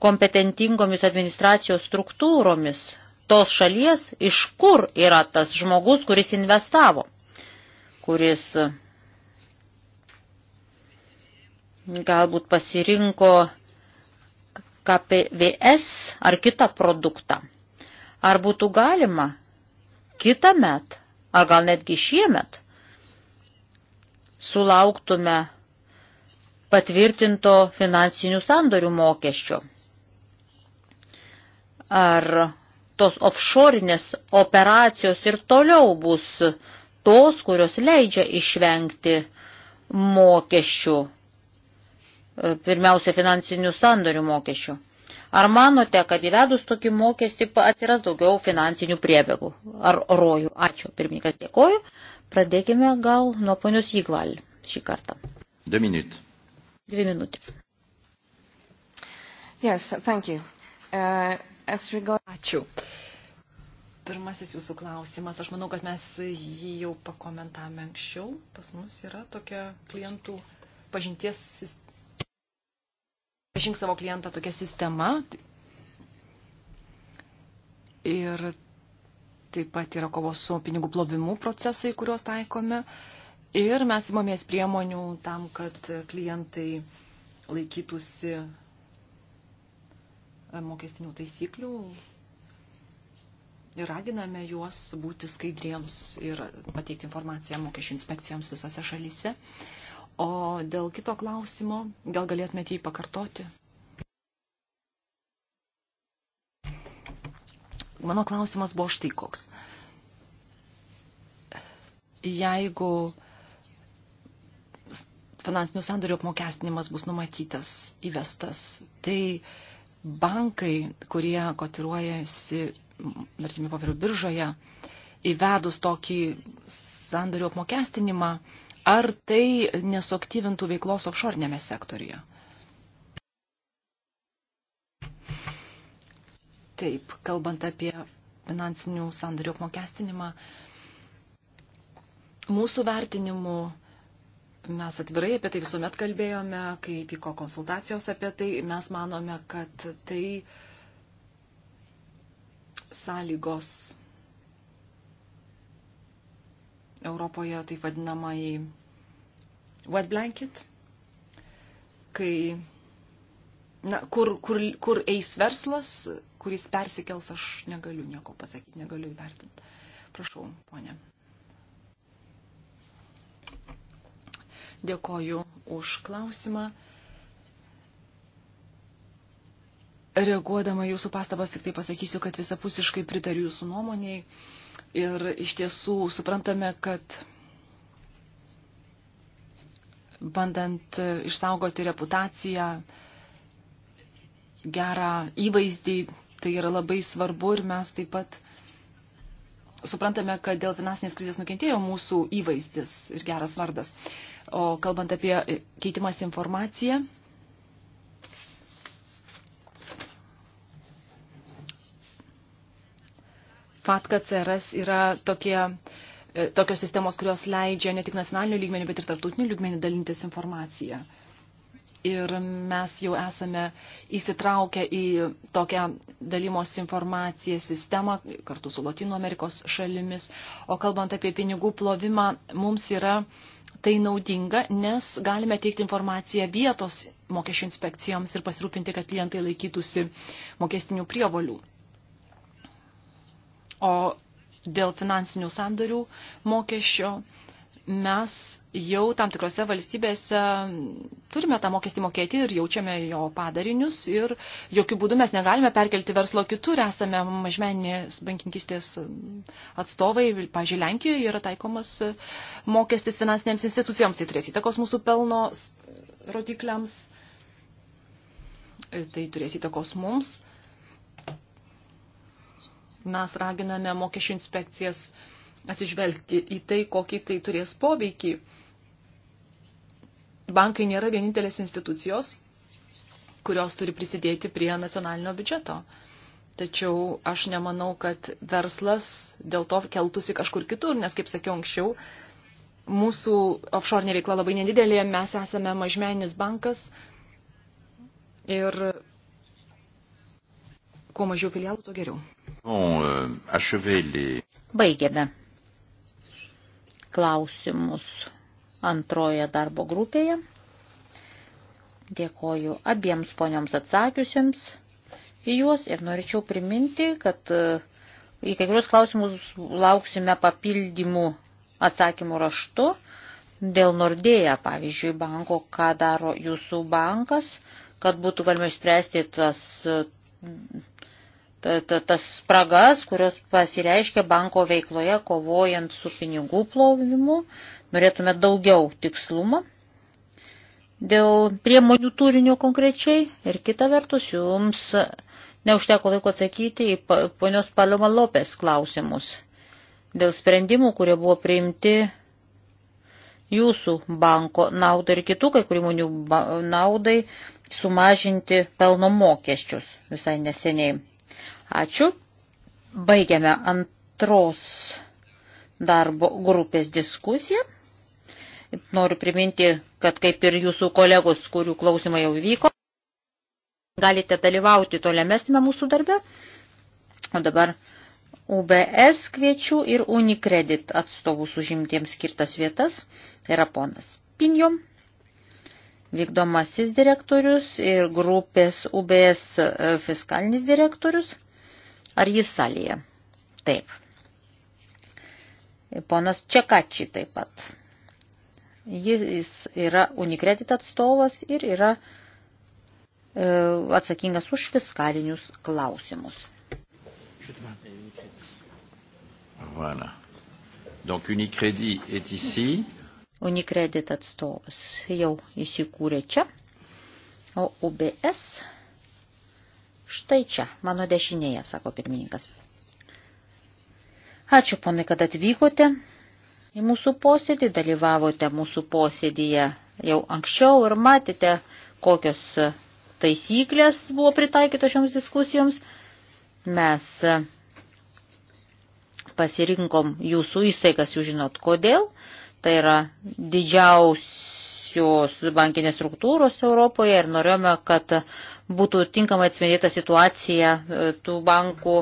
Speaker 1: kompetentingomis administracijos struktūromis tos šalies, iš kur yra tas žmogus, kuris investavo, kuris e, galbūt pasirinko KPVS ar kitą produktą. Ar būtų galima kitą met, ar gal netgi šiemet, sulauktume patvirtinto finansinių sandorių mokesčio. Ar tos offshore'inės operacijos ir toliau bus tos, kurios leidžia išvengti mokesčių, e, pirmiausia finansinių sandorių mokesčių. Ar manote, kad įvedus tokį mokestį atsiras daugiau finansinių priebėgų ar rojų? Ačiū, pirmininkas, dėkoju. Pradėkime gal nuo ponios Jygval šį kartą. Dvi minutės. Dvi minutės.
Speaker 2: Yes, thank you. Uh, Ačiū. Pirmasis jūsų klausimas, aš manau, kad mes jį jau pakomentavome anksčiau. Pas mus yra tokia klientų pažinties sistema. Pažink savo klientą tokia sistema. Ir taip pat yra kovos su pinigų plovimu procesai, kuriuos taikome. Ir mes imamės priemonių tam, kad klientai laikytųsi E, mokestinių taisyklių ir raginame juos būti skaidriems ir pateikti informaciją mokesčių inspekcijoms visose šalyse. O dėl kito klausimo, gal galėtumėte jį pakartoti? Mano klausimas buvo štai koks. Jeigu finansinių sandorių apmokestinimas bus numatytas, įvestas, tai uh, bankai, kurie kotiruojasi vertimi popierių biržoje, įvedus tokį sandarių apmokestinimą, ar tai nesuaktyvintų veiklos offshore'nėme sektoriuje? Taip, kalbant apie finansinių sandarių apmokestinimą, mūsų vertinimu Mes atvirai apie tai visuomet kalbėjome, kai vyko konsultacijos apie tai. Mes manome, kad tai sąlygos Europoje taip vadinamai wet blanket, kai, na, kur, kur, kur eis verslas, kuris persikels, aš negaliu nieko pasakyti, negaliu įvertinti. Prašau, ponė. Dėkoju už klausimą. Reaguodama jūsų pastabas, tik tai pasakysiu, kad visapusiškai pritariu jūsų nuomoniai ir iš tiesų suprantame, kad bandant išsaugoti reputaciją, gerą įvaizdį, tai yra labai svarbu ir mes taip pat suprantame, kad dėl finansinės krizės nukentėjo mūsų įvaizdis ir geras vardas. O kalbant apie e, keitimas informaciją, FATKA CRS yra tokie, e, tokios sistemos, kurios leidžia ne tik nacionalinių lygmenių, bet ir tarptautinių lygmenių dalintis informaciją. Uh, ir mes jau esame įsitraukę į tokią dalymos informaciją sistemą kartu su Latino Amerikos šalimis. O kalbant apie pinigų plovimą, mums yra tai naudinga, nes galime teikti informaciją vietos mokesčių inspekcijoms ir pasirūpinti, kad klientai laikytųsi mokestinių prievolių. O dėl finansinių sandorių mokesčio mes jau tam tikrose valstybėse turime tą mokestį mokėti ir jaučiame jo padarinius ir jokių būdų mes negalime perkelti verslo kitur, esame mažmeninės bankininkistės atstovai, pažiūrėjau, Lenkijoje yra taikomas mokestis finansinėms institucijoms, tai turės įtakos mūsų pelno rodikliams, tai turės įtakos mums. Mes raginame mokesčių inspekcijas uh, atsižvelgti į tai, kokį tai turės poveikį. Bankai nėra vienintelės institucijos, kurios turi prisidėti prie nacionalinio biudžeto. Tačiau aš nemanau, kad verslas dėl to keltųsi kažkur kitur, nes, kaip sakiau anksčiau, mūsų offshore veikla labai nedidelė, mes esame mažmeninis bankas ir
Speaker 1: kuo mažiau filialų, tuo geriau. Euh, Baigėme klausimus antroje darbo grupėje. Dėkoju abiems ponioms atsakiusiems į juos ir norėčiau priminti, kad e, į kai kurios klausimus lauksime papildymų atsakymų raštu. Dėl Nordėja, pavyzdžiui, banko, ką daro jūsų bankas, kad būtų galima išspręsti tas tas spragas, kurios pasireiškia banko veikloje kovojant su pinigų plovimu. Norėtume daugiau tikslumo dėl priemonių turinio konkrečiai ir kita vertus jums neužteko laiko atsakyti į ponios Paloma Lopes klausimus dėl sprendimų, kurie buvo priimti jūsų banko naudai ir kitų kai kurių įmonių naudai sumažinti pelno mokesčius visai neseniai. Ačiū. Baigiame antros darbo grupės diskusiją. Noriu priminti, kad kaip ir jūsų kolegos, kurių klausimai jau vyko, galite dalyvauti tolimesnėme mūsų darbe. O dabar UBS kviečių ir Unicredit atstovus užimtiems skirtas vietas tai yra ponas Pinjom, vykdomasis direktorius ir grupės UBS fiskalinis direktorius. Ar jis salėje? Taip. Ponas Čekačiai taip pat. Jis yra Unikredit atstovas ir yra e, atsakingas už fiskalinius klausimus. Voilà. Donc Unicredit est ici. Unicredit atstovas jau įsikūrė čia, o UBS Štai čia, mano dešinėje, sako pirmininkas. Ačiū, ponai, kad atvykote į mūsų posėdį, dalyvavote mūsų posėdyje jau anksčiau ir matėte, kokios taisyklės buvo pritaikytos šioms diskusijoms. Mes pasirinkom jūsų įstaigas, jūs žinot kodėl. Tai yra didžiausi susijusios bankinės struktūros Europoje ir norėjome, kad būtų tinkamai atspindėta situacija e, tų bankų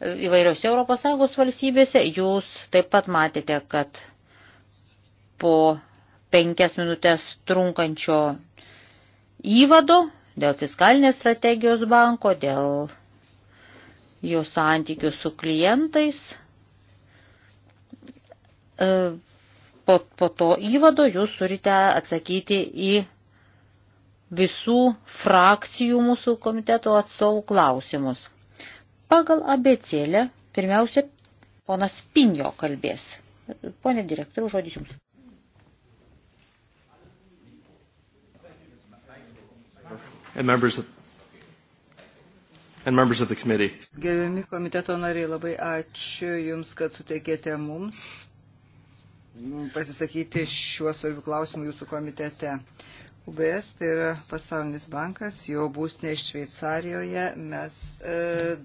Speaker 1: e, įvairiose ES valstybėse. Jūs taip pat matėte, kad po penkias minutės trunkančio įvado dėl fiskalinės strategijos banko, dėl jo santykių su klientais, e, po, po to įvado jūs turite atsakyti į visų frakcijų mūsų komiteto atstovų klausimus. Pagal abecėlę pirmiausia ponas Pinjo kalbės. Pone direktoriau, žodis jums. And members of
Speaker 2: Gerbiami
Speaker 3: komiteto nariai, labai ačiū Jums, kad suteikėte mums Mm, pasisakyti šiuo svarbiu klausimu jūsų komitete. UBS tai yra pasaulinis bankas, jo būstinė Šveicarijoje. Mes e,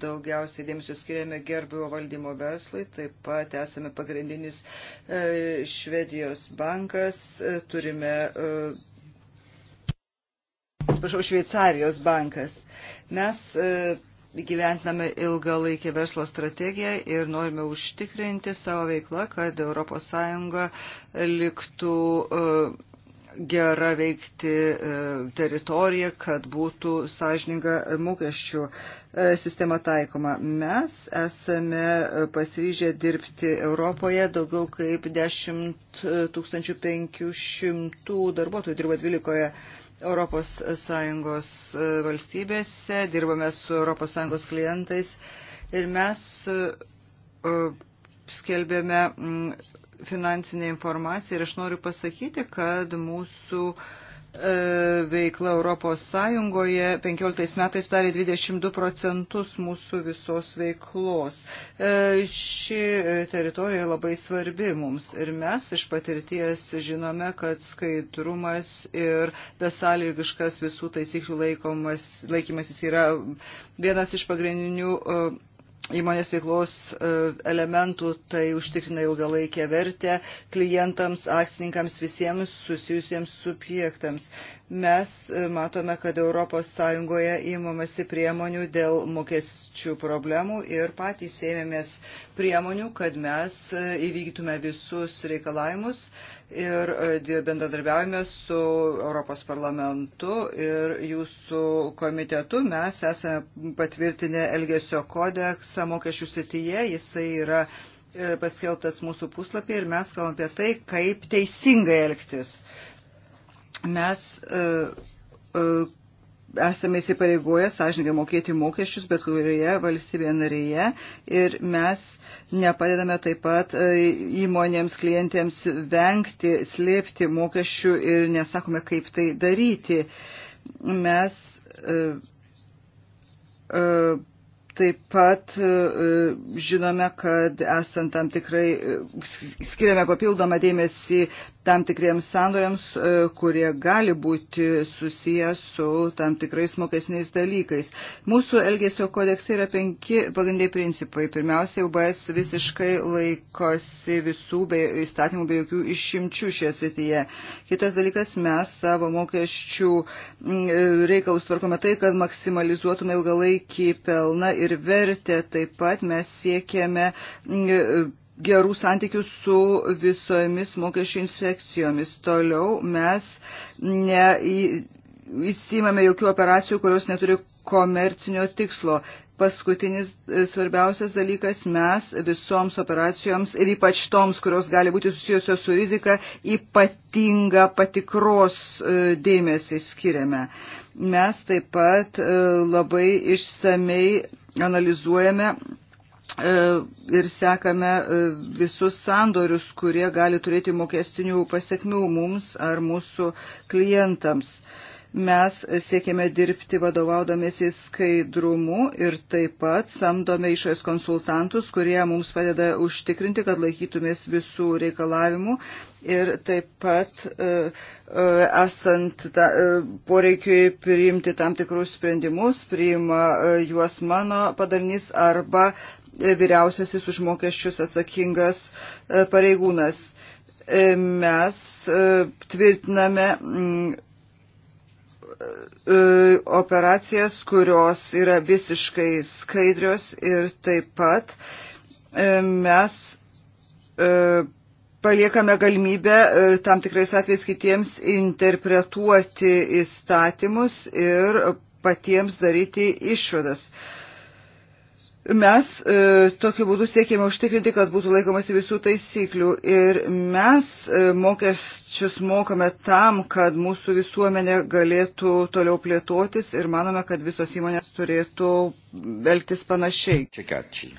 Speaker 3: daugiausiai dėmesio skiriame gerbėjo valdymo verslui, taip pat esame pagrindinis e, Švedijos bankas, e, turime. E, Atsiprašau, Šveicarijos bankas. Mes e, gyventiname ilgalaikį verslo strategiją ir norime užtikrinti savo veiklą, kad ES liktų e, gera veikti e, teritoriją, kad būtų sąžininga mokesčių e, sistema taikoma. Mes esame pasiryžę dirbti Europoje daugiau kaip 10 500 darbuotojų dirba 12 ES e, valstybėse, dirbame su ES klientais ir mes e, e, skelbėme finansinę informaciją ir aš noriu pasakyti, kad mūsų uh, E, veikla Europos Sąjungoje 15 metais darė 22 procentus mūsų visos veiklos. E, ši teritorija labai svarbi mums ir mes iš patirties žinome, kad skaidrumas ir besąlygiškas visų taisyklių laikomas, laikymasis yra vienas iš pagrindinių e, įmonės veiklos e, elementų, tai užtikrina ilgalaikę vertę klientams, akcininkams, visiems susijusiems subjektams. Mes e, matome, kad ES įmamasi priemonių dėl mokesčių problemų ir patys ėmėmės priemonių, kad mes e, įvykdytume visus reikalavimus ir e, bendradarbiavime su Europos parlamentu ir jūsų komitetu. Mes esame patvirtinę Elgesio kodeksą mokesčių sityje, jisai yra e, paskelbtas mūsų puslapį ir mes kalbam apie tai, kaip teisingai elgtis. Mes e, esame įsipareigoję sąžininkai mokėti mokesčius bet kurioje valstybėje narėje ir mes nepadedame taip pat e, įmonėms, klientėms vengti, slėpti mokesčių ir nesakome, kaip tai daryti. Mes uh, uh, Taip pat e, e, žinome, kad esant tam tikrai, e, skiriame papildomą dėmesį tam tikriems sandoriams, kurie gali būti susiję su tam tikrais mokesniais dalykais. Mūsų Elgesio kodeksai yra penki pagrindiniai principai. Pirmiausia, UBS visiškai laikosi visų be, įstatymų be jokių išimčių šioje srityje. Kitas dalykas, mes savo mokesčių mm, reikalus tvarkome tai, kad maksimalizuotume ilgalaikį pelną ir ir vertę. Taip pat mes siekiame gerų santykių su visomis mokesčių inspekcijomis. Toliau mes ne, įsimame jokių operacijų, kurios neturi komercinio tikslo. Paskutinis e, svarbiausias dalykas - mes visoms operacijoms ir ypač toms, kurios gali būti susijusios su rizika, ypatingą patikros e, dėmesį skiriame. Mes taip pat e, labai išsamei analizuojame e, ir sekame e, visus sandorius, kurie gali turėti mokestinių pasiekmių mums ar mūsų klientams. Mes siekėme dirbti vadovaudomėsi skaidrumu ir taip pat samdome išorės konsultantus, kurie mums padeda užtikrinti, kad laikytumės visų reikalavimų ir taip pat e, e, esant ta, e, poreikiui priimti tam tikrus sprendimus, priima juos mano padalinys arba vyriausiasis už mokesčius atsakingas pareigūnas. Mes tvirtiname E, operacijas, kurios yra visiškai skaidrios ir taip pat e, mes e, paliekame galimybę tam tikrais atvejais kitiems interpretuoti įstatymus ir patiems daryti išvadas. Uh, Mes e, tokiu būdu siekėme užtikrinti, kad būtų laikomasi visų taisyklių ir mes e, mokesčius mokame tam, kad mūsų visuomenė galėtų toliau plėtotis ir manome, kad visos įmonės turėtų elgtis panašiai. Čekačiai.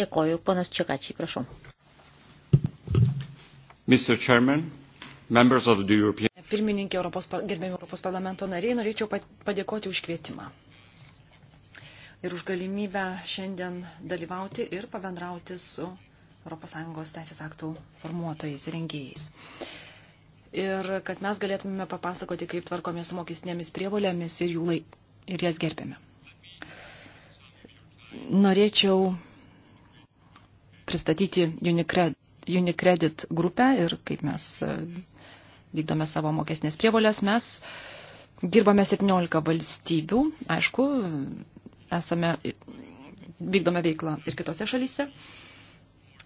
Speaker 3: Dėkoju, ponas Čekačiai, prašau.
Speaker 2: Mr. Chairman, members of the European... Pirmininkė, Europos, gerbėjim Europos parlamento nariai, norėčiau padėkoti už kvietimą ir už galimybę šiandien dalyvauti ir pabendrauti su ES teisės aktų formuotojais ir rengėjais. Ir kad mes galėtume papasakoti, kaip tvarkomės su mokestinėmis prievolėmis ir, jų lai, ir jas gerbėme. Norėčiau pristatyti Unicred, Unicredit grupę ir kaip mes e, vykdome savo mokesnės prievolės. Mes dirbame 17 valstybių, aišku, esame, vykdome veiklą ir kitose šalyse.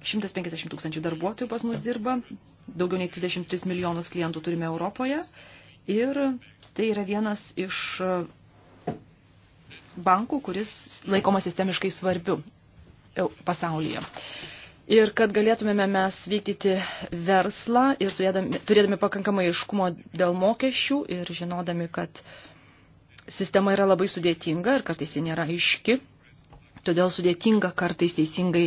Speaker 2: 150 tūkstančių darbuotojų pas mus dirba, daugiau nei 33 milijonus klientų turime Europoje ir tai yra vienas iš e, bankų, kuris laikoma sistemiškai svarbiu pasaulyje. Ir kad galėtumėme mes vykdyti verslą ir turėdami, turėdami pakankamai iškumo dėl mokesčių ir žinodami, kad sistema yra labai sudėtinga ir kartais ji nėra aiški, todėl sudėtinga kartais teisingai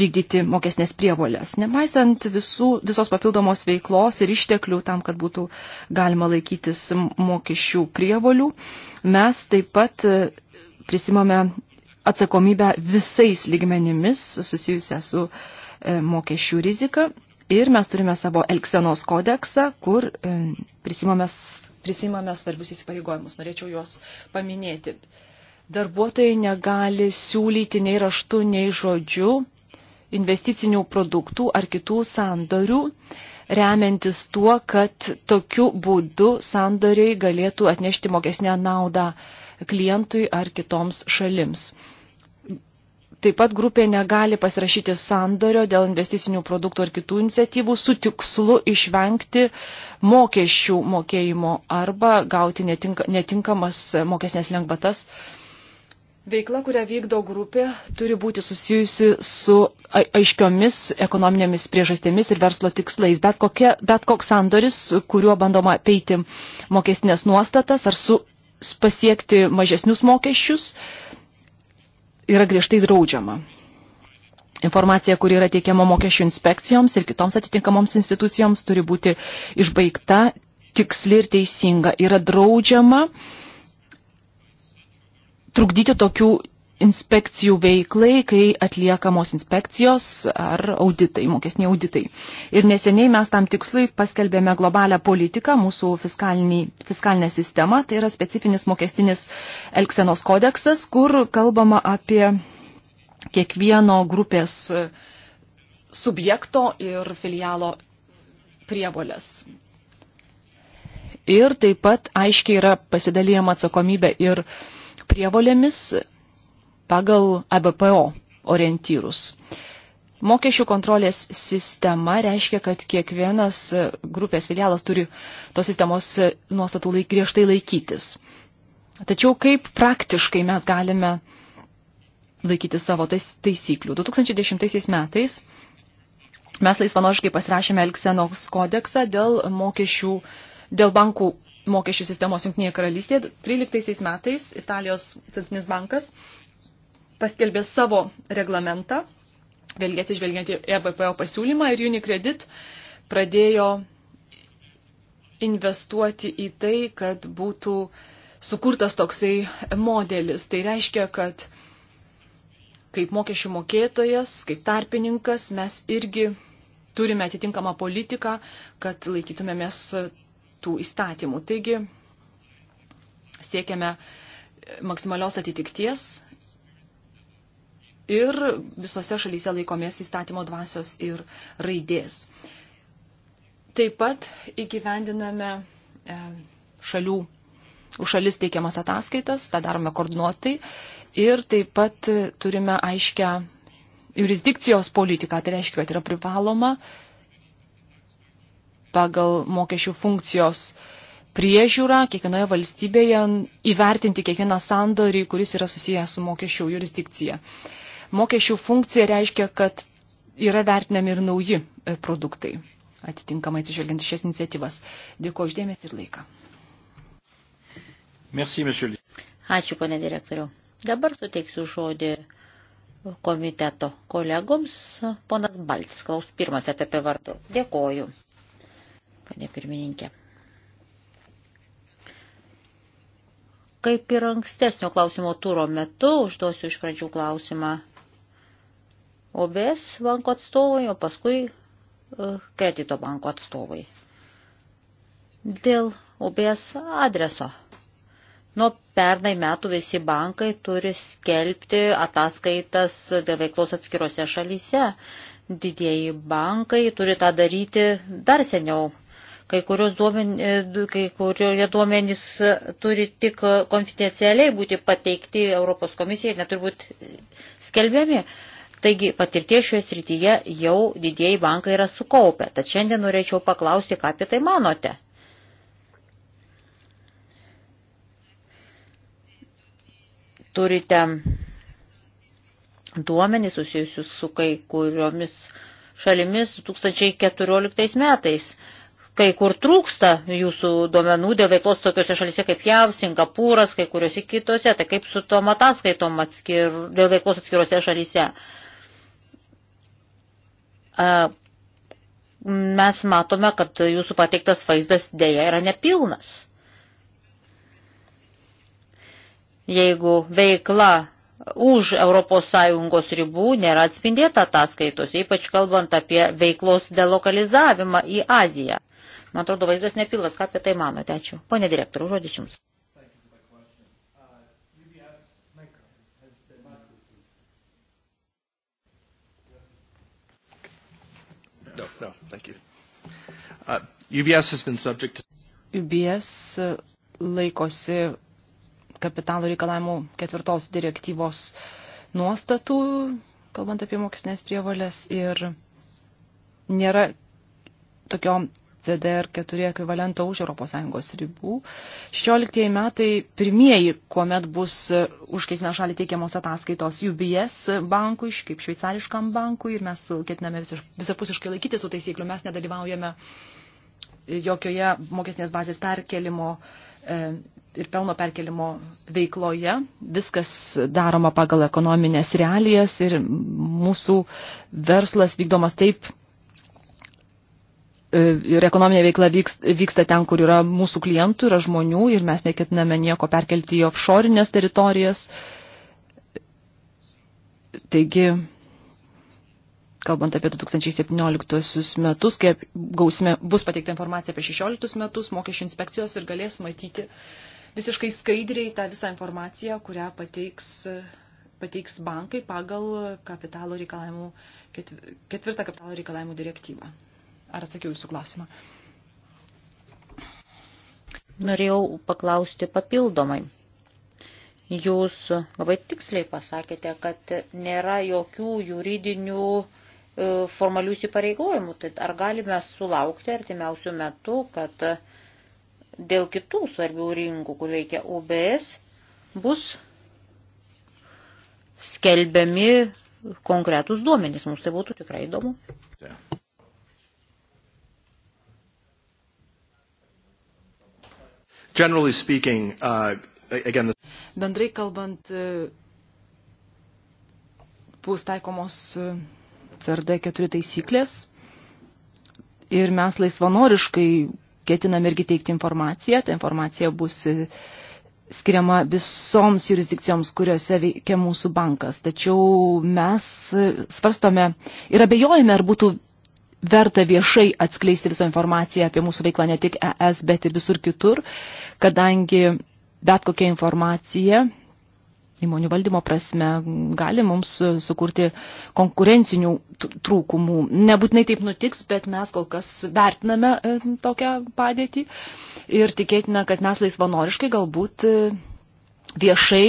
Speaker 2: vykdyti mokesnės prievolės, nepaisant visų, visos papildomos veiklos ir išteklių tam, kad būtų galima laikytis mokesčių prievolių. Mes taip pat e, prisimame atsakomybę visais lygmenimis susijusią su e, mokesčių rizika ir mes turime savo Elksenos kodeksą, kur e, prisimame prisimame svarbius įsipareigojimus. Norėčiau juos paminėti. Darbuotojai negali siūlyti nei raštų, nei žodžių investicinių produktų ar kitų sandorių, remiantis tuo, kad tokiu būdu sandoriai galėtų atnešti mokesnę naudą klientui ar kitoms šalims. Taip pat grupė negali pasirašyti sandorio dėl investicinių produktų ar kitų iniciatyvų su tikslu išvengti mokesčių mokėjimo arba gauti netink, netinkamas mokesnės lengvatas. Veikla, kurią vykdo grupė, turi būti susijusi su aiškiomis ekonominėmis priežastėmis ir verslo tikslais. Bet, kokie, bet koks sandoris, kuriuo bandoma peiti mokestinės nuostatas ar su pasiekti mažesnius mokesčius, yra griežtai draudžiama. Informacija, kuri yra teikiama mokesčių inspekcijoms ir kitoms atitinkamoms institucijoms, turi būti išbaigta, tiksli ir teisinga. Yra draudžiama trukdyti tokių inspekcijų veiklai, kai atliekamos inspekcijos ar auditai, mokesniai auditai. Ir neseniai mes tam tikslui paskelbėme globalią politiką, mūsų fiskalinę sistemą, tai yra specifinis mokestinis Elksenos kodeksas, kur kalbama apie kiekvieno grupės subjekto ir filialo prievolės. Ir taip pat aiškiai yra pasidalyjama atsakomybė ir prievolėmis pagal ABPO orientyrus. Mokesčių kontrolės sistema reiškia, kad kiekvienas e, grupės filialas turi tos sistemos e, nuostatų laik, griežtai laikytis. Tačiau kaip praktiškai mes galime laikyti savo tais, taisyklių? 2010 metais mes laisvanoriškai pasirašėme Elksenos kodeksą dėl, mokesčių, dėl bankų mokesčių sistemos Junktinėje karalystėje. 13 metais Italijos centrinis bankas paskelbė savo reglamentą, vėlgi atsižvelgiant į EBPO pasiūlymą ir Unicredit pradėjo investuoti į tai, kad būtų sukurtas toksai modelis. Tai reiškia, kad kaip mokesčių mokėtojas, kaip tarpininkas mes irgi turime atitinkamą politiką, kad laikytumėmės tų įstatymų. Taigi siekiame maksimalios atitikties ir visose šalyse laikomės įstatymo dvasios ir raidės. Taip pat įgyvendiname e, šalių, už šalis teikiamas ataskaitas, tą darome koordinuotai ir taip pat turime aiškę jurisdikcijos politiką, tai reiškia, kad yra privaloma pagal mokesčių funkcijos priežiūrą kiekvienoje valstybėje įvertinti kiekvieną sandorį, kuris yra susijęs su mokesčių jurisdikcija mokesčių funkcija reiškia, kad yra vertinami ir nauji e, produktai, atitinkamai atsižvelgiant šias iniciatyvas. Dėkuoju uždėmės ir laiką. Merci, monsieur.
Speaker 1: Ačiū, pane direktoriu. Dabar suteiksiu žodį komiteto kolegoms. Ponas Balts klaus pirmas apie pavardu. Dėkoju, pane pirmininkė. Kaip ir ankstesnio klausimo turo metu, užduosiu iš pradžių klausimą OBS banko atstovai, o paskui e, kredito banko atstovai. Dėl OBS adreso. Nuo pernai metų visi bankai turi skelbti ataskaitas dėl veiklos atskirose šalyse. Didieji bankai turi tą daryti dar seniau. Kai, e, duomenys, kai kurie duomenys turi tik konfidencialiai būti pateikti Europos komisijai ir neturi būti skelbiami. Uh, Taigi patirties šioje srityje jau didieji bankai yra sukaupę. Tad šiandien norėčiau paklausti, ką apie tai manote. Turite duomenys susijusius su kai kuriomis šalimis 2014 metais. Kai kur trūksta jūsų duomenų dėl veiklos tokiuose šalise kaip JAV, Singapūras, kai kuriuose kitose, tai kaip su tom ataskaitom atskir, dėl veiklos atskiruose šalise. Uh, mes matome, kad jūsų pateiktas vaizdas dėja yra nepilnas. Jeigu veikla už ES ribų nėra atspindėta ataskaitos, ypač kalbant apie veiklos delokalizavimą į Aziją. Man atrodo, vaizdas nepilas, ką apie tai manote. Ačiū. Pone direktoriu, žodis jums.
Speaker 2: No, thank you.
Speaker 3: Uh, UBS has been subject to...
Speaker 2: UBS laikosi kapitalo reikalavimų ketvirtos direktyvos nuostatų, kalbant apie mokesnės prievalės, ir nėra tokiom CDR4 ekvivalentą už ES ribų. 16 metai pirmieji, kuomet bus e, už kiekvieną šalį teikiamos ataskaitos UBS bankui, kaip šveicariškam bankui, ir mes ketiname visapusiškai laikytis tų taisyklių. Mes nedalyvaujame jokioje mokesnės bazės perkelimo e, ir pelno perkelimo veikloje. Viskas daroma pagal ekonominės realijas ir mūsų verslas vykdomas taip, E, ir ekonominė veikla vyksta ten, kur yra mūsų klientų, yra žmonių ir mes neketiname nieko perkelti į offshore'inės teritorijas. Taigi, kalbant apie 2017 metus, kai gausime, bus pateikta informacija apie 16 metus mokesčių inspekcijos ir galės matyti visiškai skaidriai tą visą informaciją, kurią pateiks, pateiks bankai pagal kapitalo reikalavimų, ketvirtą kapitalo reikalavimų direktyvą. Ar atsakiau jūsų
Speaker 1: klausimą? Norėjau paklausti papildomai. Jūs labai tiksliai pasakėte, kad nėra jokių juridinių e, formalių įsipareigojimų. Tai ar galime sulaukti artimiausių metų, kad dėl kitų svarbių rinkų, kur veikia UBS, bus skelbiami konkretus duomenys. Mums tai būtų tikrai įdomu.
Speaker 2: Yeah. generally speaking, uh, again, this... Bendrai kalbant, uh, bus taikomos uh, CRD 4 taisyklės ir mes laisvanoriškai ketinam irgi teikti informaciją. Ta informacija bus uh, skiriama visoms jurisdikcijoms, kuriuose veikia mūsų bankas. Tačiau mes svarstome ir abejojame, ar būtų verta viešai atskleisti visą informaciją apie mūsų veiklą ne tik ES, bet ir visur kitur, kadangi bet kokia informacija įmonių valdymo prasme gali mums sukurti konkurencinių trūkumų. Nebūtinai taip nutiks, bet mes kol kas vertiname e, tokią padėtį ir tikėtina, kad mes laisvanoriškai galbūt e, viešai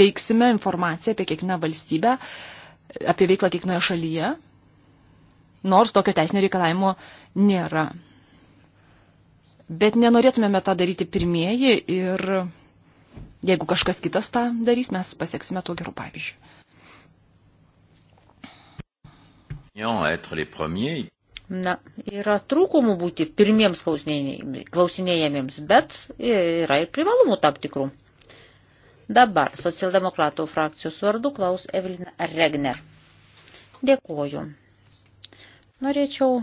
Speaker 2: teiksime informaciją apie kiekvieną valstybę, apie veiklą kiekvienoje šalyje nors tokio teisinio reikalavimo nėra. Bet nenorėtumėme tą daryti pirmieji ir jeigu kažkas kitas tą darys, mes pasieksime tuo geru pavyzdžiu.
Speaker 1: Na, yra trūkumų būti pirmiems klausinėjamiems, bet yra ir privalumų tam tikrų. Dabar socialdemokratų frakcijos vardu klaus Evelina Regner. Dėkuoju. Norėčiau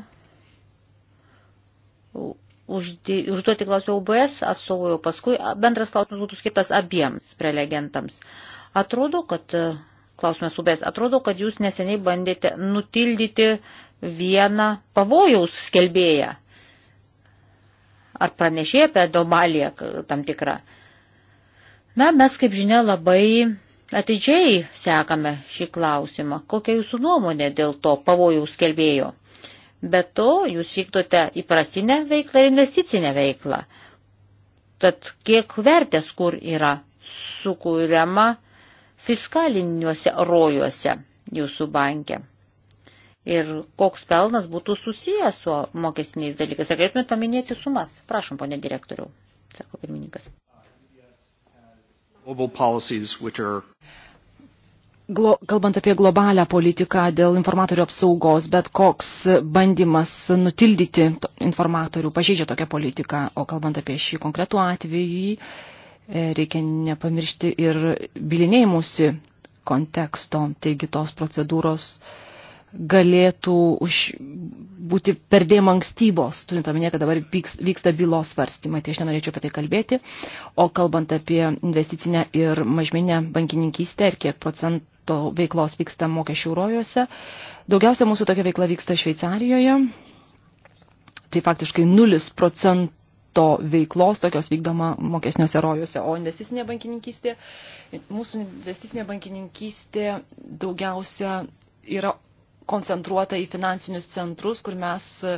Speaker 1: užduoti klausimą UBS atstovui, o paskui bendras klausimas būtų skirtas abiems prelegentams. Atrodo, kad klausimas UBS, atrodo, kad jūs neseniai bandėte nutildyti vieną pavojaus skelbėją. Ar pranešė apie domaliją tam tikrą? Na, mes, kaip žinia, labai atidžiai sekame šį klausimą. Kokia jūsų nuomonė dėl to pavojaus skelbėjo? Be to, jūs vykdote įprastinę veiklą ir investicinę veiklą. Tad kiek vertės, kur yra sukūriama fiskaliniuose rojuose jūsų banke. Ir koks pelnas būtų susijęs su mokestiniais dalykais. Ar galėtumėt paminėti sumas? Prašom, ponė direktoriau, sako pirmininkas. Global policies, which are glo, kalbant apie
Speaker 2: globalią politiką dėl informatorių apsaugos, bet koks bandymas nutildyti informatorių pažeidžia tokią politiką, o kalbant apie šį konkretų atvejį, e, reikia nepamiršti ir bilinėjimusi konteksto, taigi tos procedūros galėtų už, būti perdėm ankstybos, turint omenyje, kad dabar vyksta bylos svarstymai, tai aš nenorėčiau apie tai kalbėti. O kalbant apie investicinę ir mažminę bankininkystę ir kiek procentų to veiklos vyksta mokesčių rojuose. Daugiausia mūsų tokia veikla vyksta Šveicarijoje. Tai faktiškai 0 procento veiklos tokios vykdoma mokesniuose rojuose, o investicinė bankininkystė, mūsų investicinė bankininkystė daugiausia yra koncentruota į finansinius centrus, kur mes e,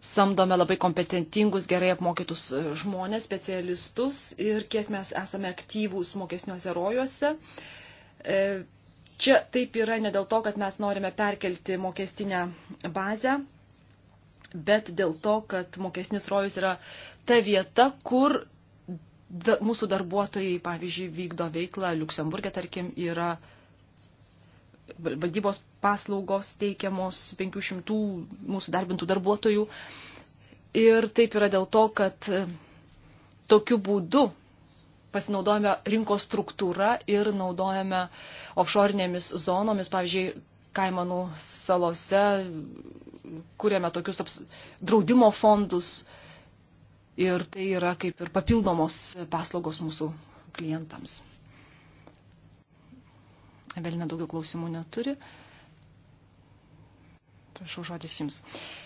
Speaker 2: samdome labai kompetentingus, gerai apmokytus e, žmonės, specialistus ir kiek mes esame aktyvūs mokesniuose rojuose. Uh, E, čia taip yra ne dėl to, kad mes norime perkelti mokestinę bazę, bet dėl to, kad mokestinis rojus yra ta vieta, kur da, mūsų darbuotojai, pavyzdžiui, vykdo veiklą Luksemburgė, tarkim, yra valdybos paslaugos teikiamos 500 mūsų darbintų darbuotojų. Ir taip yra dėl to, kad tokiu būdu pasinaudojame rinkos struktūrą ir naudojame offshore'nėmis zonomis, pavyzdžiui, Kaimanų salose, kuriame tokius aps... draudimo fondus ir tai yra kaip ir papildomos paslaugos mūsų klientams. Evelina daugiau klausimų neturi. Prašau žodis jums. Uh,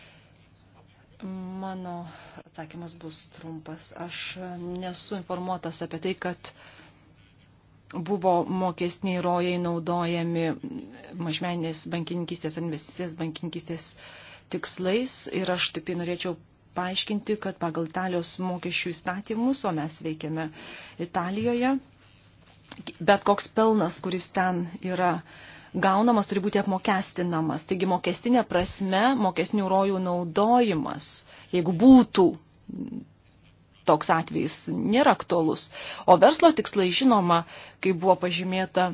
Speaker 2: Mano atsakymas bus trumpas. Aš nesu informuotas apie tai, kad buvo mokesniai rojai naudojami mažmenės bankininkistės, investicijas bankininkistės tikslais ir aš tik tai norėčiau paaiškinti, kad pagal Italijos mokesčių įstatymus, o mes veikiame Italijoje, bet koks pelnas, kuris ten yra gaunamas turi būti apmokestinamas. Taigi mokestinė prasme, mokestinių rojų naudojimas, jeigu būtų toks atvejis, nėra aktuolus. O verslo tikslai, žinoma, kaip buvo pažymėta,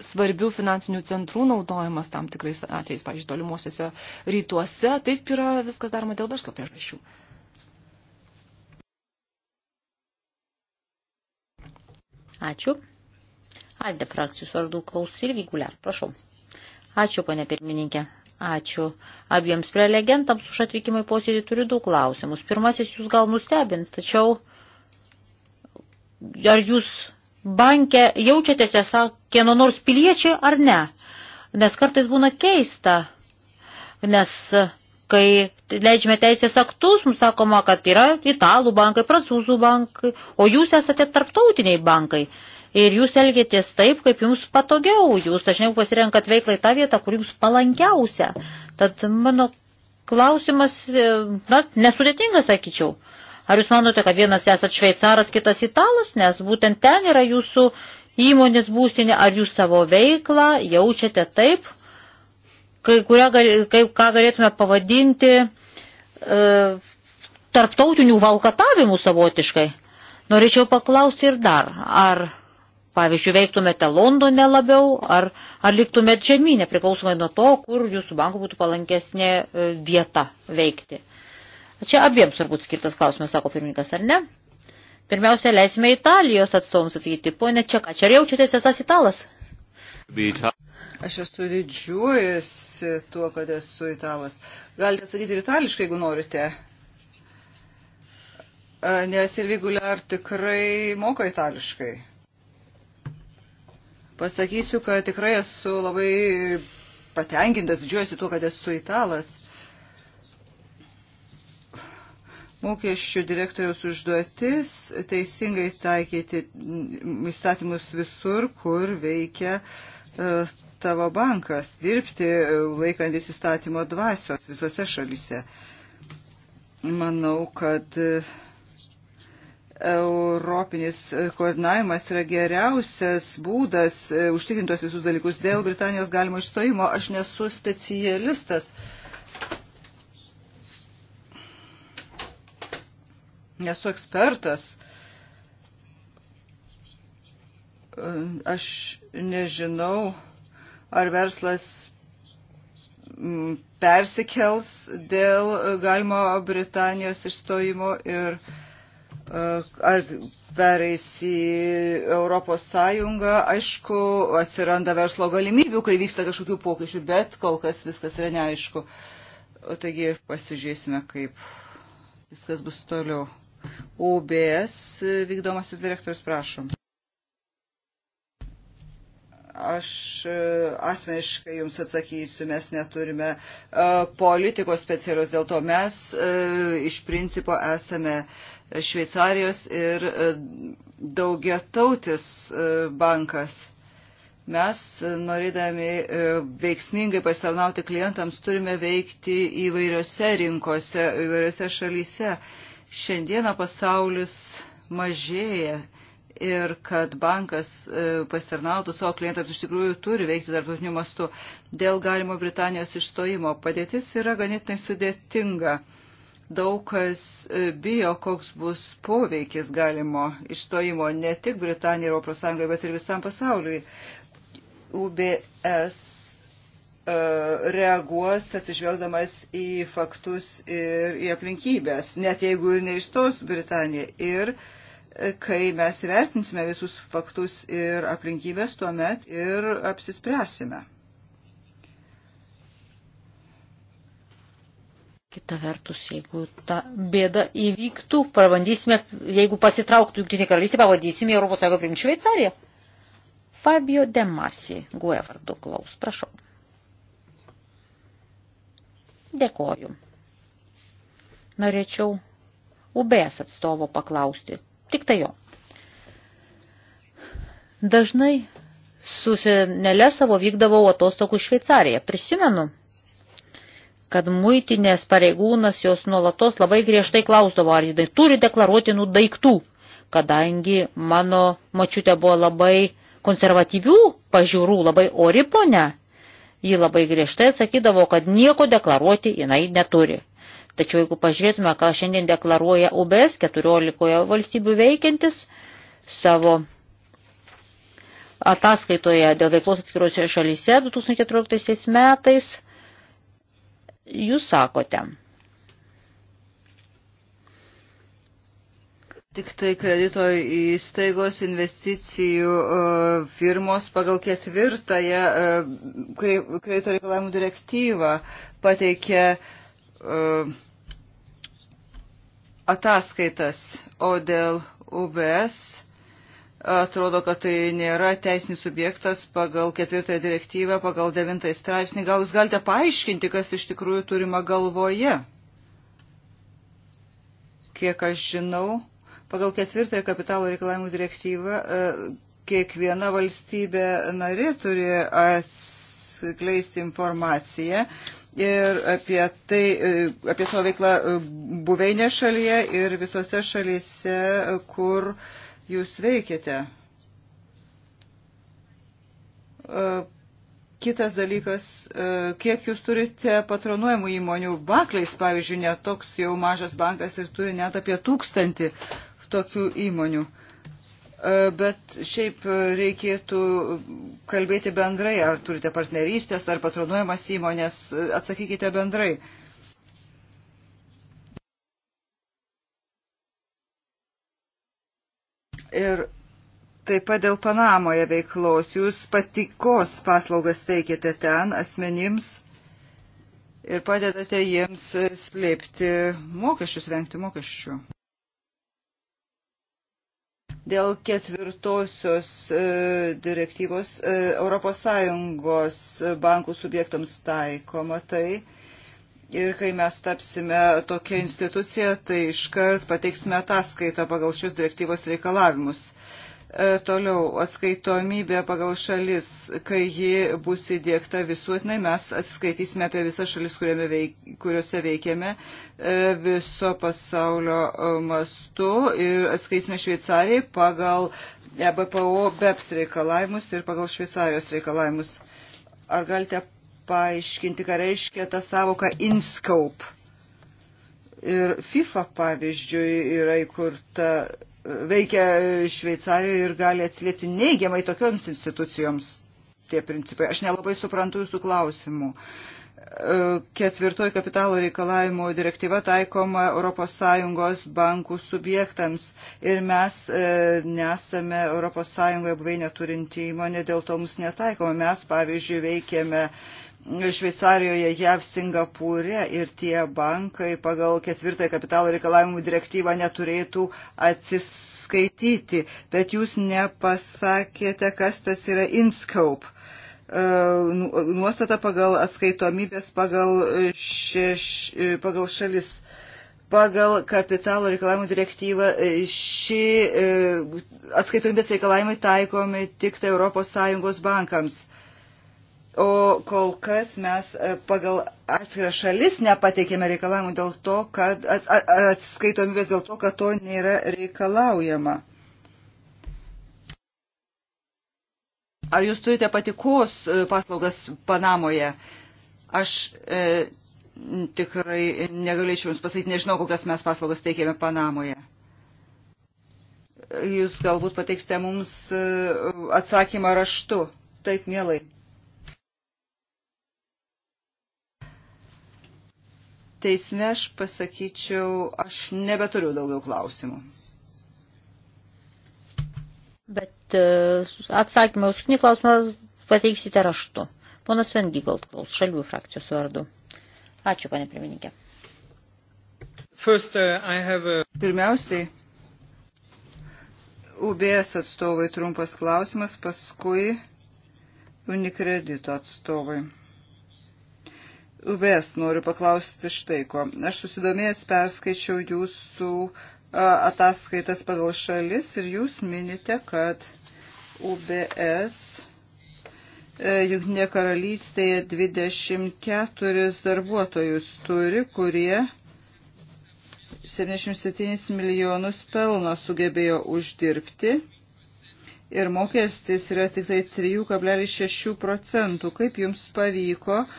Speaker 2: svarbių finansinių centrų naudojimas tam tikrais atvejais, pavyzdžiui, tolimuosiuose rytuose, taip yra viskas daroma dėl verslo priežasčių.
Speaker 1: Ačiū. Alde frakcijos vardų klaus ir vyguliar. Prašau. Ačiū, ponė pirmininkė. Ačiū. Abiems prelegentams už atvykimą į posėdį turiu du klausimus. Pirmasis jūs gal nustebins, tačiau ar jūs banke jaučiatės esą kieno nors piliečiai ar ne? Nes kartais būna keista, nes kai leidžiame teisės aktus, mums sakoma, kad yra italų bankai, prancūzų bankai, o jūs esate tarptautiniai bankai ir jūs elgėtės taip, kaip jums patogiau, jūs dažniau pasirenkat veiklai tą vietą, kur jums palankiausia. Tad mano klausimas, e, na, nesudėtingas, sakyčiau. Ar jūs manote, kad vienas esat šveicaras, kitas italas, nes būtent ten yra jūsų įmonės būstinė, ar jūs savo veiklą jaučiate taip, kai, kurią, kai, ką galėtume pavadinti e, tarptautinių valkatavimų savotiškai? Norėčiau paklausti ir dar, ar Pavyzdžiui, veiktumėte Londone labiau ar, ar liktumėte žemynė, priklausomai nuo to, kur jūsų banko būtų palankesnė e, vieta veikti. Čia abiems turbūt skirtas klausimas, sako pirmininkas, ar ne? Pirmiausia, leisime Italijos atstovams atsakyti. Pone Čeka, čia ar jaučiatės esas italas?
Speaker 3: Aš esu didžiuojasi tuo, kad esu italas. Galite sakyti ir itališkai, jeigu norite. E, nes Silvi Guliar tikrai moka itališkai. Pasakysiu, kad tikrai esu labai patenkintas, džiuojasi tuo, kad esu italas. Mokesčių direktoriaus užduotis teisingai taikyti įstatymus visur, kur veikia e, tavo bankas, dirbti e, laikantis įstatymo dvasios visose šalyse. Manau, kad e, europinis koordinavimas yra geriausias būdas e, užtikrintos visus dalykus. Dėl Britanijos galimo išstojimo aš nesu specialistas. Nesu ekspertas. E, aš nežinau, ar verslas persikels dėl galimo Britanijos išstojimo ir uh, ar pereis į Europos Sąjungą, aišku, atsiranda verslo galimybių, kai vyksta kažkokių pokyčių, bet kol kas viskas yra neaišku. O taigi pasižiūrėsime, kaip viskas bus toliau. UBS vykdomasis direktorius, prašom. Aš e, asmeniškai jums atsakysiu, mes neturime e, politikos specialios, dėl to mes e, iš principo esame uh, Šveicarijos ir e, daugia tautis e, bankas. Mes, e, norėdami veiksmingai pasitarnauti klientams, turime veikti įvairiose rinkose, įvairiose šalyse. Šiandieną pasaulis mažėja ir kad bankas pasitarnautų savo klientams iš tikrųjų turi veikti tarptautiniu mastu. Dėl galimo Britanijos išstojimo padėtis yra ganėtinai sudėtinga daug kas e, bijo, koks bus poveikis galimo išstojimo ne tik Britanijai ir Europos Sąjungai, bet ir visam pasauliui. UBS e, reaguos atsižvelgdamas į faktus ir į aplinkybės, net jeigu ir neišstos Britanija. Ir e, kai mes vertinsime visus faktus ir aplinkybės, tuomet ir
Speaker 1: apsispręsime. Kita vertus, jeigu ta bėda įvyktų, pabandysime, jeigu pasitrauktų Junktinė karalystė, pavadysime Europos Sąjungą priimti Šveicariją. Fabio Demasi, guoja e vardu klaus, prašau. Dėkoju. Norėčiau UBS atstovo paklausti, tik tai jo. Dažnai su senelė savo vykdavau atostokų Šveicariją. Prisimenu, kad muitinės pareigūnas jos nuolatos labai griežtai klausdavo, ar jinai turi deklaruotinų daiktų, kadangi mano mačiutė buvo labai konservatyvių pažiūrų, labai ori ponia. Ji labai griežtai atsakydavo, kad nieko deklaruoti jinai neturi. Tačiau jeigu pažiūrėtume, ką šiandien deklaruoja UBS 14 valstybių veikiantis savo ataskaitoje dėl veiklos atskiruose šalyse 2014 metais, jūs sakote. Tik tai
Speaker 3: kredito įstaigos investicijų e, firmos pagal ketvirtąją e, kredito reikalavimų direktyvą pateikė e, ataskaitas, o dėl UBS Atrodo, kad tai nėra teisinis subjektas pagal ketvirtąją direktyvą, pagal devintąjį straipsnį. Gal jūs galite paaiškinti, kas iš tikrųjų turima galvoje? Kiek aš žinau, pagal ketvirtąją kapitalo reikalavimų direktyvą e, kiekviena valstybė narė turi atskleisti informaciją ir apie, tai, e, apie savo veiklą e, buveinė šalyje ir visose šalyse, kur uh, jūs veikiate. E, kitas dalykas, e, kiek jūs turite patronuojamų įmonių. Bakleis, pavyzdžiui, netoks jau mažas bankas ir turi net apie tūkstantį tokių įmonių. E, bet šiaip reikėtų kalbėti bendrai, ar turite partnerystės, ar patronuojamas įmonės, atsakykite bendrai. Taip pat dėl Panamoje veiklos. Jūs patikos paslaugas teikėte ten asmenims ir padedate jiems slėpti mokesčius, vengti mokesčių. Dėl ketvirtosios e, direktyvos e, ES bankų subjektams taikoma tai. Ir kai mes tapsime tokia institucija, tai iškart pateiksime ataskaitą pagal šios direktyvos reikalavimus. E, toliau atskaitomybė pagal šalis, kai ji bus įdėkta visuotinai, mes atskaitysime apie visas šalis, veik, kuriuose veikiame e, viso pasaulio e, mastu ir atskaitysime Šveicarijai pagal EBPO BEPS reikalavimus ir pagal Šveicarijos reikalavimus. Ar galite paaiškinti, ką reiškia ta savoka InScope? Ir FIFA pavyzdžiui yra įkurta veikia Šveicarijoje ir gali atsiliepti neigiamai tokioms institucijoms tie principai. Aš nelabai suprantu jūsų klausimų. E, ketvirtoji kapitalo reikalavimo direktyva taikoma ES bankų subjektams ir mes e, nesame ES buveinę turinti įmonė, dėl to mums netaikoma. Mes, pavyzdžiui, veikėme Šveicarijoje, JAV, Singapūre ir tie bankai pagal ketvirtąją kapitalo reikalavimų direktyvą neturėtų atsiskaityti. Bet jūs nepasakėte, kas tas yra InScope e, nu, nuostata pagal atskaitomybės pagal, šeš, e, pagal šalis. Pagal kapitalo reikalavimų direktyvą ši e, atskaitomybės reikalavimai taikomi tik tai ES bankams. O kol kas mes e, pagal atskirą šalis nepateikėme reikalavimų dėl to, kad atskaitomybės dėl to, kad to nėra reikalaujama. Ar jūs turite patikos e, paslaugas Panamoje? Aš e, tikrai negalėčiau jums pasakyti, nežinau, kokias mes paslaugas teikėme Panamoje jūs galbūt pateiksite mums e, atsakymą raštu. Taip, mielai. teisme aš pasakyčiau, aš nebeturiu daugiau klausimų.
Speaker 1: Bet e, atsakymą už knygų klausimą pateiksite raštu. Ponas Vengigold klaus, šalių frakcijos vardu. Ačiū, pane pirmininkė.
Speaker 3: First, uh, I have a... Pirmiausiai, UBS atstovai trumpas klausimas, paskui Unikredito atstovai. UBS noriu paklausti štai ko. Aš susidomėjęs perskaičiau jūsų ataskaitas pagal šalis ir jūs minite, kad UBS e, Junktinė karalystėje 24 darbuotojus turi, kurie 77 milijonus pelno sugebėjo uždirbti ir mokestis yra tik tai 3,6 procentų. Kaip jums pavyko uh,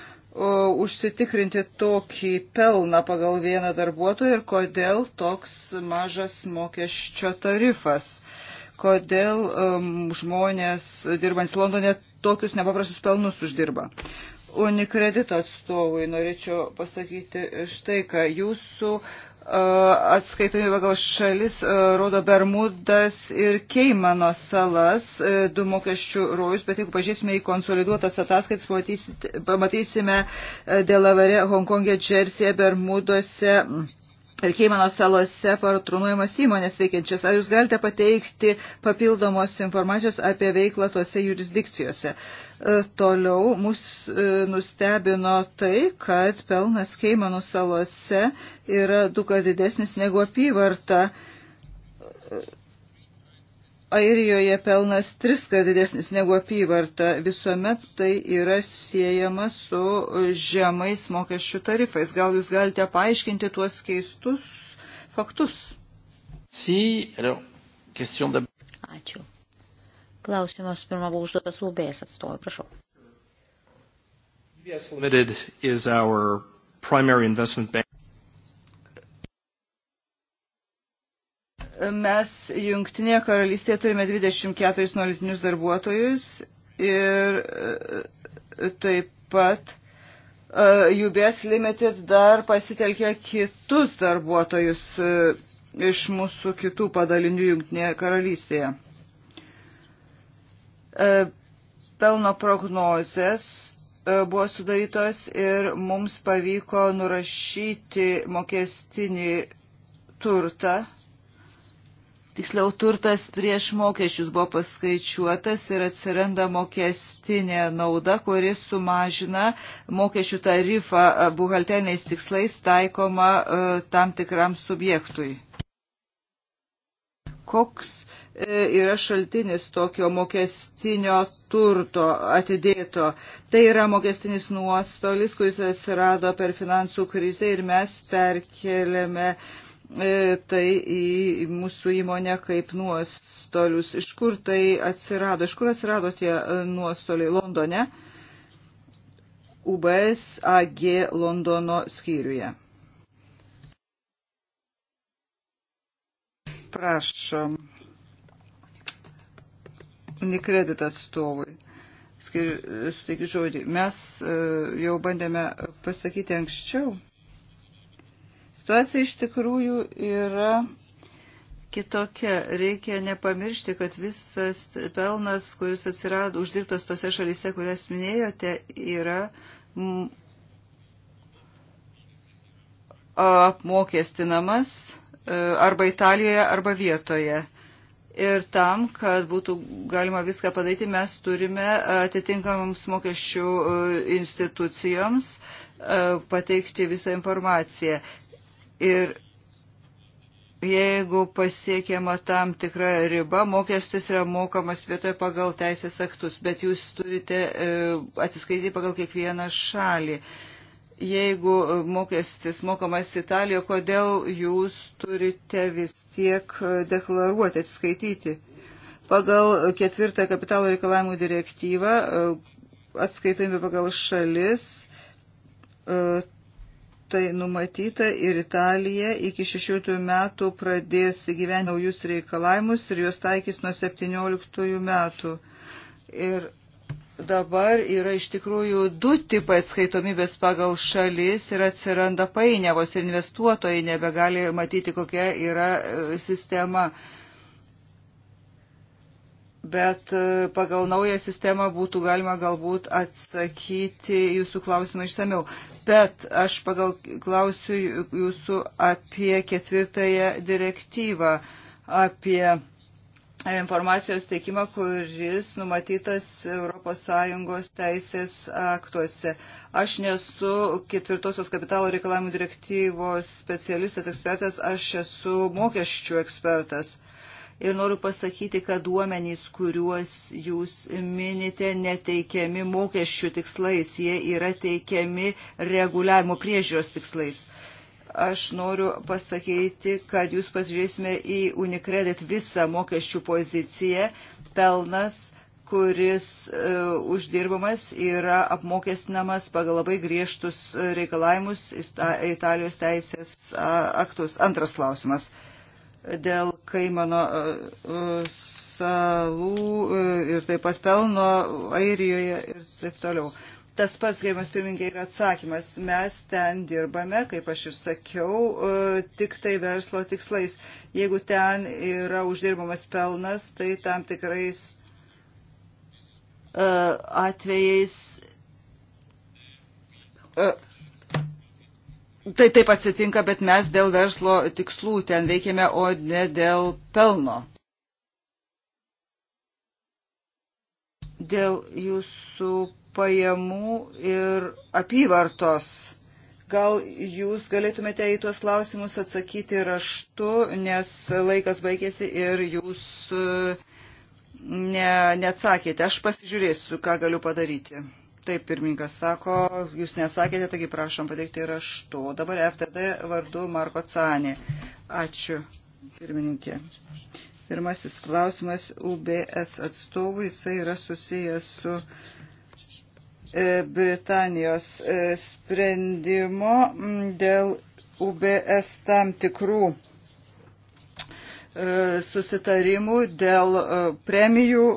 Speaker 3: užsitikrinti tokį pelną pagal vieną darbuotoją ir kodėl toks mažas mokesčio tarifas, kodėl um, žmonės dirbantys Londone tokius nepaprastus pelnus uždirba. Unikredito atstovui norėčiau pasakyti štai, ką jūsų uh, atskaitomi pagal šalis e, rodo Bermudas ir Keimano salas, e, du mokesčių rojus, bet jeigu pažiūrėsime į konsoliduotas ataskaitas, pamatysime e, Delavare, Hongkongė, Džersėje, Bermuduose. Keimano salose patronuojamas įmonės veikiančias. Ar jūs galite pateikti papildomos informacijos apie veiklą tose jurisdikcijose? E, toliau mus e, nustebino tai, kad pelnas Keimano salose yra du kart didesnis negu apyvarta e, Airijoje pelnas tris kart didesnis negu apyvarta. Visuomet tai yra siejama su žemais mokesčių tarifais. Gal jūs galite
Speaker 1: paaiškinti tuos keistus faktus? Si, alors,
Speaker 2: question de... Ačiū.
Speaker 1: Klausimas pirmą buvo užduotas UBS atstovai, prašau.
Speaker 3: UBS Limited
Speaker 2: is our primary investment
Speaker 3: bank. Mes Junktinėje karalystėje turime 24 nuolatinius darbuotojus ir e, taip pat e, UBS Limited dar pasitelkė kitus darbuotojus e, iš mūsų kitų padalinių Junktinėje karalystėje. Pelno prognozės buvo sudarytos ir mums pavyko nurašyti mokestinį turtą tiksliau turtas prieš mokesčius buvo paskaičiuotas ir atsiranda mokestinė nauda, kuris sumažina mokesčių tarifą buhalteriniais tikslais taikoma tam tikram subjektui. Koks e, yra šaltinis tokio mokestinio turto atidėto. Tai yra mokestinis nuostolis, kuris atsirado per finansų krizę ir mes perkeliame uh, E, tai į mūsų įmonę kaip nuostolius. Iš kur tai atsirado? Iš kur atsirado tie e, nuostoliai Londone? UBS AG Londono skyriuje. Prašom. Unikredit atstovui. Suteikiu žodį. Mes e, jau bandėme pasakyti anksčiau Situacija iš tikrųjų yra kitokia. Reikia nepamiršti, kad visas pelnas, kuris atsirado uždirbtas tose šalyse, kurias minėjote, yra apmokestinamas e, arba Italijoje, arba vietoje. Ir tam, kad būtų galima viską padaryti, mes turime atitinkamams mokesčių e, institucijoms e, pateikti visą informaciją. Ir jeigu pasiekiama tam tikra riba, mokestis yra mokamas vietoje pagal teisės aktus, bet jūs turite e, atsiskaityti pagal kiekvieną šalį. Jeigu mokestis mokamas Italijoje, kodėl jūs turite vis tiek deklaruoti, atsiskaityti? Pagal ketvirtą kapitalo reikalavimų direktyvą e, atskaitami pagal šalis e, tai numatyta ir Italija iki 16 metų pradės gyventi naujus reikalavimus ir juos taikys nuo 17 metų. Ir dabar yra iš tikrųjų du tipai atskaitomybės pagal šalis ir atsiranda painiavos ir investuotojai nebegali matyti, kokia yra e, sistema. E, bet e, pagal naują sistemą būtų galima galbūt atsakyti jūsų klausimą išsameu. Bet aš pagal klausiu jūsų apie ketvirtąją direktyvą, apie informacijos teikimą, kuris numatytas ES teisės aktuose. Aš nesu ketvirtosios kapitalo reikalavimų direktyvos specialistas, ekspertas, aš esu mokesčių ekspertas ir noriu pasakyti, kad duomenys, kuriuos jūs minite, neteikiami mokesčių tikslais, jie yra teikiami reguliavimo priežiūros tikslais. Aš noriu pasakyti, kad jūs pasižiūrėsime į Unicredit visą mokesčių poziciją, pelnas kuris e, uždirbamas yra apmokestinamas pagal labai griežtus e, reikalavimus Italijos teisės aktus. Antras klausimas. E, dėl Kaimano e, salų e, ir taip pat pelno Airijoje ir taip toliau. Tas pats, gerimas pirmininkė, yra atsakymas. Mes ten dirbame, kaip aš ir sakiau, e, tik tai verslo tikslais. Jeigu ten yra uždirbamas pelnas, tai tam tikrais atvejais tai taip atsitinka, bet mes dėl verslo tikslų ten veikiame, o ne dėl pelno. Dėl jūsų pajamų ir apyvartos. Gal jūs galėtumėte į tuos klausimus atsakyti raštu, nes laikas baigėsi ir jūs e, ne, neatsakėte. Aš pasižiūrėsiu, ką galiu padaryti. Taip, pirmininkas sako, jūs nesakėte, taigi prašom pateikti raštu. Dabar FTD vardu Marko Cani. Ačiū, pirmininkė. Pirmasis klausimas UBS atstovui, jisai yra susijęs su e, Britanijos e, sprendimo dėl UBS tam tikrų e, susitarimų dėl e, premijų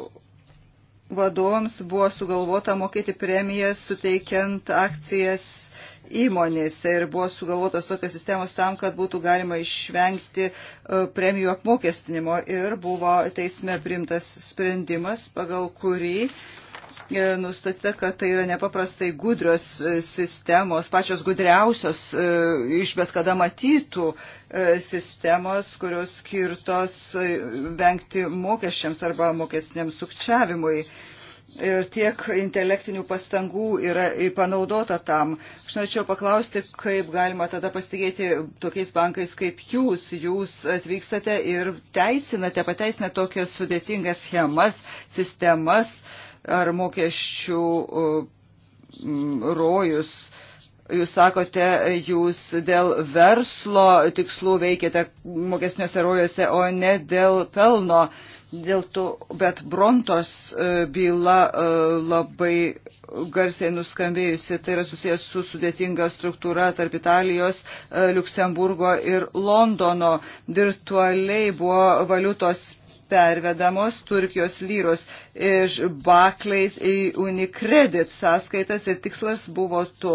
Speaker 3: vadovams buvo sugalvota mokėti premijas suteikiant akcijas įmonėse ir buvo sugalvotos tokios sistemos tam, kad būtų galima išvengti e, premijų apmokestinimo ir buvo teisme primtas sprendimas, pagal kurį E, nustatyta, kad tai yra nepaprastai gudrios e, sistemos, pačios gudriausios e, iš bet kada matytų sistemos, kurios skirtos vengti mokesčiams arba mokesniam sukčiavimui. Ir tiek intelektinių pastangų yra panaudota tam. Aš norėčiau paklausti, kaip galima tada pasitikėti tokiais bankais kaip jūs. Jūs atvykstate ir teisinate, pateisinate tokias sudėtingas schemas, sistemas. Uh, ar mokesčių uh, rojus. Jūs sakote, jūs dėl verslo tikslų veikiate mokesniuose rojuose, o ne dėl pelno. Dėl to, bet Brontos uh, byla uh, labai garsiai nuskambėjusi, tai yra susijęs su sudėtinga struktūra tarp Italijos, Luksemburgo ir Londono. Virtualiai buvo valiutos pervedamos Turkijos lyros iš Bakleis į Unicredit sąskaitas ir tikslas buvo to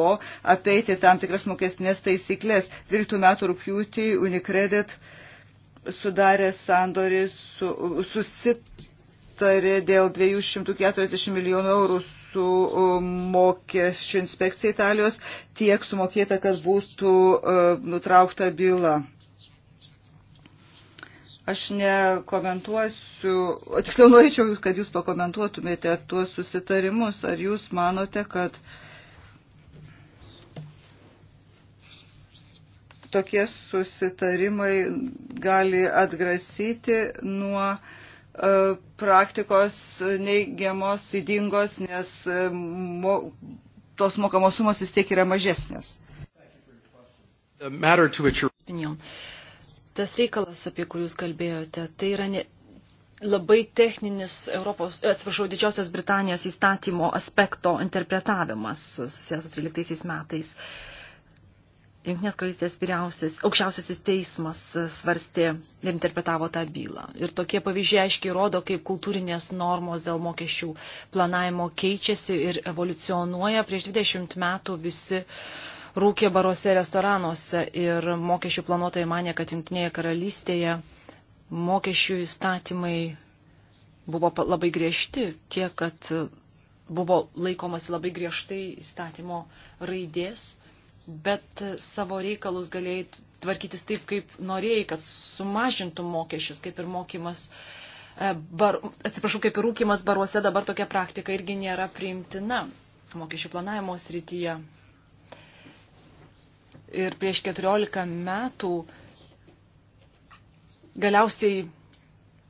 Speaker 3: apeiti tam tikras mokesnės taisyklės. 12 metų rūpjūtį Unicredit sudarė sandorį su, susitarė dėl 240 milijonų eurų su e, mokesčių inspekcija Italijos tiek sumokėta, kad būtų e, nutraukta byla. Aš nekomentuosiu, tiksliau norėčiau, kad jūs pakomentuotumėte tuos susitarimus. Ar jūs manote, kad tokie susitarimai gali atgrasyti nuo e, praktikos neigiamos, įdingos, nes e, mo, tos mokamos sumos vis tiek yra mažesnės.
Speaker 2: Opinion tas reikalas, apie kurį jūs kalbėjote, tai yra ne, labai techninis Europos, atsiprašau, Didžiosios Britanijos įstatymo aspekto interpretavimas susijęs 13 metais. Junktinės karalystės vyriausias, aukščiausiasis teismas svarstė ir interpretavo tą bylą. Ir tokie pavyzdžiai aiškiai rodo, kaip kultūrinės normos dėl mokesčių planavimo keičiasi ir evoliucionuoja. Prieš 20 metų visi uh, rūkė baruose restoranuose ir mokesčių planuotojai mane, kad Junktinėje karalystėje mokesčių įstatymai buvo labai griežti, tiek, kad e, buvo laikomasi labai griežtai įstatymo raidės, bet e, savo reikalus galėjai tvarkytis taip, kaip norėjai, kad sumažintų mokesčius, kaip ir mokymas. E, bar, atsiprašau, kaip ir rūkimas baruose dabar tokia praktika irgi nėra priimtina mokesčių planavimo srityje ir prieš 14 metų galiausiai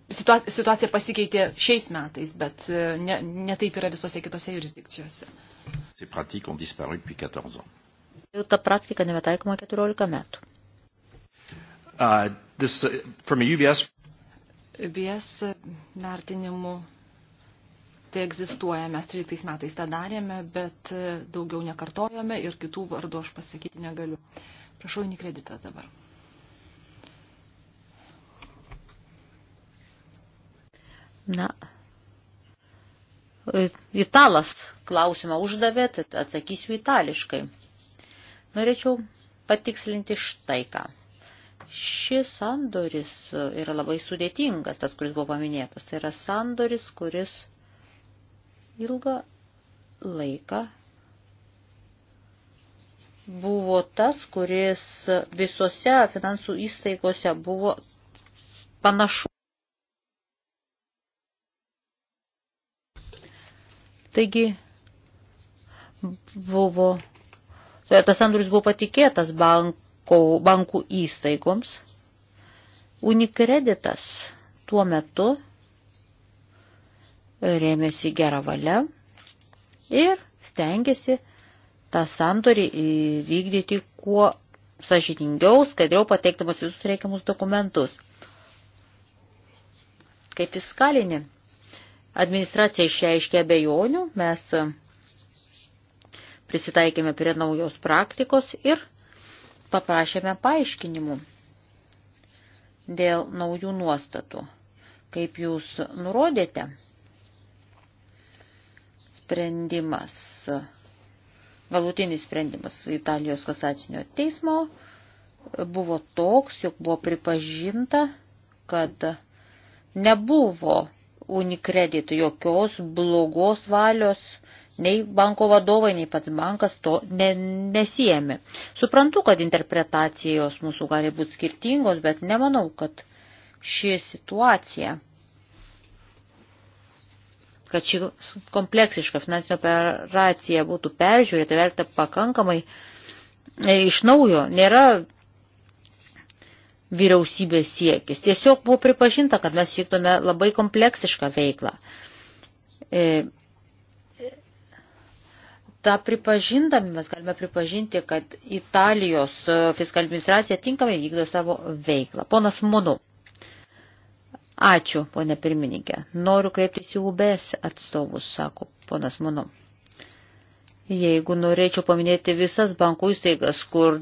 Speaker 2: situacija, situacija pasikeitė šiais metais, bet e, ne, ne taip yra visose kitose jurisdikcijose.
Speaker 1: Jau ta praktika nebetaikoma 14 metų.
Speaker 2: Uh, this, uh, from a UBS... UBS vertinimu tai egzistuoja. Mes 13 metais tą darėme, bet e, daugiau nekartojame ir kitų vardų aš pasakyti negaliu. Prašau, į
Speaker 1: kreditą dabar. Na, e, italas klausimą uždavė, tai atsakysiu itališkai. Norėčiau patikslinti štai ką. Šis sandoris e, yra labai sudėtingas, tas, kuris buvo paminėtas. Tai yra sandoris, kuris ilgą laiką buvo tas, kuris visose finansų įstaigose buvo panašu. Taigi buvo, tas sandoris buvo patikėtas banko, bankų įstaigoms. Unikreditas tuo metu rėmėsi gerą valią ir stengiasi tą santorį vykdyti kuo sažiningiau, skaidriau pateikdamas visus reikiamus dokumentus. Kaip fiskalinė administracija išreiškė abejonių, mes prisitaikėme prie naujos praktikos ir paprašėme paaiškinimų dėl naujų nuostatų. Kaip jūs nurodėte, sprendimas, galutinis sprendimas Italijos kasacinio teismo buvo toks, jog buvo pripažinta, kad nebuvo unikreditų jokios blogos valios, nei banko vadovai, nei pats bankas to ne, nesijėmė. Suprantu, kad interpretacijos mūsų gali būti skirtingos, bet nemanau, kad ši situacija kad ši kompleksiška finansinė operacija būtų peržiūrėta, verta pakankamai e, iš naujo, nėra vyriausybės siekis. Tiesiog buvo pripažinta, kad mes vykdome labai kompleksišką veiklą. E, Ta pripažindami mes galime pripažinti, kad Italijos e, fiskalinė administracija tinkamai vykdo savo veiklą. Ponas Monu. Ačiū, ponė pirmininkė. Noriu kreiptis į UBS atstovus, sako ponas Mano. Jeigu norėčiau paminėti visas bankų įstaigas, kur e,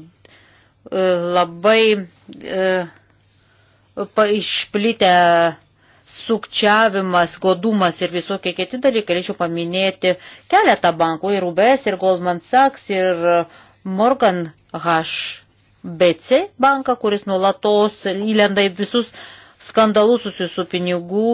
Speaker 1: labai e, išplitę sukčiavimas, godumas ir visokie kiti dalykai, reičiau paminėti keletą bankų, ir UBS, ir Goldman Sachs, ir Morgan HBC banką, kuris nuolatos įlenda į visus skandalų susijusių pinigų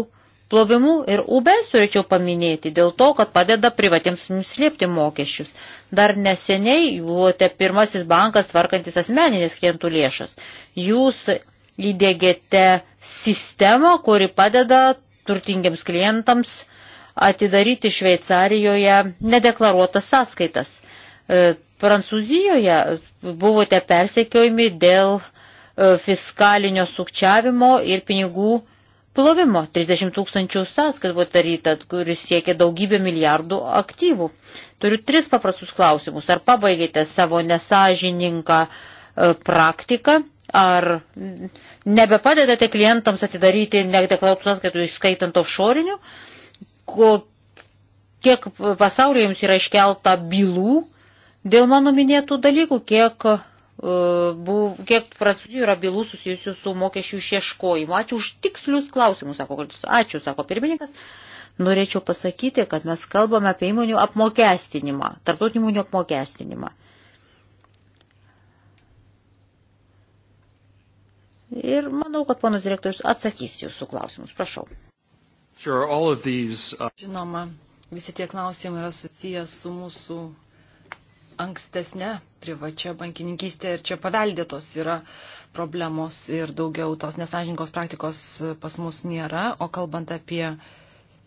Speaker 1: plovimu ir UBS turėčiau paminėti dėl to, kad padeda privatiems slėpti mokesčius. Dar neseniai buvote pirmasis bankas tvarkantis asmeninės klientų lėšas. Jūs įdėgėte sistemą, kuri padeda turtingiams klientams atidaryti Šveicarijoje nedeklaruotas sąskaitas. E, Prancūzijoje buvote persekiojami dėl E, fiskalinio sukčiavimo ir pinigų plovimo. 30 tūkstančių sąskaitų buvo taryta, kuris siekia daugybę milijardų aktyvų. Turiu tris paprastus klausimus. Ar pabaigėte savo nesažininką e, praktiką? Ar nebepadedate klientams atidaryti nedeklaratų sąskaitų išskaitant offshore'inių? Kiek pasaulyje jums yra iškelta bylų dėl mano minėtų dalykų, kiek E, Buv, kiek prancūzijų yra bylų susijusių su mokesčių išieškojimu. Ačiū už tikslius klausimus, sako Kaltis. Ačiū, sako pirmininkas. Norėčiau pasakyti, kad mes kalbame apie įmonių apmokestinimą, tarptautinių įmonių apmokestinimą. Ir manau, kad ponas direktorius atsakys jūsų klausimus. Prašau. Sure, these, uh...
Speaker 2: Žinoma, visi tie klausimai yra susijęs su mūsų ankstesnė privačia bankininkystė ir čia paveldėtos yra problemos ir daugiau tos nesažininkos praktikos pas mus nėra, o kalbant apie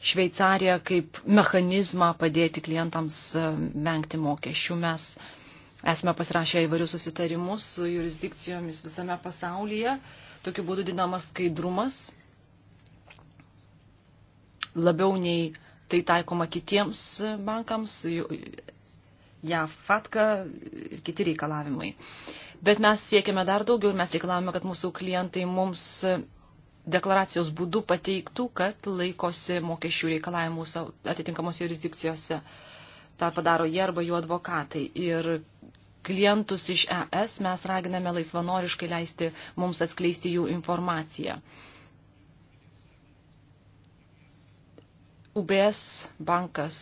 Speaker 2: Šveicariją kaip mechanizmą padėti klientams e, vengti mokesčių, mes esame pasirašę įvairius susitarimus su jurisdikcijomis visame pasaulyje, tokiu būdu dinamas skaidrumas labiau nei tai taikoma kitiems bankams, JAV fatka ir kiti reikalavimai. Bet mes siekiame dar daugiau ir mes reikalavome, kad mūsų klientai mums deklaracijos būdu pateiktų, kad laikosi mokesčių reikalavimų atitinkamos jurisdikcijose. Ta padaro jie arba jų advokatai. Ir klientus iš ES mes raginame laisvanoriškai leisti mums atskleisti jų informaciją. UBS bankas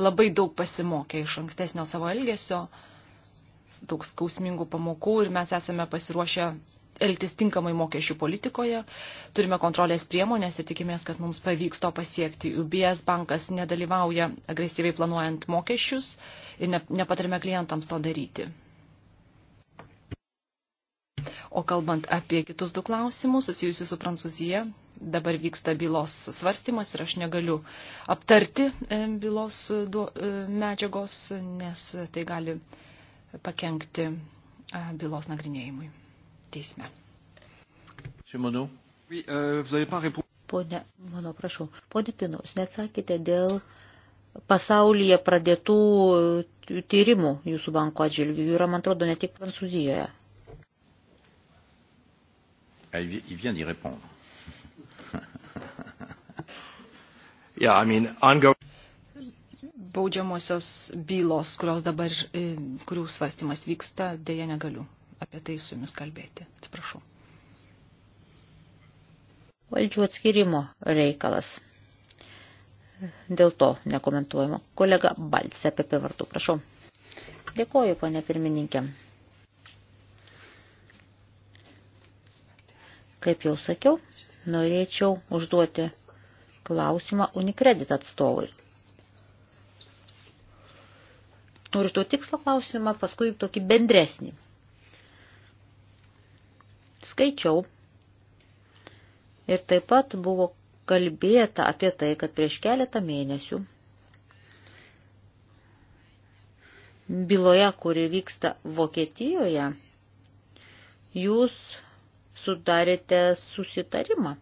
Speaker 2: labai daug pasimokė iš ankstesnio savo elgesio, daug skausmingų pamokų ir mes esame pasiruošę elgtis tinkamai mokesčių politikoje. Turime kontrolės priemonės ir tikimės, kad mums pavyks to pasiekti. UBS bankas nedalyvauja agresyviai planuojant mokesčius ir ne, nepatarime klientams to daryti. O kalbant apie kitus du klausimus susijusius su Prancūzija, dabar vyksta bylos svarstymas ir aš negaliu aptarti e, bylos e, e, medžiagos, nes tai gali pakengti bylos nagrinėjimui teisme. Euh,
Speaker 1: pone, mano prašau, pone Pinaus, neatsakėte dėl pasaulyje pradėtų tyrimų jūsų banko atžvilgių. Jų yra, man atrodo, ne tik Prancūzijoje.
Speaker 2: Ah, il vient d'y répondre. yeah, I mean, ongoing... Baudžiamosios bylos, kurios dabar, e, kurių svarstymas vyksta, dėja negaliu apie tai su jumis kalbėti.
Speaker 1: Atsiprašau. Valdžių atskirimo reikalas. Dėl to nekomentuojama. Kolega Balsė apie pavardų, prašau. Dėkoju, ponė pirmininkė. Kaip jau sakiau, norėčiau užduoti klausimą Unicredit atstovui. Noriu to tikslo klausimą, paskui tokį bendresnį. Skaičiau ir taip pat buvo kalbėta apie tai, kad prieš keletą mėnesių byloje, kuri vyksta Vokietijoje, jūs sudarėte susitarimą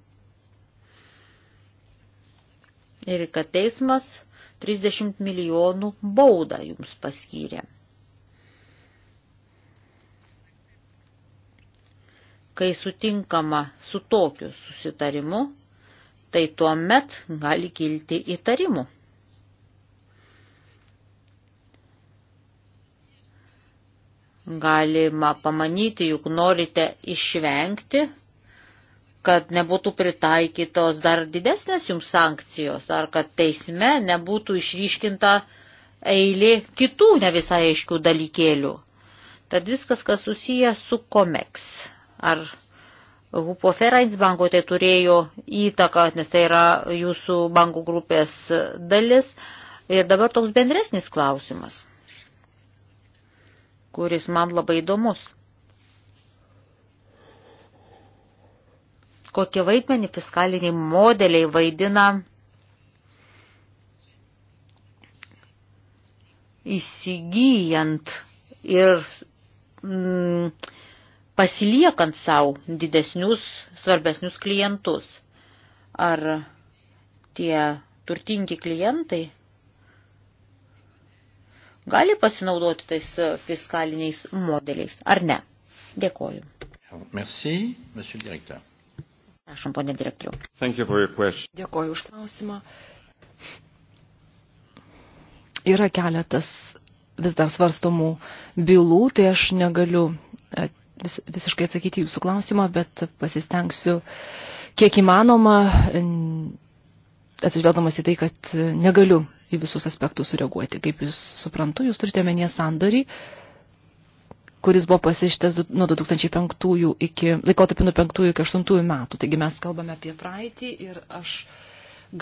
Speaker 1: ir kad teismas 30 milijonų baudą jums paskyrė. Kai sutinkama su tokiu susitarimu, tai tuo met gali kilti įtarimų. Galima pamanyti, juk norite išvengti kad nebūtų pritaikytos dar didesnės jums sankcijos, ar kad teisme nebūtų išryškinta eilė kitų ne visai aiškių dalykėlių. Tad viskas, kas susiję su COMEX ar Hupoferais banko tai turėjo įtaką, nes tai yra jūsų bankų grupės dalis. Ir dabar toks bendresnis klausimas, kuris man labai įdomus. kokį vaidmenį fiskaliniai modeliai vaidina įsigyjant ir mm, pasiliekant savo didesnius, svarbesnius klientus. Ar tie turtingi klientai gali pasinaudoti tais fiskaliniais modeliais, ar ne? Dėkoju.
Speaker 2: Merci, monsieur le directeur.
Speaker 1: Prašom, ponė direktoriu.
Speaker 2: You Dėkoju už klausimą. Yra keletas vis dar svarstomų bylų, tai aš negaliu e, vis, visiškai atsakyti jūsų klausimą, bet pasistengsiu kiek įmanoma, atsižvelgdamas į tai, kad negaliu į visus aspektus sureaguoti. Kaip jūs suprantu, jūs turite menė sandorį, kuris buvo pasištas nuo 2005 iki, laikotarpį nuo 5 iki 8 metų. Taigi mes kalbame apie praeitį ir aš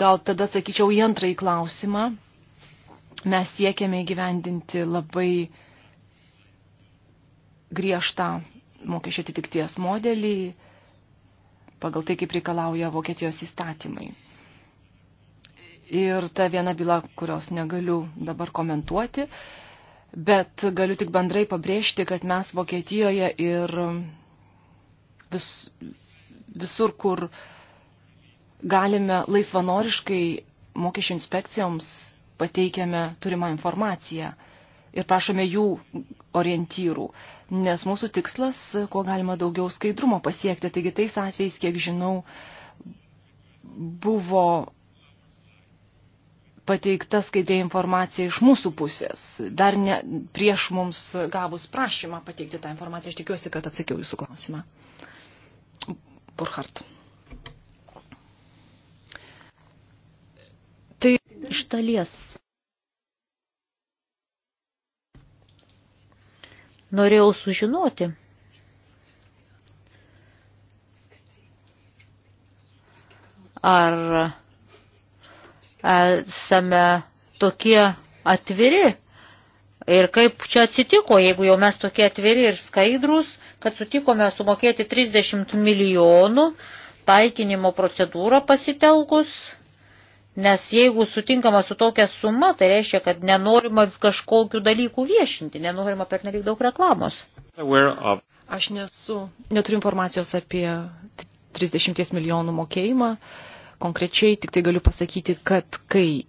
Speaker 2: gal tada atsakyčiau į antrąjį klausimą. Mes siekiame įgyvendinti labai griežtą mokesčio atitikties modelį pagal tai, kaip reikalauja Vokietijos įstatymai. Ir ta viena byla, kurios negaliu dabar komentuoti, uh, Bet galiu tik bendrai pabrėžti, kad mes Vokietijoje ir vis, visur, kur galime laisvanoriškai mokesčių inspekcijoms pateikiame turimą informaciją ir prašome jų orientyrų, nes mūsų tikslas, kuo galima daugiau skaidrumo pasiekti. Taigi tais atvejais, kiek žinau, buvo pateikta skaidrė informacija iš mūsų pusės, dar ne prieš mums gavus prašymą pateikti tą informaciją. Aš tikiuosi, kad atsakiau jūsų klausimą.
Speaker 1: Burkhardt. Tai iš dalies. Norėjau sužinoti. Ar esame tokie atviri. Ir kaip čia atsitiko, jeigu jau mes tokie atviri ir skaidrus, kad sutikome sumokėti 30 milijonų taikinimo procedūrą pasitelkus, nes jeigu sutinkama su tokia suma, tai reiškia, kad nenorima kažkokių dalykų viešinti, nenorima per nelik daug reklamos. Aš nesu,
Speaker 2: neturiu informacijos apie 30 milijonų mokėjimą. Uh, Konkrečiai tik tai galiu pasakyti, kad kai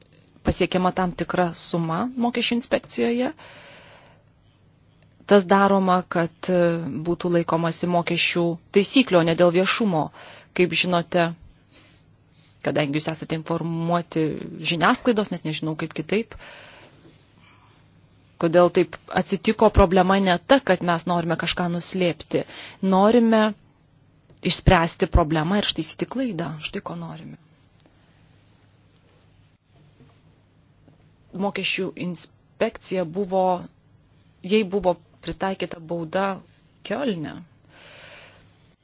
Speaker 2: pasiekiama tam tikra suma mokesčių inspekcijoje, tas daroma, kad e, būtų laikomasi mokesčių taisyklių, o ne dėl viešumo. Kaip žinote, kadangi jūs esate informuoti žiniasklaidos, net nežinau kaip kitaip, kodėl taip atsitiko, problema ne ta, kad mes norime kažką nuslėpti. Norime išspręsti problemą ir ištaisyti klaidą. Štai ko norime. Mokesčių inspekcija buvo, jai buvo pritaikyta bauda Kielne.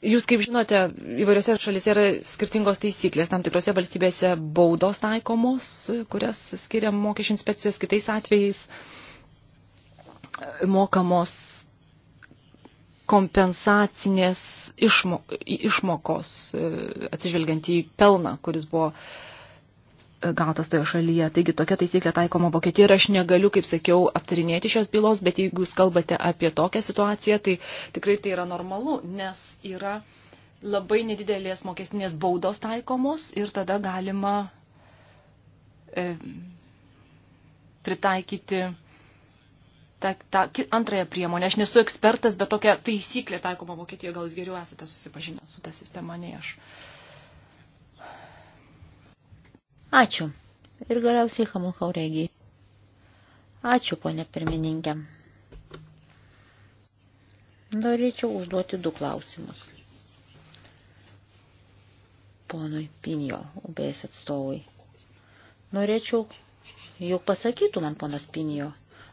Speaker 2: Jūs, kaip žinote, įvairiose šalise yra skirtingos taisyklės. Tam tikrose valstybėse baudos taikomos, kurias skiria mokesčių inspekcijos kitais atvejais mokamos kompensacinės išmo, išmokos, e, atsižvelgiant į pelną, kuris buvo e, gautas toje šalyje. Taigi tokia taisyklė taikoma Vokietijoje ir aš negaliu, kaip sakiau, aptarinėti šios bylos, bet jeigu jūs kalbate apie tokią situaciją, tai tikrai tai yra normalu, nes yra labai nedidelės mokestinės baudos taikomos ir tada galima e, pritaikyti ta, ta antrąją priemonę. Aš nesu ekspertas, bet tokia taisyklė taikoma Vokietijoje, gal jūs geriau esate susipažinę su ta sistema, nei aš.
Speaker 1: Ačiū. Ir galiausiai Hamulkau regijai. Ačiū, ponė pirmininkė. Norėčiau užduoti du klausimus. Ponui Pinjo, UBS atstovui. Norėčiau, juk pasakytų man ponas Pinjo,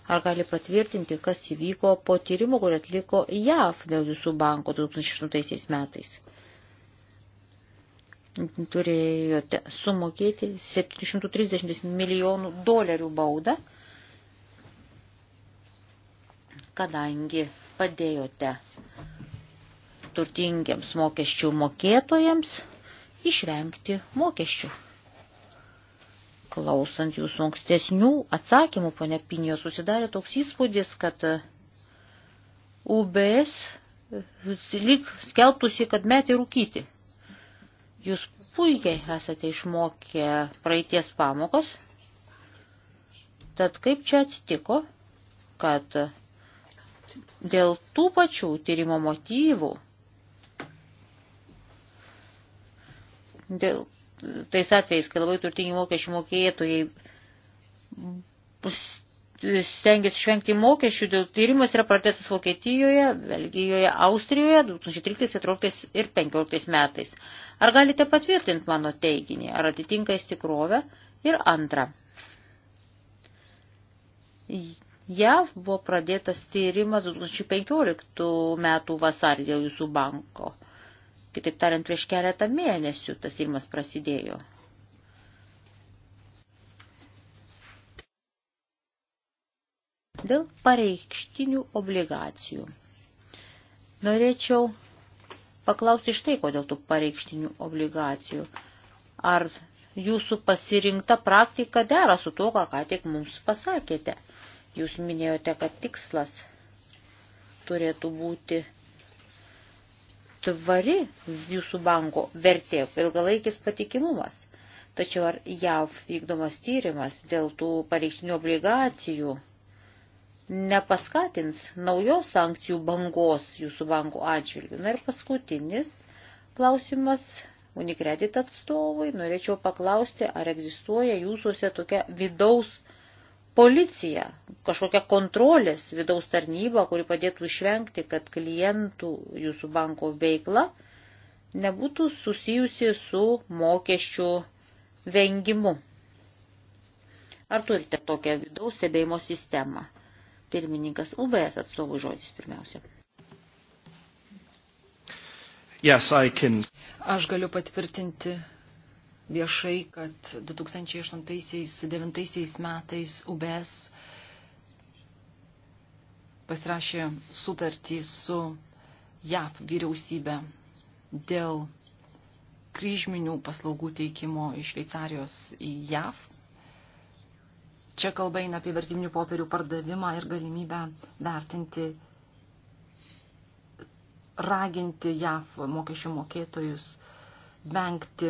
Speaker 1: Ar gali patvirtinti, kas įvyko po tyrimo, kurį atliko JAV dėl jūsų banko 2008 metais? Turėjote sumokėti 730 milijonų dolerių baudą, kadangi padėjote turtingiams mokesčių mokėtojams išvengti mokesčių. Klausant jūsų ankstesnių atsakymų, ponė Pinio, susidarė toks įspūdis, kad e, UBS e, lyg skelbtųsi, kad metė rūkyti. Jūs puikiai esate išmokę praeities pamokos. Tad kaip čia atsitiko, kad dėl tų pačių tyrimo motyvų, dėl tais atvejais, kai labai turtingi mokesčių mokėtojai stengiasi išvengti mokesčių, dėl tyrimas yra pradėtas Vokietijoje, Belgijoje, Austrijoje 2013, 2014 ir 2015 metais. Ar galite patvirtinti mano teiginį, ar atitinka jis tikrovę? Ir antra. JAV buvo pradėtas tyrimas 2015 metų vasarį dėl jūsų banko. Kitaip tariant, prieš keletą mėnesių tas tyrimas prasidėjo. Dėl pareikštinių obligacijų. Norėčiau paklausti štai, kodėl tų pareikštinių obligacijų. Ar jūsų pasirinkta praktika dera su to, ką ką tik mums pasakėte? Jūs minėjote, kad tikslas turėtų būti tvari jūsų banko vertė, ilgalaikis patikimumas. Tačiau ar JAV vykdomas tyrimas dėl tų pareikšnių obligacijų nepaskatins naujos sankcijų bangos jūsų bankų atžvilgių? Na ir paskutinis klausimas Unikredit atstovui. Norėčiau paklausti, ar egzistuoja jūsųse tokia vidaus policiją, kažkokią kontrolės vidaus tarnybą, kuri padėtų išvengti, kad klientų jūsų banko veikla nebūtų susijusi su mokesčių vengimu. Ar turite tokią vidaus stebėjimo sistemą? Pirmininkas UBS atstovų žodis pirmiausia.
Speaker 2: Yes, Aš galiu patvirtinti viešai, kad 2008-2009 metais UBS pasirašė sutartį su JAV vyriausybė dėl kryžminių paslaugų teikimo iš Šveicarijos į JAV. Čia kalba eina apie vertiminių popierių pardavimą ir galimybę vertinti, raginti JAV mokesčių mokėtojus vengti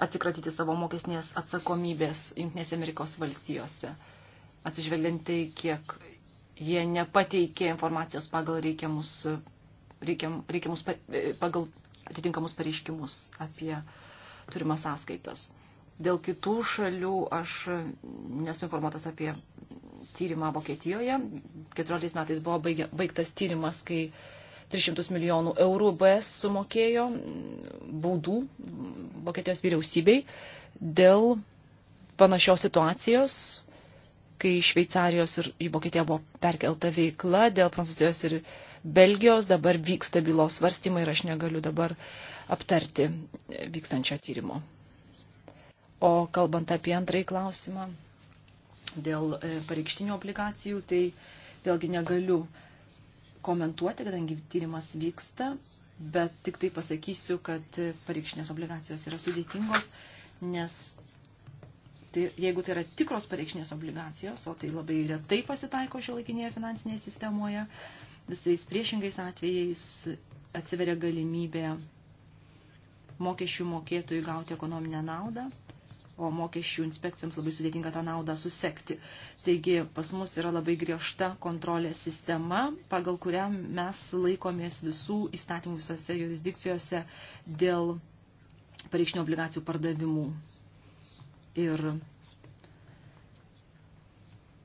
Speaker 2: atsikratyti savo mokesnės atsakomybės Junktinėse Amerikos valstijose, atsižvelgiant tai, kiek jie nepateikė informacijos pagal reikiamus, reikiam, reikiamus e, pagal atitinkamus pareiškimus apie turimas sąskaitas. Dėl kitų šalių aš nesu informuotas apie tyrimą Vokietijoje. 14 metais buvo baigtas tyrimas, kai 300 milijonų eurų BS sumokėjo mm, baudų mm, Vokietijos vyriausybei dėl panašios situacijos, kai iš Šveicarijos ir į Vokietiją buvo perkelta veikla, dėl Prancūzijos ir Belgijos dabar vyksta bylos svarstymai ir aš negaliu dabar aptarti vykstančio tyrimo. O kalbant apie antrąjį klausimą dėl e, pareikštinių obligacijų, tai vėlgi negaliu uh, komentuoti, kadangi tyrimas vyksta, bet tik tai pasakysiu, kad pareikšinės obligacijos yra sudėtingos, nes tai, jeigu tai yra tikros pareikšinės obligacijos, o tai labai retai pasitaiko šio laikinėje finansinėje sistemoje, visais priešingais atvejais atsiveria galimybė mokesčių mokėtojų gauti ekonominę naudą o mokesčių inspekcijoms labai sudėtinga tą naudą susekti. Taigi pas mus yra labai griežta kontrolės sistema, pagal kurią mes laikomės visų įstatymų visose jurisdikcijose dėl pareikšnių obligacijų pardavimų ir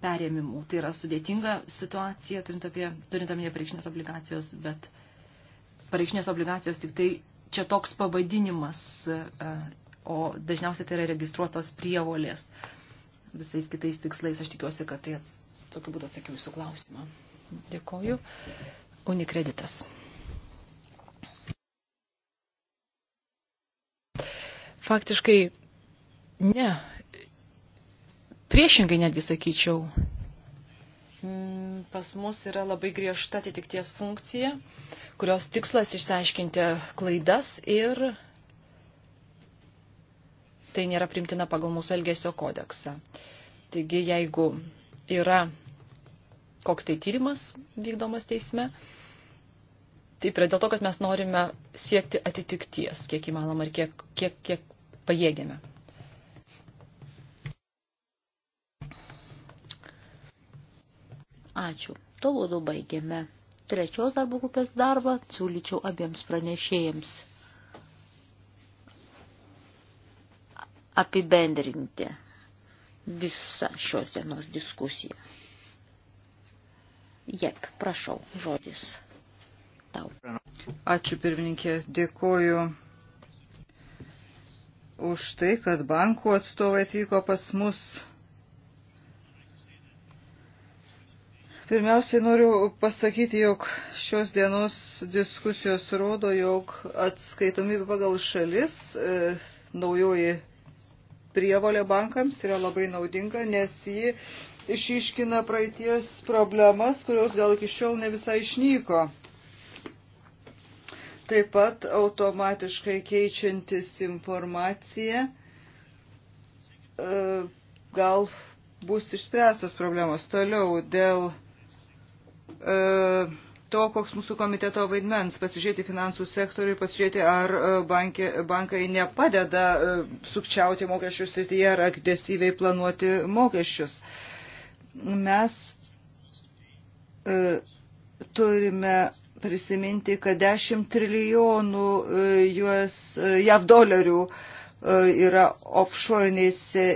Speaker 2: perėmimų. Tai yra sudėtinga situacija, turint, apie, turint omenyje pareikšnės obligacijos, bet pareikšnės obligacijos tik tai čia toks pavadinimas e, o dažniausiai tai yra registruotos prievolės visais kitais tikslais. Aš tikiuosi, kad tai tokiu būdu atsakiau jūsų klausimą. Dėkoju. Unikreditas. Faktiškai ne. Priešingai netgi sakyčiau. Mm, pas mus yra labai griežta atitikties funkcija, kurios tikslas išsiaiškinti klaidas ir tai nėra primtina pagal mūsų elgesio kodeksą. Taigi, jeigu yra koks tai tyrimas vykdomas teisme, taip yra dėl to, kad mes norime siekti atitikties, kiek įmanoma ir kiek,
Speaker 1: kiek, kiek pajėgėme. Ačiū. Tuo būdu baigėme. Trečios darbo grupės darbą siūlyčiau abiems pranešėjams. apibendrinti visą šios dienos diskusiją. Jep, prašau, žodis
Speaker 3: tau. Ačiū pirmininkė, dėkoju už tai, kad bankų atstovai atvyko pas mus. Pirmiausiai noriu pasakyti, jog šios dienos diskusijos rodo, jog atskaitomybė pagal šalis e, naujoji prievolė bankams yra labai naudinga, nes ji išiškina praeities problemas, kurios gal iki šiol ne visai išnyko. Taip pat automatiškai keičiantis informaciją e, gal bus išspręstos problemos. Toliau dėl e, to, koks mūsų komiteto vaidmens, pasižiūrėti finansų sektorių ir pasižiūrėti, ar e, bankė, bankai nepadeda e, sukčiauti mokesčių srityje ar agresyviai planuoti mokesčius. Mes e, turime prisiminti, kad 10 trilijonų e, US, e, JAV dolerių e, yra offshore'inėse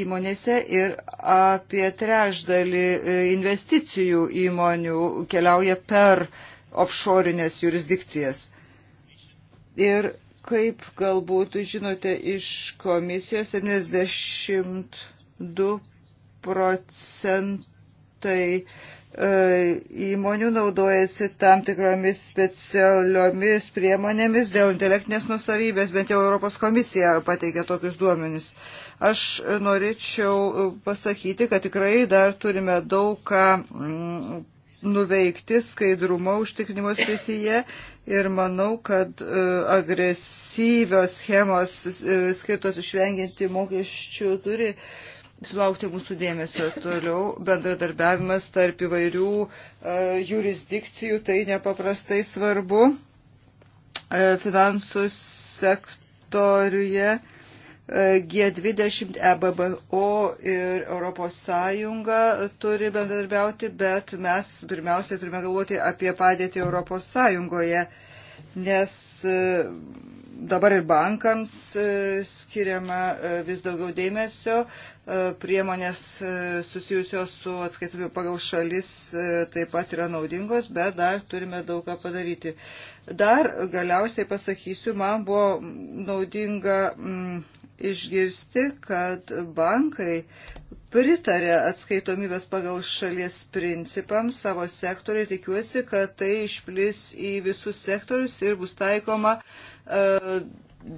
Speaker 3: įmonėse ir apie trešdalį e, investicijų įmonių keliauja per offshorinės jurisdikcijas. Ir kaip galbūt žinote iš komisijos 72 procentai E, įmonių naudojasi tam tikromis specialiomis priemonėmis dėl intelektinės nusavybės, bent jau Europos komisija pateikė tokius duomenis. Aš norėčiau pasakyti, kad tikrai dar turime daug ką mm, nuveikti skaidrumo užtikrinimo srityje ir manau, kad e, agresyvios schemos e, skirtos išvenginti mokesčių turi uh, sulaukti mūsų dėmesio toliau. Bendradarbiavimas tarp įvairių e, jurisdikcijų tai nepaprastai svarbu. E, finansų sektoriuje e, G20, EBBO ir Europos Sąjunga turi bendradarbiauti, bet mes pirmiausiai turime galvoti apie padėtį Europos Sąjungoje, nes dabar ir bankams e, skiriama e, vis daugiau dėmesio, e, priemonės susijusios su atskaitomybė pagal šalis taip pat yra naudingos, bet dar turime daug ką padaryti. Dar galiausiai pasakysiu, man buvo naudinga m, mm, išgirsti, kad bankai pritarė atskaitomybės pagal šalies principams savo sektoriui. Tikiuosi, kad tai išplis į visus sektorius ir bus taikoma e,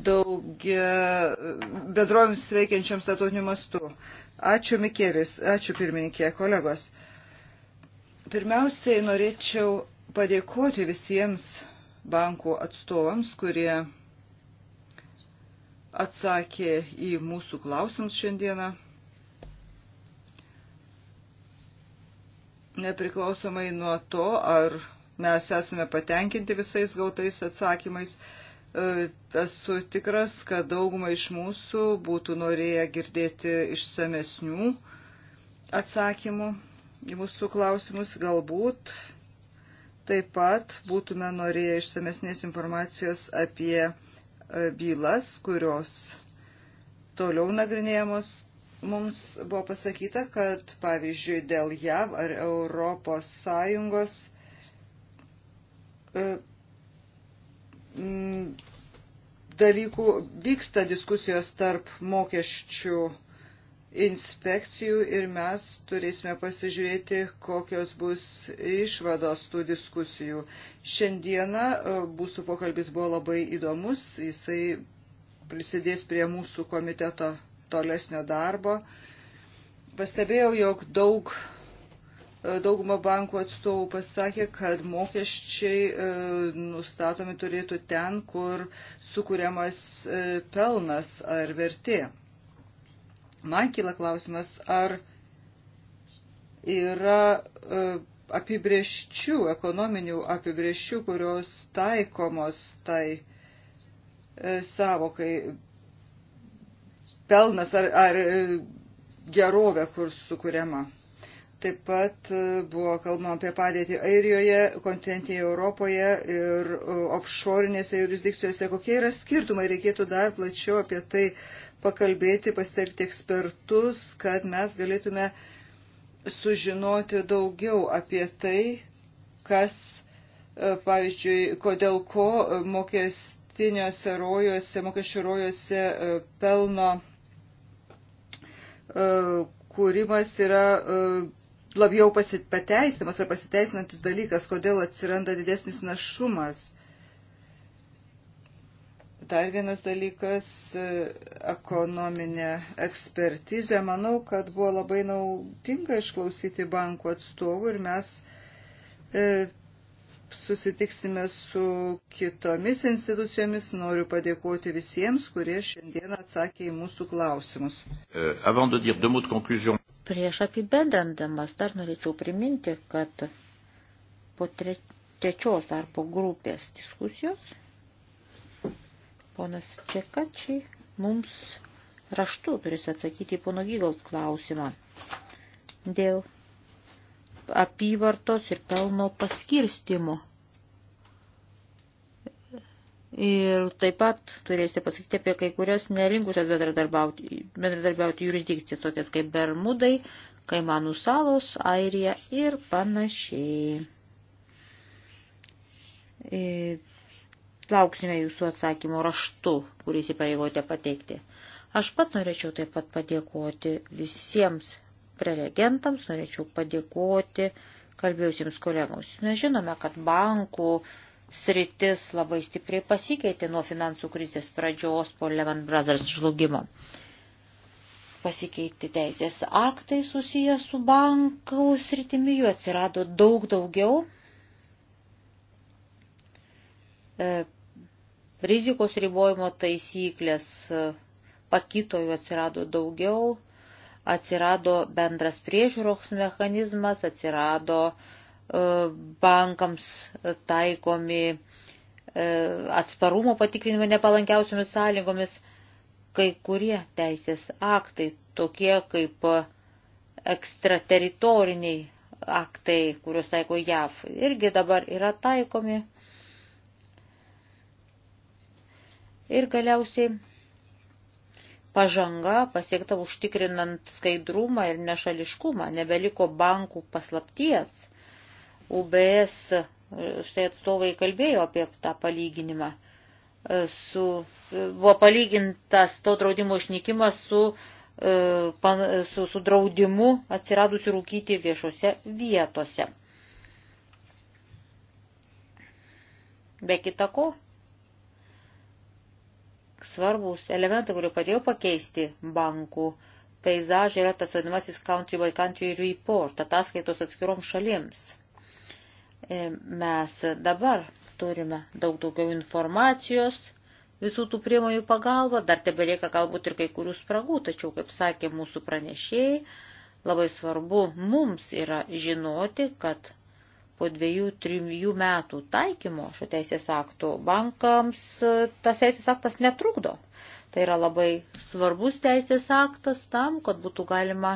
Speaker 3: daugia bedrovėms veikiančiams statutiniu mastu. Ačiū Mikėlis, ačiū pirmininkė, kolegos. Pirmiausiai norėčiau padėkoti visiems bankų atstovams, kurie atsakė į mūsų klausimus šiandieną. nepriklausomai nuo to, ar mes esame patenkinti visais gautais atsakymais. E, esu tikras, kad dauguma iš mūsų būtų norėję girdėti išsamesnių atsakymų į mūsų klausimus. Galbūt taip pat būtume norėję išsamesnės informacijos apie e, bylas, kurios toliau nagrinėjamos Mums buvo pasakyta, kad pavyzdžiui dėl JAV ar Europos Sąjungos e, dalykų vyksta diskusijos tarp mokesčių inspekcijų ir mes turėsime pasižiūrėti, kokios bus išvados tų diskusijų. Šiandieną e, mūsų pokalbis buvo labai įdomus, jisai prisidės prie mūsų komiteto tolesnio darbo. Pastebėjau, jog daug, e, dauguma bankų atstovų pasakė, kad mokesčiai e, nustatomi turėtų ten, kur sukūriamas e, pelnas ar vertė. Man kyla klausimas, ar yra apibrieščių, ekonominių apibrieščių, kurios taikomos tai savokai pelnas ar, ar e, gerovė, kur sukūriama. Taip pat e, buvo kalbama apie padėtį Airijoje, kontinentėje Europoje ir e, offshore'inėse jurisdikcijose. Kokie yra skirtumai, reikėtų dar plačiau apie tai pakalbėti, pasitelkti ekspertus, kad mes galėtume sužinoti daugiau apie tai, kas, pavyzdžiui, kodėl ko mokestiniuose rojuose, mokesčių rojuose pelno E, kūrimas yra e, labiau pateisinamas ar pasiteisinantis dalykas, kodėl atsiranda didesnis našumas. Dar vienas dalykas e, - ekonominė ekspertizė. Manau, kad buvo labai naudinga išklausyti bankų atstovų ir mes susitiksime su kitomis institucijomis. Noriu padėkoti visiems, kurie šiandien
Speaker 1: atsakė į mūsų klausimus.
Speaker 2: Euh,
Speaker 1: Prieš apibendrandamas dar norėčiau priminti, kad po tre, trečios darbo grupės diskusijos ponas Čekačiai mums raštu turės atsakyti į pono Gygalt klausimą dėl apyvartos ir pelno paskirstimu. Ir taip pat turėsite pasakyti apie kai kurias nelinkusias bendradarbiauti, bendradarbiauti jurisdikcijas, tokias kaip Bermudai, Kaimanų salos, Airija ir panašiai. Ir e, lauksime jūsų atsakymo raštu, kurį įsipareigote pateikti. Aš pats norėčiau taip pat padėkoti visiems prelegentams, norėčiau padėkoti kalbėjusiems kolegams. Mes žinome, kad bankų sritis labai stipriai pasikeitė nuo finansų krizės pradžios po Lehman Brothers žlugimo. Pasikeitė teisės aktai susijęs su bankų sritimi, jų atsirado daug daugiau. E, rizikos ribojimo taisyklės e, pakito, jų atsirado daugiau atsirado bendras priežiūros mechanizmas, atsirado e, bankams taikomi e, atsparumo patikrinimai nepalankiausiomis sąlygomis, kai kurie teisės aktai, tokie kaip ekstrateritoriniai aktai, kuriuos taiko JAV, irgi dabar yra taikomi. Ir galiausiai pažanga pasiekta užtikrinant skaidrumą ir nešališkumą, nebeliko bankų paslapties. UBS e, štai atstovai kalbėjo apie tą palyginimą. E, su, e, buvo palygintas to draudimo išnykimas su, su, su draudimu atsiradusiu rūkyti viešose vietose. Be kitako, svarbus elementai, kurių padėjo pakeisti bankų peizažą, yra tas vadinamasis country by country report, ataskaitos atskirom šalims. E, mes dabar turime daug daugiau informacijos visų tų priemonių pagalba, dar tebelieka galbūt ir kai kurių spragų, tačiau, kaip sakė mūsų pranešėjai, labai svarbu mums yra žinoti, kad po dviejų, trijų metų taikymo šio teisės aktų bankams tas teisės aktas netrukdo. Tai yra labai svarbus teisės aktas tam, kad būtų galima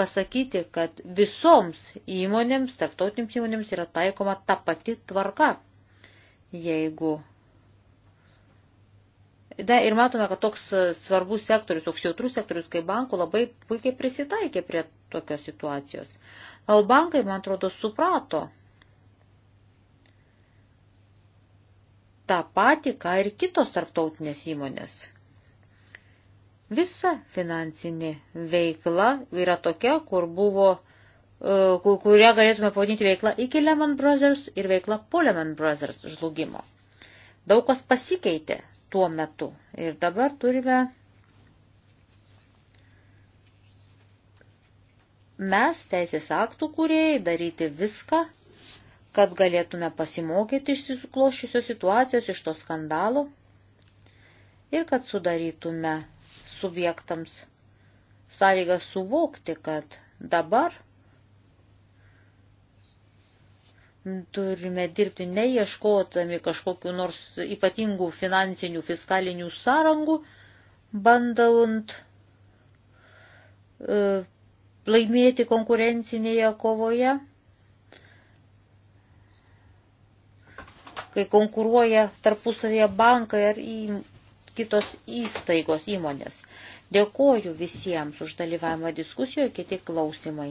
Speaker 1: pasakyti, kad visoms įmonėms, tarptautinėms įmonėms yra taikoma ta pati tvarka. Jeigu Da, ir matome, kad toks e, svarbus sektorius, toks jautrus sektorius kaip bankų labai puikiai prisitaikė prie tokios situacijos. Al bankai, man atrodo, suprato tą patį, ką ir kitos tarptautinės įmonės. Visa finansinė veikla yra tokia, kur buvo, e, kurią galėtume pavadinti veikla iki Lehman Brothers ir veikla po Lehman Brothers žlugimo. Daug kas pasikeitė tuo metu. Ir dabar turime mes, teisės aktų kūrėjai, daryti viską, kad galėtume pasimokyti iš susikloščiusios situacijos, iš to skandalo ir kad sudarytume subjektams sąlygą suvokti, kad dabar turime dirbti neieškotami kažkokiu nors ypatingų finansinių fiskalinių sąrangų, bandant e, laimėti konkurencinėje kovoje, kai konkuruoja tarpusavėje bankai ar į kitos įstaigos įmonės. Dėkoju visiems už dalyvavimą diskusijoje, kiti klausimai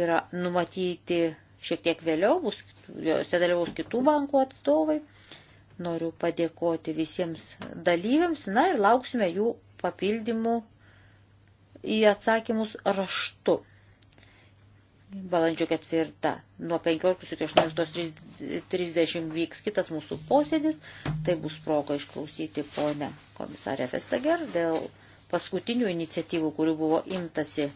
Speaker 1: yra numatyti Šiek tiek vėliau bus, jose dalyvaus kitų bankų atstovai. Noriu padėkoti visiems dalyviams, na ir lauksime jų papildymų į atsakymus raštu. Balandžio 4 nuo 15 iki 18.30 vyks kitas mūsų posėdis. Tai bus proga išklausyti ponę komisarę Vestager dėl paskutinių iniciatyvų, kurių buvo imtasi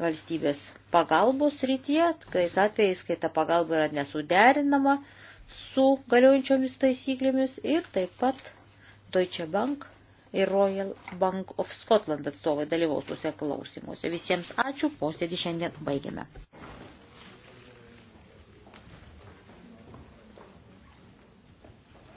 Speaker 1: valstybės pagalbos rytyje, tais atvejais, kai ta pagalba yra nesuderinama su galiojančiomis taisyklėmis ir taip pat Deutsche Bank ir Royal Bank of Scotland atstovai dalyvaus tuose klausimuose. Visiems ačiū, posėdį šiandien baigiame.